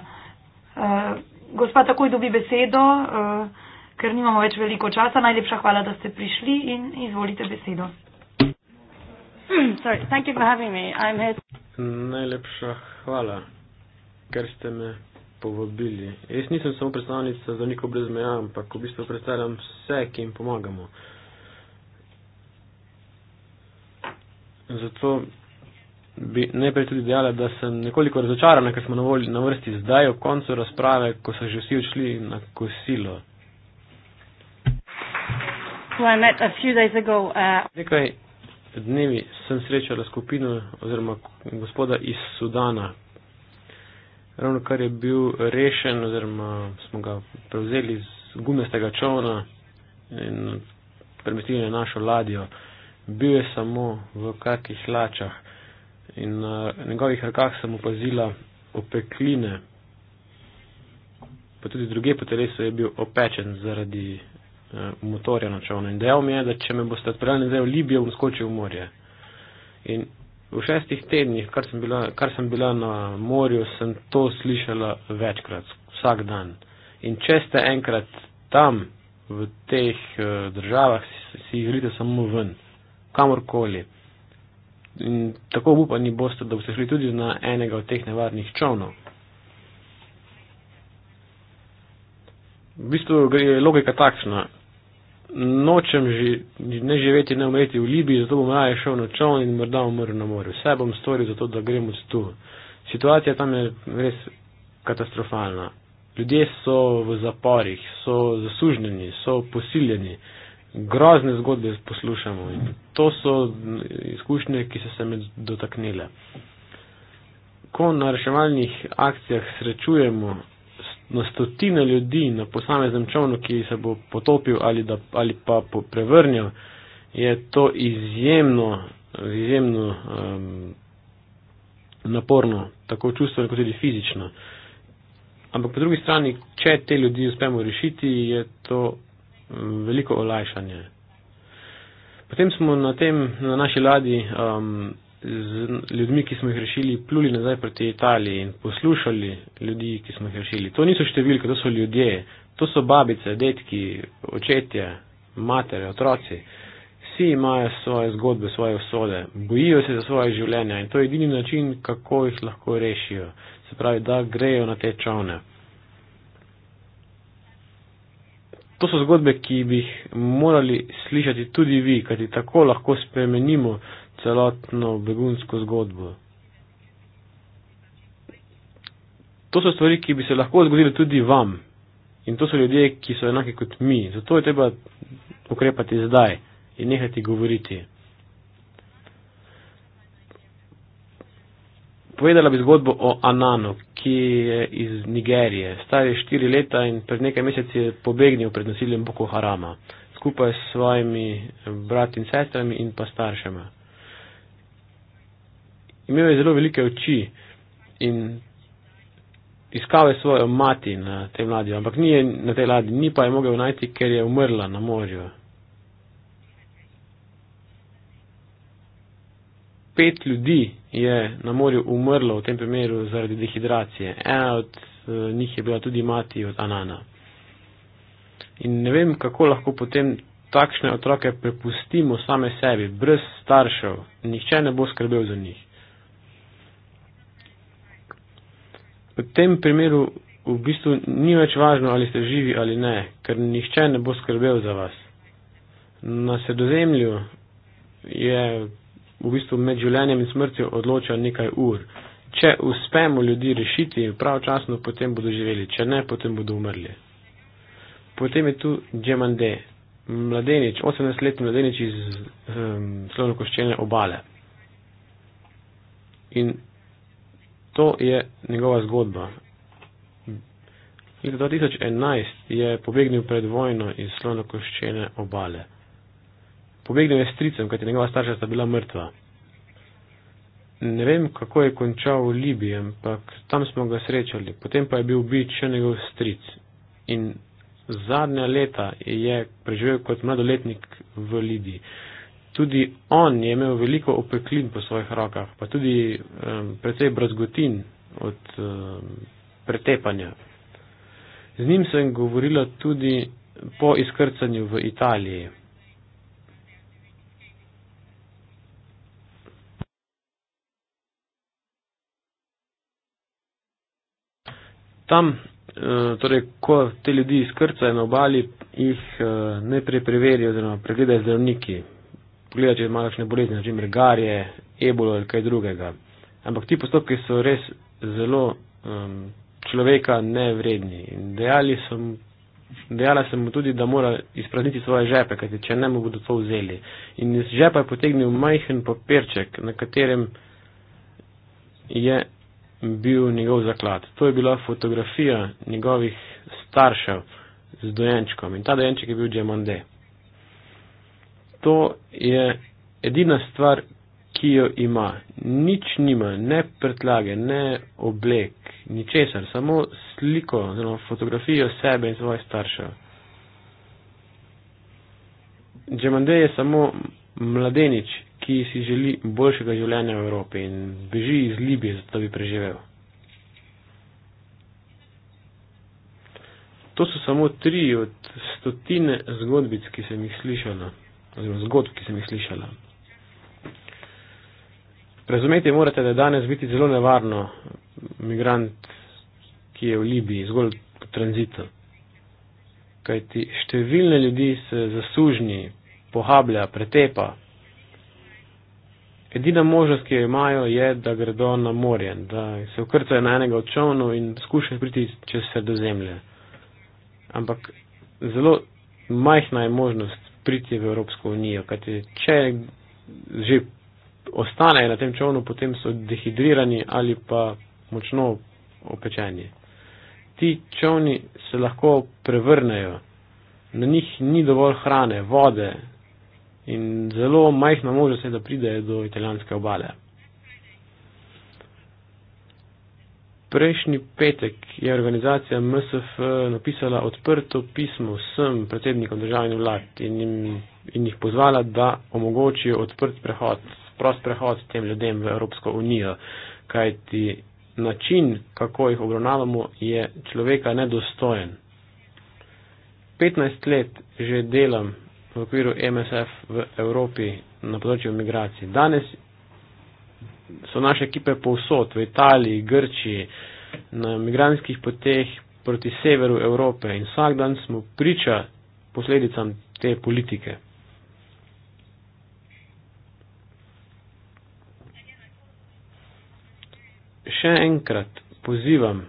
Eh, gospa takoj dobi besedo, ker nimamo več veliko časa. Najlepša hvala, da ste prišli in izvolite besedo. Hmm, sorry, Najlepša hvala, ker ste me povabili. Jaz nisem samo predstavnica za neko brezmeja, ampak v bistvu predstavljam vse, ki jim pomagamo. Zato bi najprej tudi dejala, da sem nekoliko razočarana, ker smo na, volj, na vrsti zdaj, ob koncu razprave, ko so že vsi odšli na kosilo. Uh, Nekaj dnevi sem srečala skupino oziroma gospoda iz Sudana, ravno kar je bil rešen oziroma smo ga prevzeli z gumestega čovna in premestili na našo ladjo. Bil je samo v kakih lačah in na njegovih rokah sem opazila opekline, pa tudi druge po telesu je bil opečen zaradi eh, motorja na čovnu in dejal mi je, da če me boste odpeljali nazaj v Libijo, bom skočil v morje. In V šestih tednih, kar sem bila, kar sem bila na morju, sem to slišala večkrat, vsak dan. In če ste enkrat tam, v teh eh, državah, si jih želite samo ven, kamorkoli. In tako upani boste, da boste šli tudi na enega od teh nevarnih čovnov. V bistvu je logika takšna, nočem ži, ne živeti, ne umreti v Libiji, zato bom raje šel na čovn in morda umrl na morju. Vse bom storil zato, da grem od tu. Situacija tam je res katastrofalna. Ljudje so v zaporih, so zasužnjeni, so posiljeni. Grozne zgodbe poslušamo in to so izkušnje, ki so se me dotaknile. Ko na reševalnih akcijah srečujemo na stotine ljudi na posameznem čovnu, ki se bo potopil ali, da, ali pa prevrnil, je to izjemno, izjemno um, naporno, tako čustveno kot tudi fizično. Ampak po drugi strani, če te ljudi uspemo rešiti, je to veliko olajšanje. Potem smo na, tem, na naši ladi um, z ljudmi, ki smo jih rešili, pluli nazaj proti Italiji in poslušali ljudi, ki smo jih rešili. To niso številke, to so ljudje, to so babice, detki, očetje, matere, otroci. Vsi imajo svoje zgodbe, svoje usode, bojijo se za svoje življenje in to je edini način, kako jih lahko rešijo. Se pravi, da grejo na te čovne. To so zgodbe, ki bi jih morali slišati tudi vi, kajti tako lahko spremenimo celotno begunsko zgodbo. To so stvari, ki bi se lahko zgodile tudi vam. In to so ljudje, ki so enaki kot mi. Zato je treba ukrepati zdaj in nehati govoriti. Povedala bi zgodbo o Ananu, ki je iz Nigerije. Star je štiri leta in pred nekaj meseci je pobegnil pred nasiljem Boko Harama skupaj s svojimi brati in sestrami in pa staršema. Imel je zelo velike oči in iskal je svojo mati na tej ladji, ampak ni je na tej ladji, ni pa je mogel najti, ker je umrla na morju. Pet ljudi je na morju umrlo v tem primeru zaradi dehidracije. Ena od eh, njih je bila tudi mati od Anana. In ne vem, kako lahko potem takšne otroke prepustimo same sebi, brez staršev. Nihče ne bo skrbel za njih. V tem primeru v bistvu ni več važno, ali ste živi ali ne, ker nihče ne bo skrbel za vas. Na sredozemlju je v bistvu med življenjem in smrtjo odloča nekaj ur. Če uspemo ljudi rešiti pravočasno, potem bodo živeli, če ne, potem bodo umrli. Potem je tu Džemande, mladenič, 18-letni mladenič iz um, ehm, slovno koščene obale. In to je njegova zgodba. Leta 2011 je pobegnil pred vojno iz slonokoščene obale. Pobegnil je s tricem, kajti njegova starša sta bila mrtva. Ne vem, kako je končal v Libiji, ampak tam smo ga srečali. Potem pa je bil ubit še njegov stric. In zadnja leta je preživel kot mladoletnik v Libiji tudi on je imel veliko opeklin po svojih rokah, pa tudi um, precej brazgotin od um, pretepanja. Z njim sem govorila tudi po izkrcanju v Italiji. Tam, e, torej, ko te ljudi izkrcajo na obali, jih e, najprej preverijo oziroma pregledajo zdravniki, pogledati, če imaš kakšne bolezni, že mergarje, ebolo ali kaj drugega. Ampak ti postopki so res zelo um, človeka nevredni. Sem, dejala sem mu tudi, da mora izprazniti svoje žepe, kajti če ne, mu bodo to vzeli. In iz žepa je potegnil majhen papirček, na katerem je bil njegov zaklad. To je bila fotografija njegovih staršev z dojenčkom in ta dojenček je bil Džemande to je edina stvar, ki jo ima. Nič nima, ne prtlage, ne oblek, ničesar, samo sliko, znamo, fotografijo sebe in svojih staršev. Džemande je samo mladenič, ki si želi boljšega življenja v Evropi in beži iz Libije, zato bi preživel. To so samo tri od stotine zgodbic, ki sem jih slišala oziroma zgodb, ki sem jih slišala. Razumeti morate, da je danes biti zelo nevarno migrant, ki je v Libiji, zgolj po tranzitu. Kajti številne ljudi se zasužni, pohablja, pretepa. Edina možnost, ki jo imajo, je, da gredo na morje, da se ukrcajo na enega od čovnov in skušajo priti čez sredozemlje. Ampak zelo majhna je možnost priti v Evropsko unijo. Kajte, če že ostanejo na tem čovnu, potem so dehidrirani ali pa močno opečeni. Ti čovni se lahko prevrnejo, na njih ni dovolj hrane, vode in zelo majhna možnost je, da pridejo do italijanske obale. Prejšnji petek je organizacija MSF napisala odprto pismo vsem predsednikom državnih vlad in, jim, in jih pozvala, da omogočijo odprt prehod, prost prehod tem ljudem v Evropsko unijo, kajti način, kako jih obravnavamo, je človeka nedostojen. 15 let že delam v okviru MSF v Evropi na področju migracij. Danes so naše ekipe povsod, v Italiji, Grčiji, na migranskih poteh proti severu Evrope in vsak dan smo priča posledicam te politike. Še enkrat pozivam,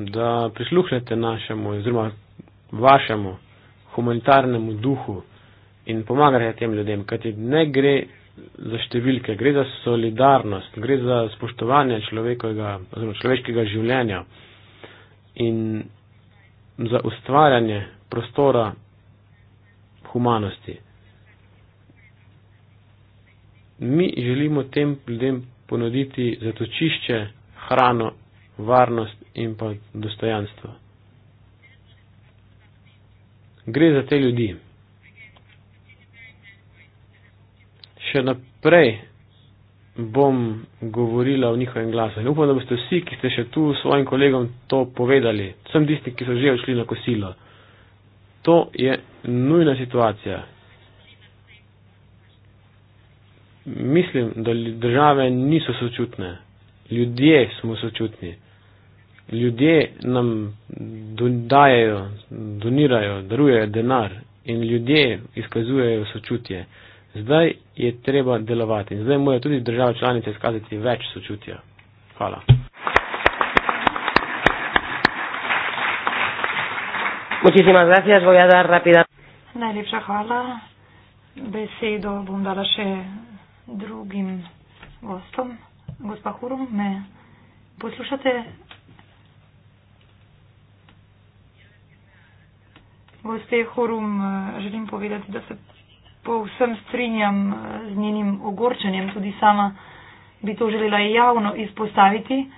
da prisluhnete našemu oziroma vašemu humanitarnemu duhu in pomagate tem ljudem, kajti ne gre za številke, gre za solidarnost, gre za spoštovanje človeškega življenja in za ustvarjanje prostora humanosti. Mi želimo tem ljudem ponuditi zatočišče, hrano, varnost in pa dostojanstvo. Gre za te ljudi. še naprej bom govorila v njihovem glasu. In upam, da boste vsi, ki ste še tu svojim kolegom to povedali, vsem tistim, ki so že odšli na kosilo. To je nujna situacija. Mislim, da države niso sočutne. Ljudje smo sočutni. Ljudje nam dajajo, donirajo, darujejo denar in ljudje izkazujejo sočutje. Zdaj je treba delovati. Zdaj mora tudi država članice izkazati več sočutja. Hvala. Muchísimas gracias. Voy a dar rápida. Najlepša hvala. Besedo bom dala še drugim gostom. Gospa Hurum, me poslušate? Gospe Hurum, želim povedati, da se povsem strinjam eh, z njenim ogorčenjem, tudi sama bi to želela javno izpostaviti.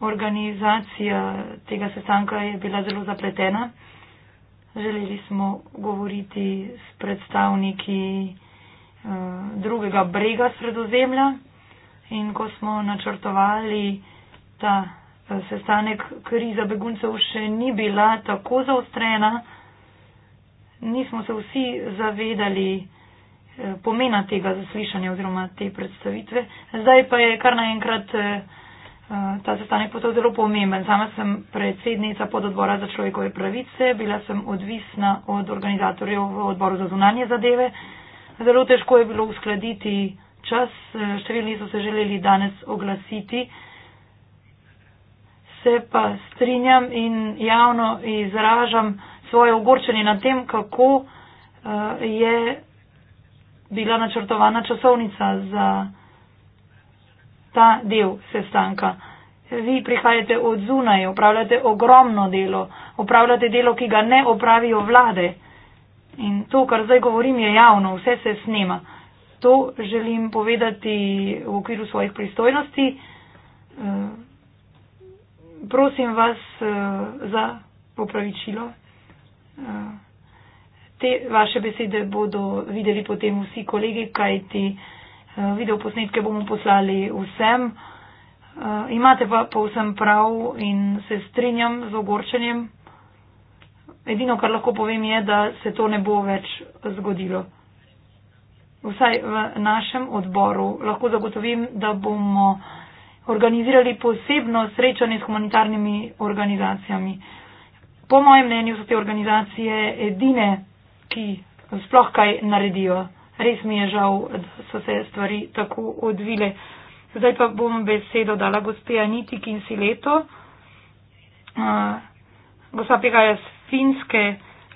Organizacija tega sestanka je bila zelo zapletena. Želeli smo govoriti s predstavniki eh, drugega brega sredozemlja in ko smo načrtovali ta eh, sestanek, kriza beguncev še ni bila tako zaostrena, nismo se vsi zavedali eh, pomena tega zaslišanja oziroma te predstavitve. Zdaj pa je kar naenkrat eh, eh, ta sestanek potem zelo pomemben. Sama sem predsednica pododbora za človekove pravice, bila sem odvisna od organizatorjev v odboru za zunanje zadeve. Zelo težko je bilo uskladiti čas, številni so se želeli danes oglasiti. Se pa strinjam in javno izražam svoje ogorčenje na tem, kako uh, je bila načrtovana časovnica za ta del sestanka. Vi prihajate od zunaj, upravljate ogromno delo, upravljate delo, ki ga ne opravijo vlade. In to, kar zdaj govorim, je javno, vse se snema. To želim povedati v okviru svojih pristojnosti. Eh, prosim vas eh, za popravičilo te vaše besede bodo videli potem vsi kolegi, kajti eh, videoposnetke bomo poslali vsem. Eh, imate pa povsem prav in se strinjam z ogorčenjem. Edino, kar lahko povem, je, da se to ne bo več zgodilo. Vsaj v našem odboru lahko zagotovim, da bomo organizirali posebno srečanje s humanitarnimi organizacijami po mojem mnenju so te organizacije edine, ki sploh kaj naredijo. Res mi je žal, da so se stvari tako odvile. Zdaj pa bom besedo dala gospe Aniti Kinsileto. Uh, gospa Pega je z Finske,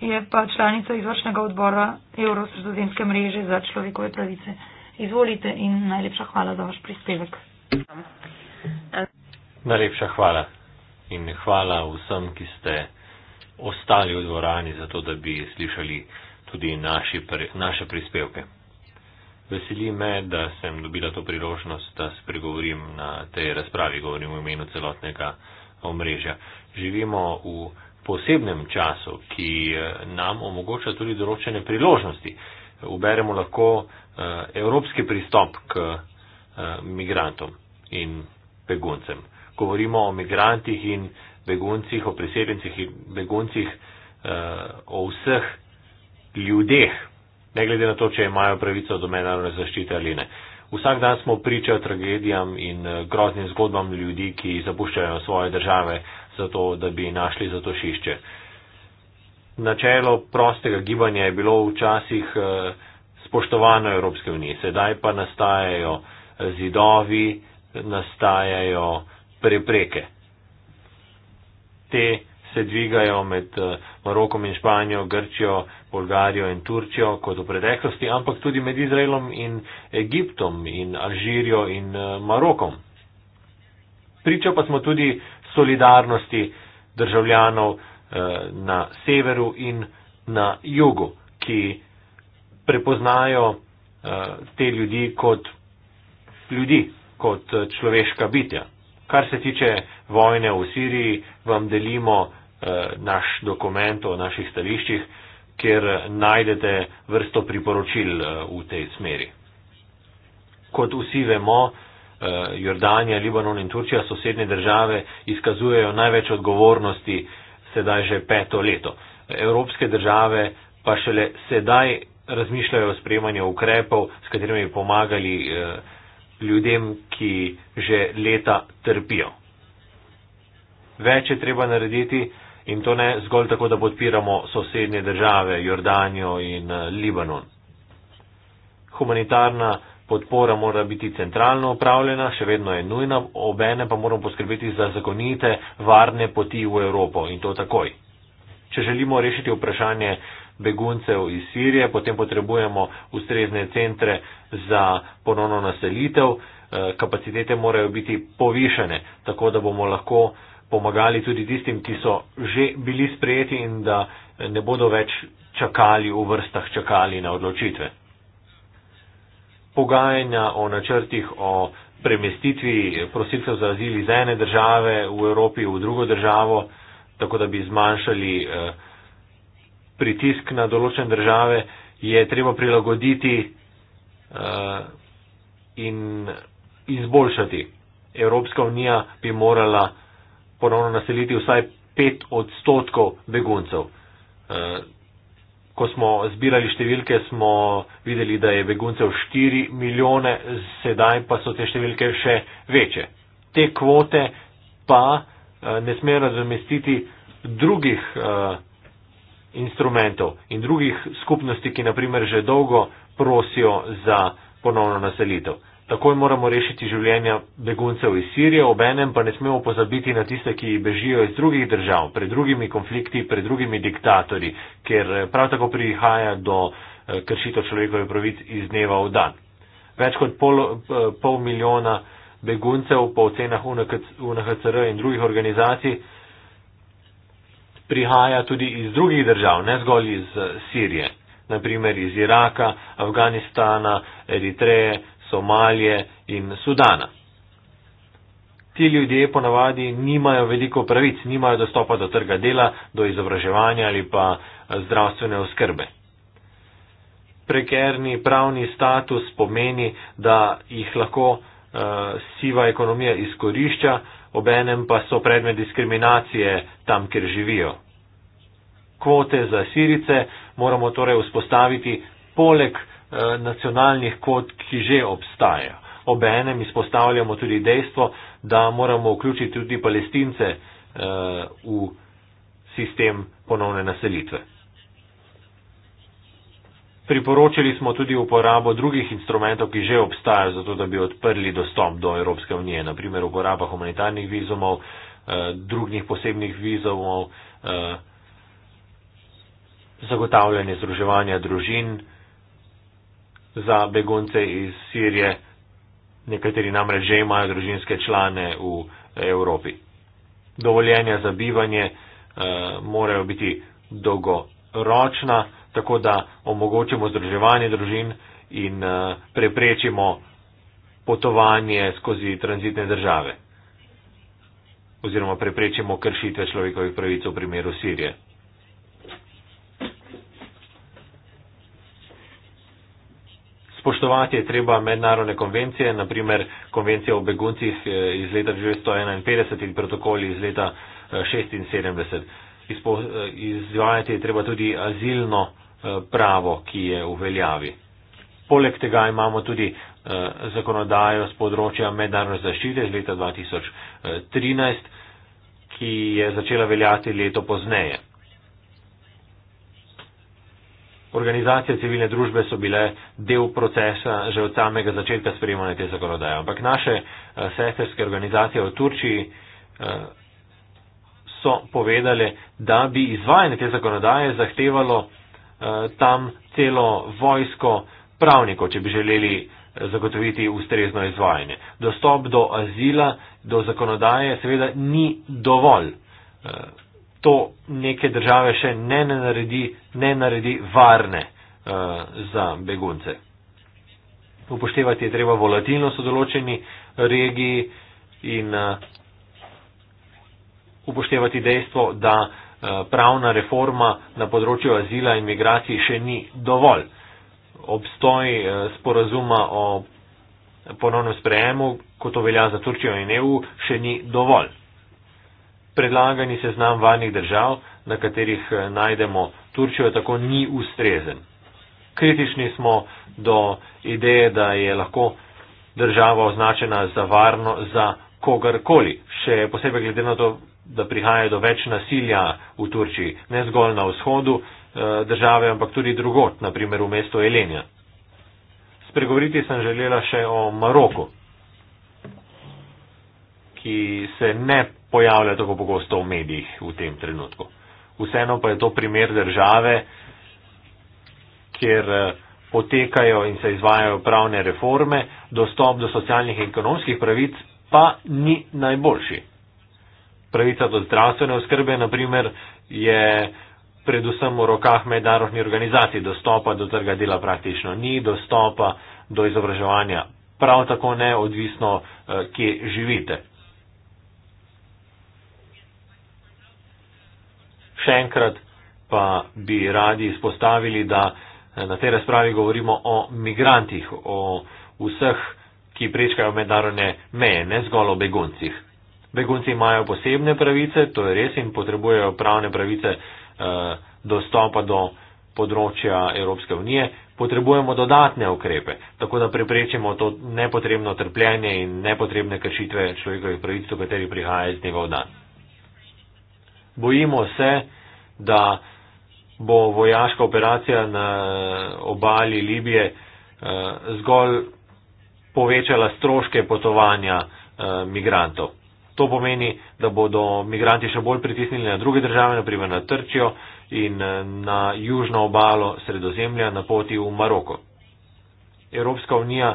je pa članica izvršnega odbora Evrosredozemske mreže za človekove pravice. Izvolite in najlepša hvala za vaš prispevek. Najlepša hvala in hvala vsem, ki ste ostali v dvorani, zato da bi slišali tudi naši, naše prispevke. Veseli me, da sem dobila to priložnost, da spregovorim na tej razpravi, govorim v imenu celotnega omrežja. Živimo v posebnem času, ki eh, nam omogoča tudi določene priložnosti. Uberemo lahko eh, evropski pristop k eh, migrantom in beguncem. Govorimo o migrantih in beguncih, o priseljencih in beguncih, eh, o vseh ljudeh, ne glede na to, če imajo pravico do mednarodne zaščite ali ne. Vsak dan smo priča tragedijam in eh, groznim zgodbam ljudi, ki zapuščajo svoje države zato, da bi našli za to šišče. Načelo prostega gibanja je bilo včasih eh, spoštovano Evropske unije, sedaj pa nastajajo zidovi, nastajajo prepreke te se dvigajo med eh, Marokom in Španijo, Grčijo, Bolgarijo in Turčijo kot v preteklosti, ampak tudi med Izraelom in Egiptom in Alžirijo in eh, Marokom. Pričo pa smo tudi solidarnosti državljanov eh, na severu in na jugu, ki prepoznajo te ljudi kot ljudi, kot človeška bitja. Kar se tiče vojne v Siriji, vam delimo eh, naš dokument o naših stališčih, kjer najdete vrsto priporočil eh, v tej smeri. Kot vsi vemo, eh, Jordanija, Libanon in Turčija, sosednje države, izkazujejo največ odgovornosti sedaj že peto leto. Evropske države pa šele sedaj razmišljajo o spremanju ukrepov, s katerimi bi pomagali. Eh, ljudem, ki že leta trpijo. Več je treba narediti in to ne zgolj tako, da podpiramo sosednje države Jordanijo in eh, Libanon. Humanitarna podpora mora biti centralno upravljena, še vedno je nujna, obene pa moramo poskrbeti za zakonite, varne poti v Evropo in to takoj. Če želimo rešiti vprašanje beguncev iz Sirije, potem potrebujemo ustrezne centre za ponovno naselitev, eh, kapacitete morajo biti povišene, tako da bomo lahko pomagali tudi tistim, ki so že bili sprejeti in da ne bodo več čakali v vrstah, čakali na odločitve. Pogajanja o načrtih o premestitvi prosilcev za azil iz ene države v Evropi v drugo državo, tako da bi zmanjšali eh, pritisk na določene države je treba prilagoditi uh, in izboljšati. Evropska unija bi morala ponovno naseliti vsaj pet odstotkov beguncev. Uh, ko smo zbirali številke, smo videli, da je beguncev 4 milijone, sedaj pa so te številke še večje. Te kvote pa uh, ne smejo razumestiti drugih. Uh, instrumentov in drugih skupnosti, ki naprimer že dolgo prosijo za ponovno naselitev. Takoj moramo rešiti življenja beguncev iz Sirije, obenem pa ne smemo pozabiti na tiste, ki bežijo iz drugih držav, pred drugimi konflikti, pred drugimi diktatorji, ker eh, prav tako prihaja do eh, kršitev človekovih pravic iz dneva v dan. Več kot pol, eh, pol milijona beguncev po ocenah UNHCR in drugih organizacij prihaja tudi iz drugih držav, ne zgolj iz eh, Sirije, naprimer iz Iraka, Afganistana, Eritreje, Somalije in Sudana. Ti ljudje ponavadi nimajo veliko pravic, nimajo dostopa do trga dela, do izobraževanja ali pa eh, zdravstvene oskrbe. Prekerni pravni status pomeni, da jih lahko Eh, siva ekonomija izkorišča, obenem pa so predmet diskriminacije tam, kjer živijo. Kvote za sirice moramo torej vzpostaviti poleg eh, nacionalnih kvot, ki že obstajajo. Obenem izpostavljamo tudi dejstvo, da moramo vključiti tudi palestince eh, v sistem ponovne naselitve. Priporočili smo tudi uporabo drugih instrumentov, ki že obstajajo, zato da bi odprli dostop do Evropske unije, naprimer uporaba humanitarnih vizumov, eh, drugih posebnih vizumov, eh, zagotavljanje združevanja družin za begunce iz Sirije, nekateri namreč že imajo družinske člane v Evropi. Dovoljenja za bivanje eh, morajo biti dolgoročna tako da omogočimo združevanje družin in eh, preprečimo potovanje skozi tranzitne države oziroma preprečimo kršitve človekovih pravic v primeru Sirije. Spoštovati je treba mednarodne konvencije, naprimer konvencije o beguncih eh, iz leta 1951 in protokol iz leta 1976. Eh, izvajati je treba tudi azilno Eh, pravo, ki je v veljavi. Poleg tega imamo tudi eh, zakonodajo z področja mednarodne zaščite iz leta 2013, ki je začela veljati leto pozneje. Organizacije civilne družbe so bile del procesa že od samega začetka sprejemanja te zakonodaje, ampak naše eh, sesterske organizacije v Turčiji so povedali, da bi izvajanje te zakonodaje zahtevalo Eh, tam celo vojsko pravnikov, če bi želeli eh, zagotoviti ustrezno izvajanje. Dostop do azila, do zakonodaje seveda ni dovolj. Eh, to neke države še ne naredi, ne naredi varne za begunce. Upoštevati je treba volatilnost v določeni regiji in upoštevati dejstvo, da Eh, pravna reforma na področju azila in migracij še ni dovolj. Obstoj eh, sporazuma o ponovnem sprejemu, kot to velja za Turčijo in EU, še ni dovolj. Predlagani seznam varnih držav, na katerih eh, najdemo Turčijo, tako ni ustrezen. Kritični smo do ideje, da je lahko država označena za varno za kogarkoli, še posebej glede na to, da prihaja do več nasilja v Turčiji, ne zgolj na vzhodu eh, države, ampak tudi drugot, naprimer v mestu Elenja. Spregovoriti sem želela še o Maroku, ki se ne pojavlja tako pogosto v medijih v tem trenutku. Vseeno pa je to primer države, kjer eh, potekajo in se izvajajo pravne reforme, dostop do socialnih in ekonomskih pravic pa ni najboljši pravica do zdravstvene oskrbe, naprimer, je predvsem v rokah mednarodnih organizacij. Dostopa do trga dela praktično ni, dostopa do izobraževanja prav tako ne, odvisno, eh, kje živite. Še enkrat pa bi radi izpostavili, da eh, na tej razpravi govorimo o migrantih, o vseh, ki prečkajo mednarodne meje, ne zgolj o beguncih. Begunci imajo posebne pravice, to je res, in potrebujejo pravne pravice eh, dostopa do področja Evropske unije. Potrebujemo dodatne ukrepe, tako da preprečimo to nepotrebno trpljenje in nepotrebne kršitve človekovih pravic, do katerih prihaja iz dneva v dan. Bojimo se, da bo vojaška operacija na obali Libije eh, zgolj povečala stroške potovanja eh, migrantov. To pomeni, da bodo migranti še bolj pritisnili na druge države, naprimer na Trčijo in eh, na južno obalo sredozemlja na poti v Maroko. Evropska unija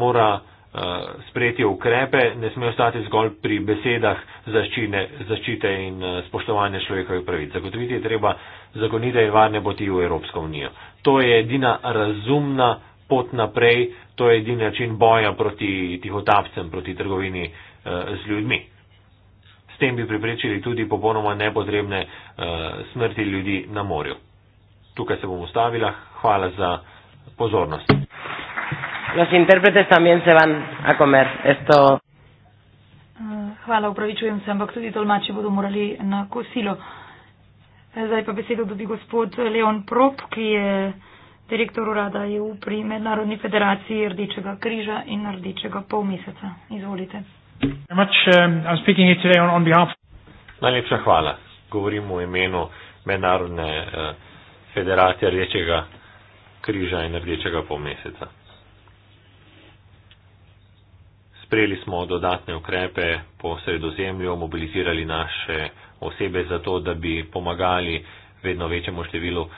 mora eh, sprejeti ukrepe, ne sme ostati zgolj pri besedah zaščine, zaščite in eh, spoštovanja človekovih pravic. Zagotoviti je treba zakonite in varne poti v Evropsko unijo. To je edina razumna pot naprej, to je edini način boja proti tihotapcem, proti trgovini eh, Eh, z ljudmi. S tem bi preprečili tudi popolnoma nepotrebne eh, smrti ljudi na morju. Tukaj se bom ustavila. Hvala za pozornost. Los interpretes también se van a comer. Esto... Eh, hvala, upravičujem se, ampak tudi tolmači bodo morali na kosilo. Zdaj pa besedo dobi gospod Leon Prop, ki je direktor urada EU pri Mednarodni federaciji Rdečega križa in Rdečega polmeseca. Izvolite. Um, Najlepša hvala. Govorim v imenu Mednarodne eh, federacije Rdečega križa in Rdečega polmeseca. Sprejeli smo dodatne ukrepe po sredozemlju, mobilizirali naše osebe za to, da bi pomagali vedno večjemu številu eh,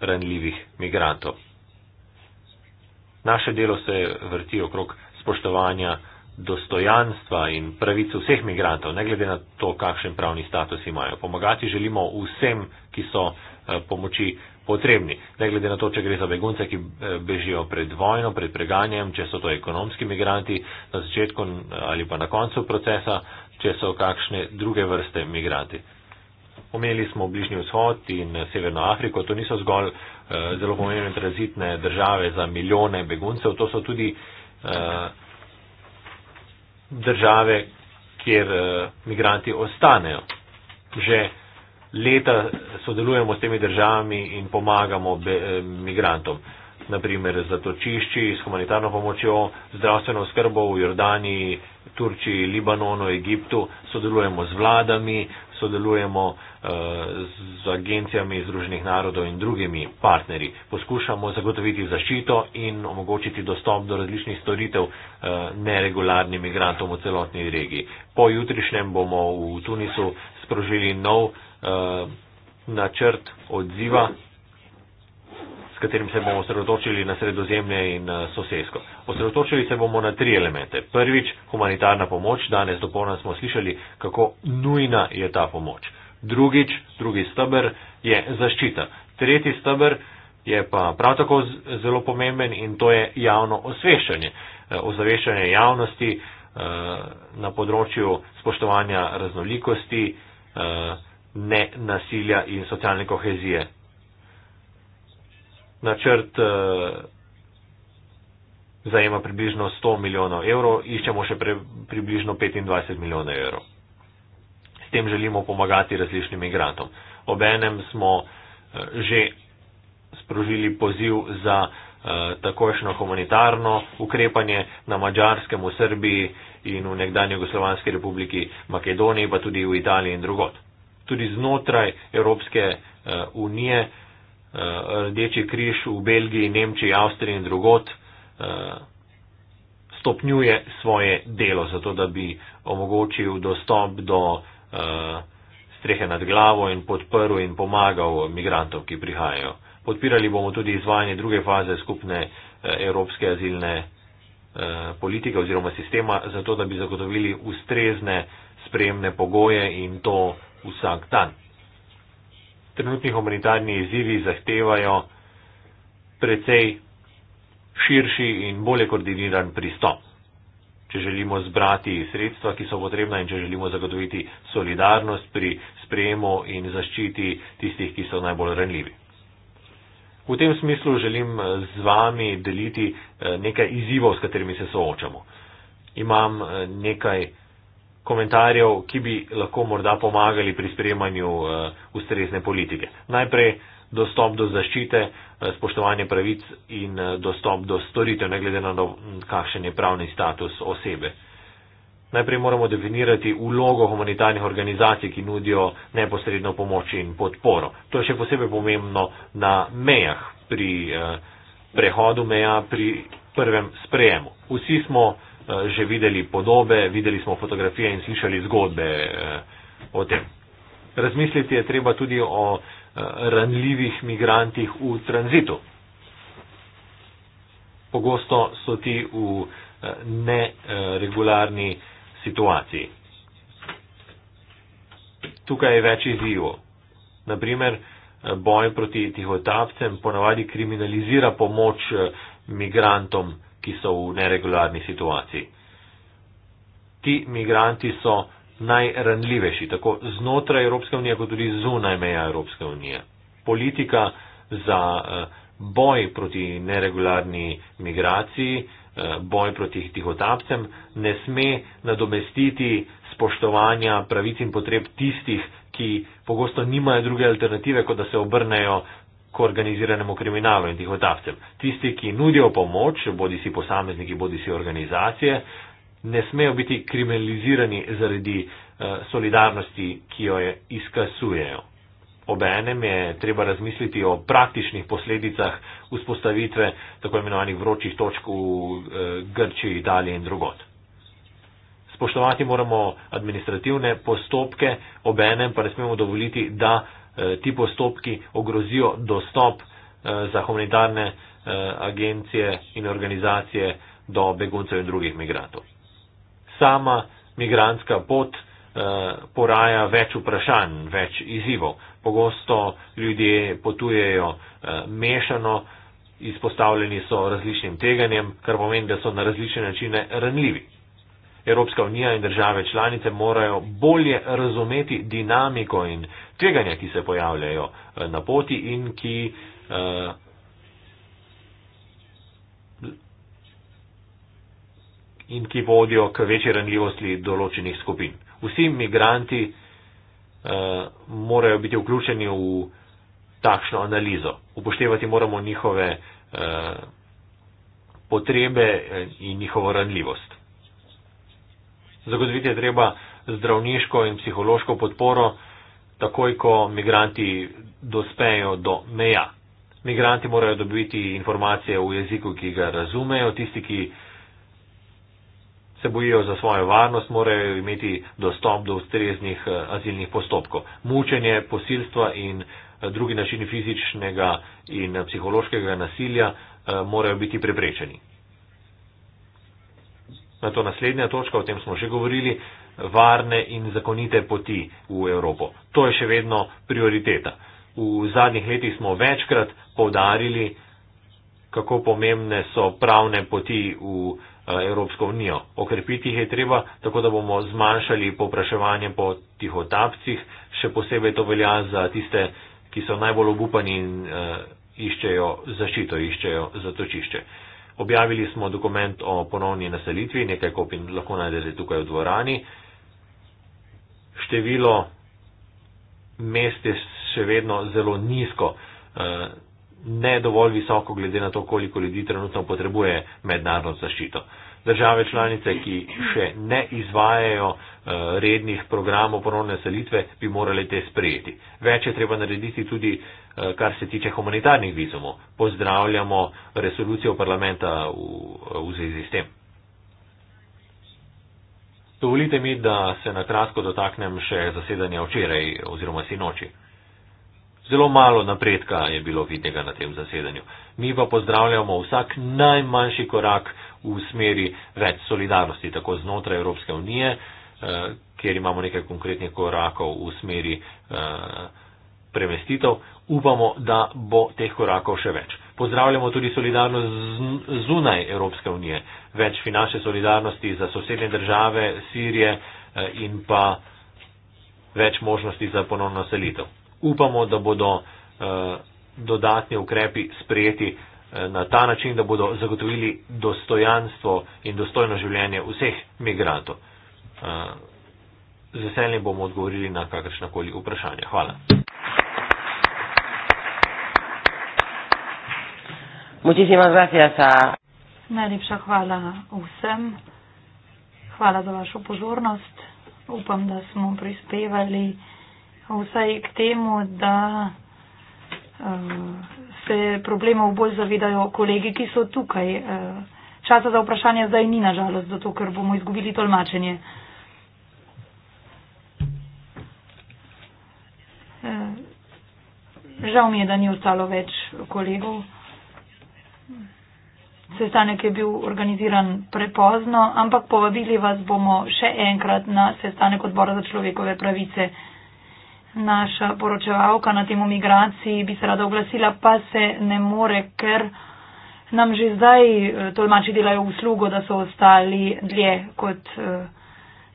ranljivih migrantov. Naše delo se vrti okrog spoštovanja dostojanstva in pravic vseh migrantov, ne glede na to, kakšen pravni status imajo. Pomagati želimo vsem, ki so eh, pomoči potrebni, ne glede na to, če gre za begunce, ki eh, bežijo pred vojno, pred preganjem, če so to ekonomski migranti na začetku ali pa na koncu procesa, če so kakšne druge vrste migranti. Omenili smo Bližnji vzhod in eh, Severno Afriko, to niso zgolj zelo pomembne tranzitne države za milijone beguncev, to so tudi. Okay države, kjer eh, migranti ostanejo. Že leta sodelujemo s temi državami in pomagamo eh, migrantom. Naprimer zatočišči s humanitarno pomočjo, zdravstveno skrbo v Jordaniji, Turčiji, Libanonu, Egiptu, sodelujemo z vladami, sodelujemo uh, Eh, z agencijami Združenih narodov in drugimi partnerji. Poskušamo zagotoviti zaščito in omogočiti dostop do različnih storitev eh, neregularnim migrantom v celotni regiji. Po jutrišnjem bomo v Tunisu sprožili nov eh, načrt odziva s katerim se bomo osredotočili na sredozemlje in sosesko. Osredotočili se bomo na tri elemente. Prvič, humanitarna pomoč. Danes dopolna smo slišali, kako nujna je ta pomoč. Uh, drugič, drugi stebr je zaščita. Tretji stebr je pa prav tako zelo pomemben in to je javno osveščanje. Eh, ozaveščanje javnosti eh, na področju spoštovanja raznolikosti, eh, ne nasilja in socialne kohezije. Načrt zajema približno 100 milijonov evrov, iščemo še približno 25 milijonov evrov s tem želimo pomagati različnim migrantom. Obenem smo eh, že sprožili poziv za eh, takošno humanitarno ukrepanje na Mačarskem, v Srbiji in v nekdanji Jugoslovanski republiki Makedoniji, pa tudi v Italiji in drugot. Tudi znotraj Evropske eh, unije Rdeči križ v Belgiji, Nemčiji, Avstriji in drugot stopnjuje svoje delo, zato da bi omogočil dostop do Eh, strehe nad glavo in podprl in pomagal migrantov, ki prihajajo. Podpirali bomo tudi izvajanje druge faze skupne eh, evropske azilne eh, politike oziroma sistema, zato da bi zagotovili ustrezne spremne pogoje in to vsak dan. Trenutni humanitarni izzivi zahtevajo precej širši in bolje koordiniran pristop. Če želimo zbrati sredstva, ki so potrebna in če želimo zagotoviti solidarnost pri sprejemu in zaščiti tistih, ki so najbolj ranljivi. V tem smislu želim eh, z vami deliti eh, nekaj izzivov, s katerimi se soočamo. Imam eh, nekaj komentarjev, ki bi lahko morda pomagali pri sprejemanju ustrezne politike. Najprej dostop do zaščite, eh, spoštovanje pravic in eh, dostop do storitev, ne glede na to, kakšen je pravni status osebe. Najprej moramo definirati ulogo humanitarnih organizacij, ki nudijo neposredno pomoč in podporo. To je še posebej pomembno na mejah, pri eh, prehodu meja, pri prvem sprejemu. Vsi smo že videli podobe, videli smo fotografije in slišali zgodbe o tem. Razmisliti je treba tudi o ranljivih migrantih v tranzitu. Pogosto so ti v eh, neregularni eh, situaciji. Tukaj je več izzivo. Naprimer, eh, boj proti tihotapcem ponavadi kriminalizira pomoč migrantom, ki so v neregularni situaciji. Ti migranti so najranljivejši, tako znotraj Evropske unije, kot tudi zunaj meja Evropske unije. Politika za eh, boj proti neregularni migraciji, eh, boj proti tihotapcem, ne sme nadomestiti spoštovanja pravic in potreb tistih, ki pogosto nimajo druge alternative, kot da se obrnejo k organiziranemu kriminalu in tihotapcem. Tisti, ki nudijo pomoč, bodi si posamezniki, bodi si organizacije, ne smejo biti kriminalizirani zaradi eh, solidarnosti, ki jo izkazujejo. Obenem je treba razmisliti o praktičnih posledicah vzpostavitve tako imenovanih vročih točk v eh, Grčiji, Italiji in drugot. Spoštovati moramo administrativne postopke, obenem pa ne smemo dovoliti, da eh, ti postopki ogrozijo dostop za humanitarne agencije in organizacije do beguncev in drugih migrantov sama migranska pot eh, poraja več vprašanj, več izzivov. Pogosto ljudje potujejo eh, mešano, izpostavljeni so različnim teganjem, kar pomeni, da so na različne načine ranljivi. Evropska unija in države članice morajo bolje razumeti dinamiko in tveganja, ki se pojavljajo eh, na poti in ki in ki vodijo k večji ranljivosti določenih skupin. Vsi imigranti uh, eh, morajo biti vključeni v takšno analizo. Upoštevati moramo njihove uh, potrebe in njihovo ranljivost. Zagotoviti je treba zdravniško in psihološko podporo, takoj ko migranti dospejo do meja. Migranti morajo dobiti informacije v jeziku, ki ga razumejo, tisti, ki uh, se bojijo za svojo varnost, morajo imeti dostop do ustreznih eh, azilnih postopkov. Mučenje, posilstva in eh, drugi načini fizičnega in eh, psihološkega nasilja morajo biti preprečeni. Na to naslednja točka, o tem smo že govorili, varne in zakonite poti v Evropo. To je še vedno prioriteta. V zadnjih letih smo večkrat povdarili, kako pomembne so pravne poti v eh, Evropsko unijo. Okrepiti jih je treba, tako da bomo zmanjšali popraševanje po tihotapcih, še posebej to velja za tiste, ki so najbolj obupani in uh, iščejo zaščito, iščejo zatočišče. Objavili smo dokument o ponovni naselitvi, nekaj kopij lahko najdete tukaj v dvorani. Število mest je še vedno zelo nizko. Uh, ne dovolj visoko, glede na to, koliko ljudi trenutno potrebuje mednarodno zaščito. Države članice, ki še ne izvajajo uh, rednih programov ponovne selitve, bi morali te sprejeti. Več je treba narediti tudi, uh, kar se tiče humanitarnih vizumov. Pozdravljamo resolucijo parlamenta v, v zvezi s tem. Dovolite mi, da se na kratko dotaknem še zasedanja včeraj oziroma sinoči. noči. Zelo malo napredka je bilo vidnega na tem zasedanju. Mi pa pozdravljamo vsak najmanjši korak v smeri več solidarnosti, tako znotraj Evropske unije, eh, kjer imamo nekaj konkretnih korakov v smeri eh, premestitev. Upamo, da bo teh korakov še več. Pozdravljamo tudi solidarnost zunaj Evropske unije, več finančne solidarnosti za sosednje države, Sirije eh, in pa več možnosti za ponovno selitev upamo, da bodo eh, dodatni ukrepi sprejeti eh, na ta način, da bodo zagotovili dostojanstvo in dostojno življenje vseh migrantov. Eh, z veseljem bomo odgovorili na kakršnakoli vprašanja. Hvala. Najlepša hvala vsem. Hvala za vašo pozornost. Upam, da smo prispevali vsaj k temu, da uh, se problemov bolj zavedajo kolegi, ki so tukaj. Uh, časa za vprašanje zdaj ni nažalost, zato ker bomo izgubili tolmačenje. Uh, žal mi je, da ni ostalo več kolegov. Sestanek je bil organiziran prepozno, ampak povabili vas bomo še enkrat na sestanek odbora za človekove pravice naša poročevalka na temo migraciji bi se rada oglasila, pa se ne more, ker nam že zdaj eh, tolmači delajo uslugo, da so ostali dlje, kot eh,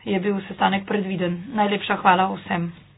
je bil sestanek predviden. Najlepša hvala vsem.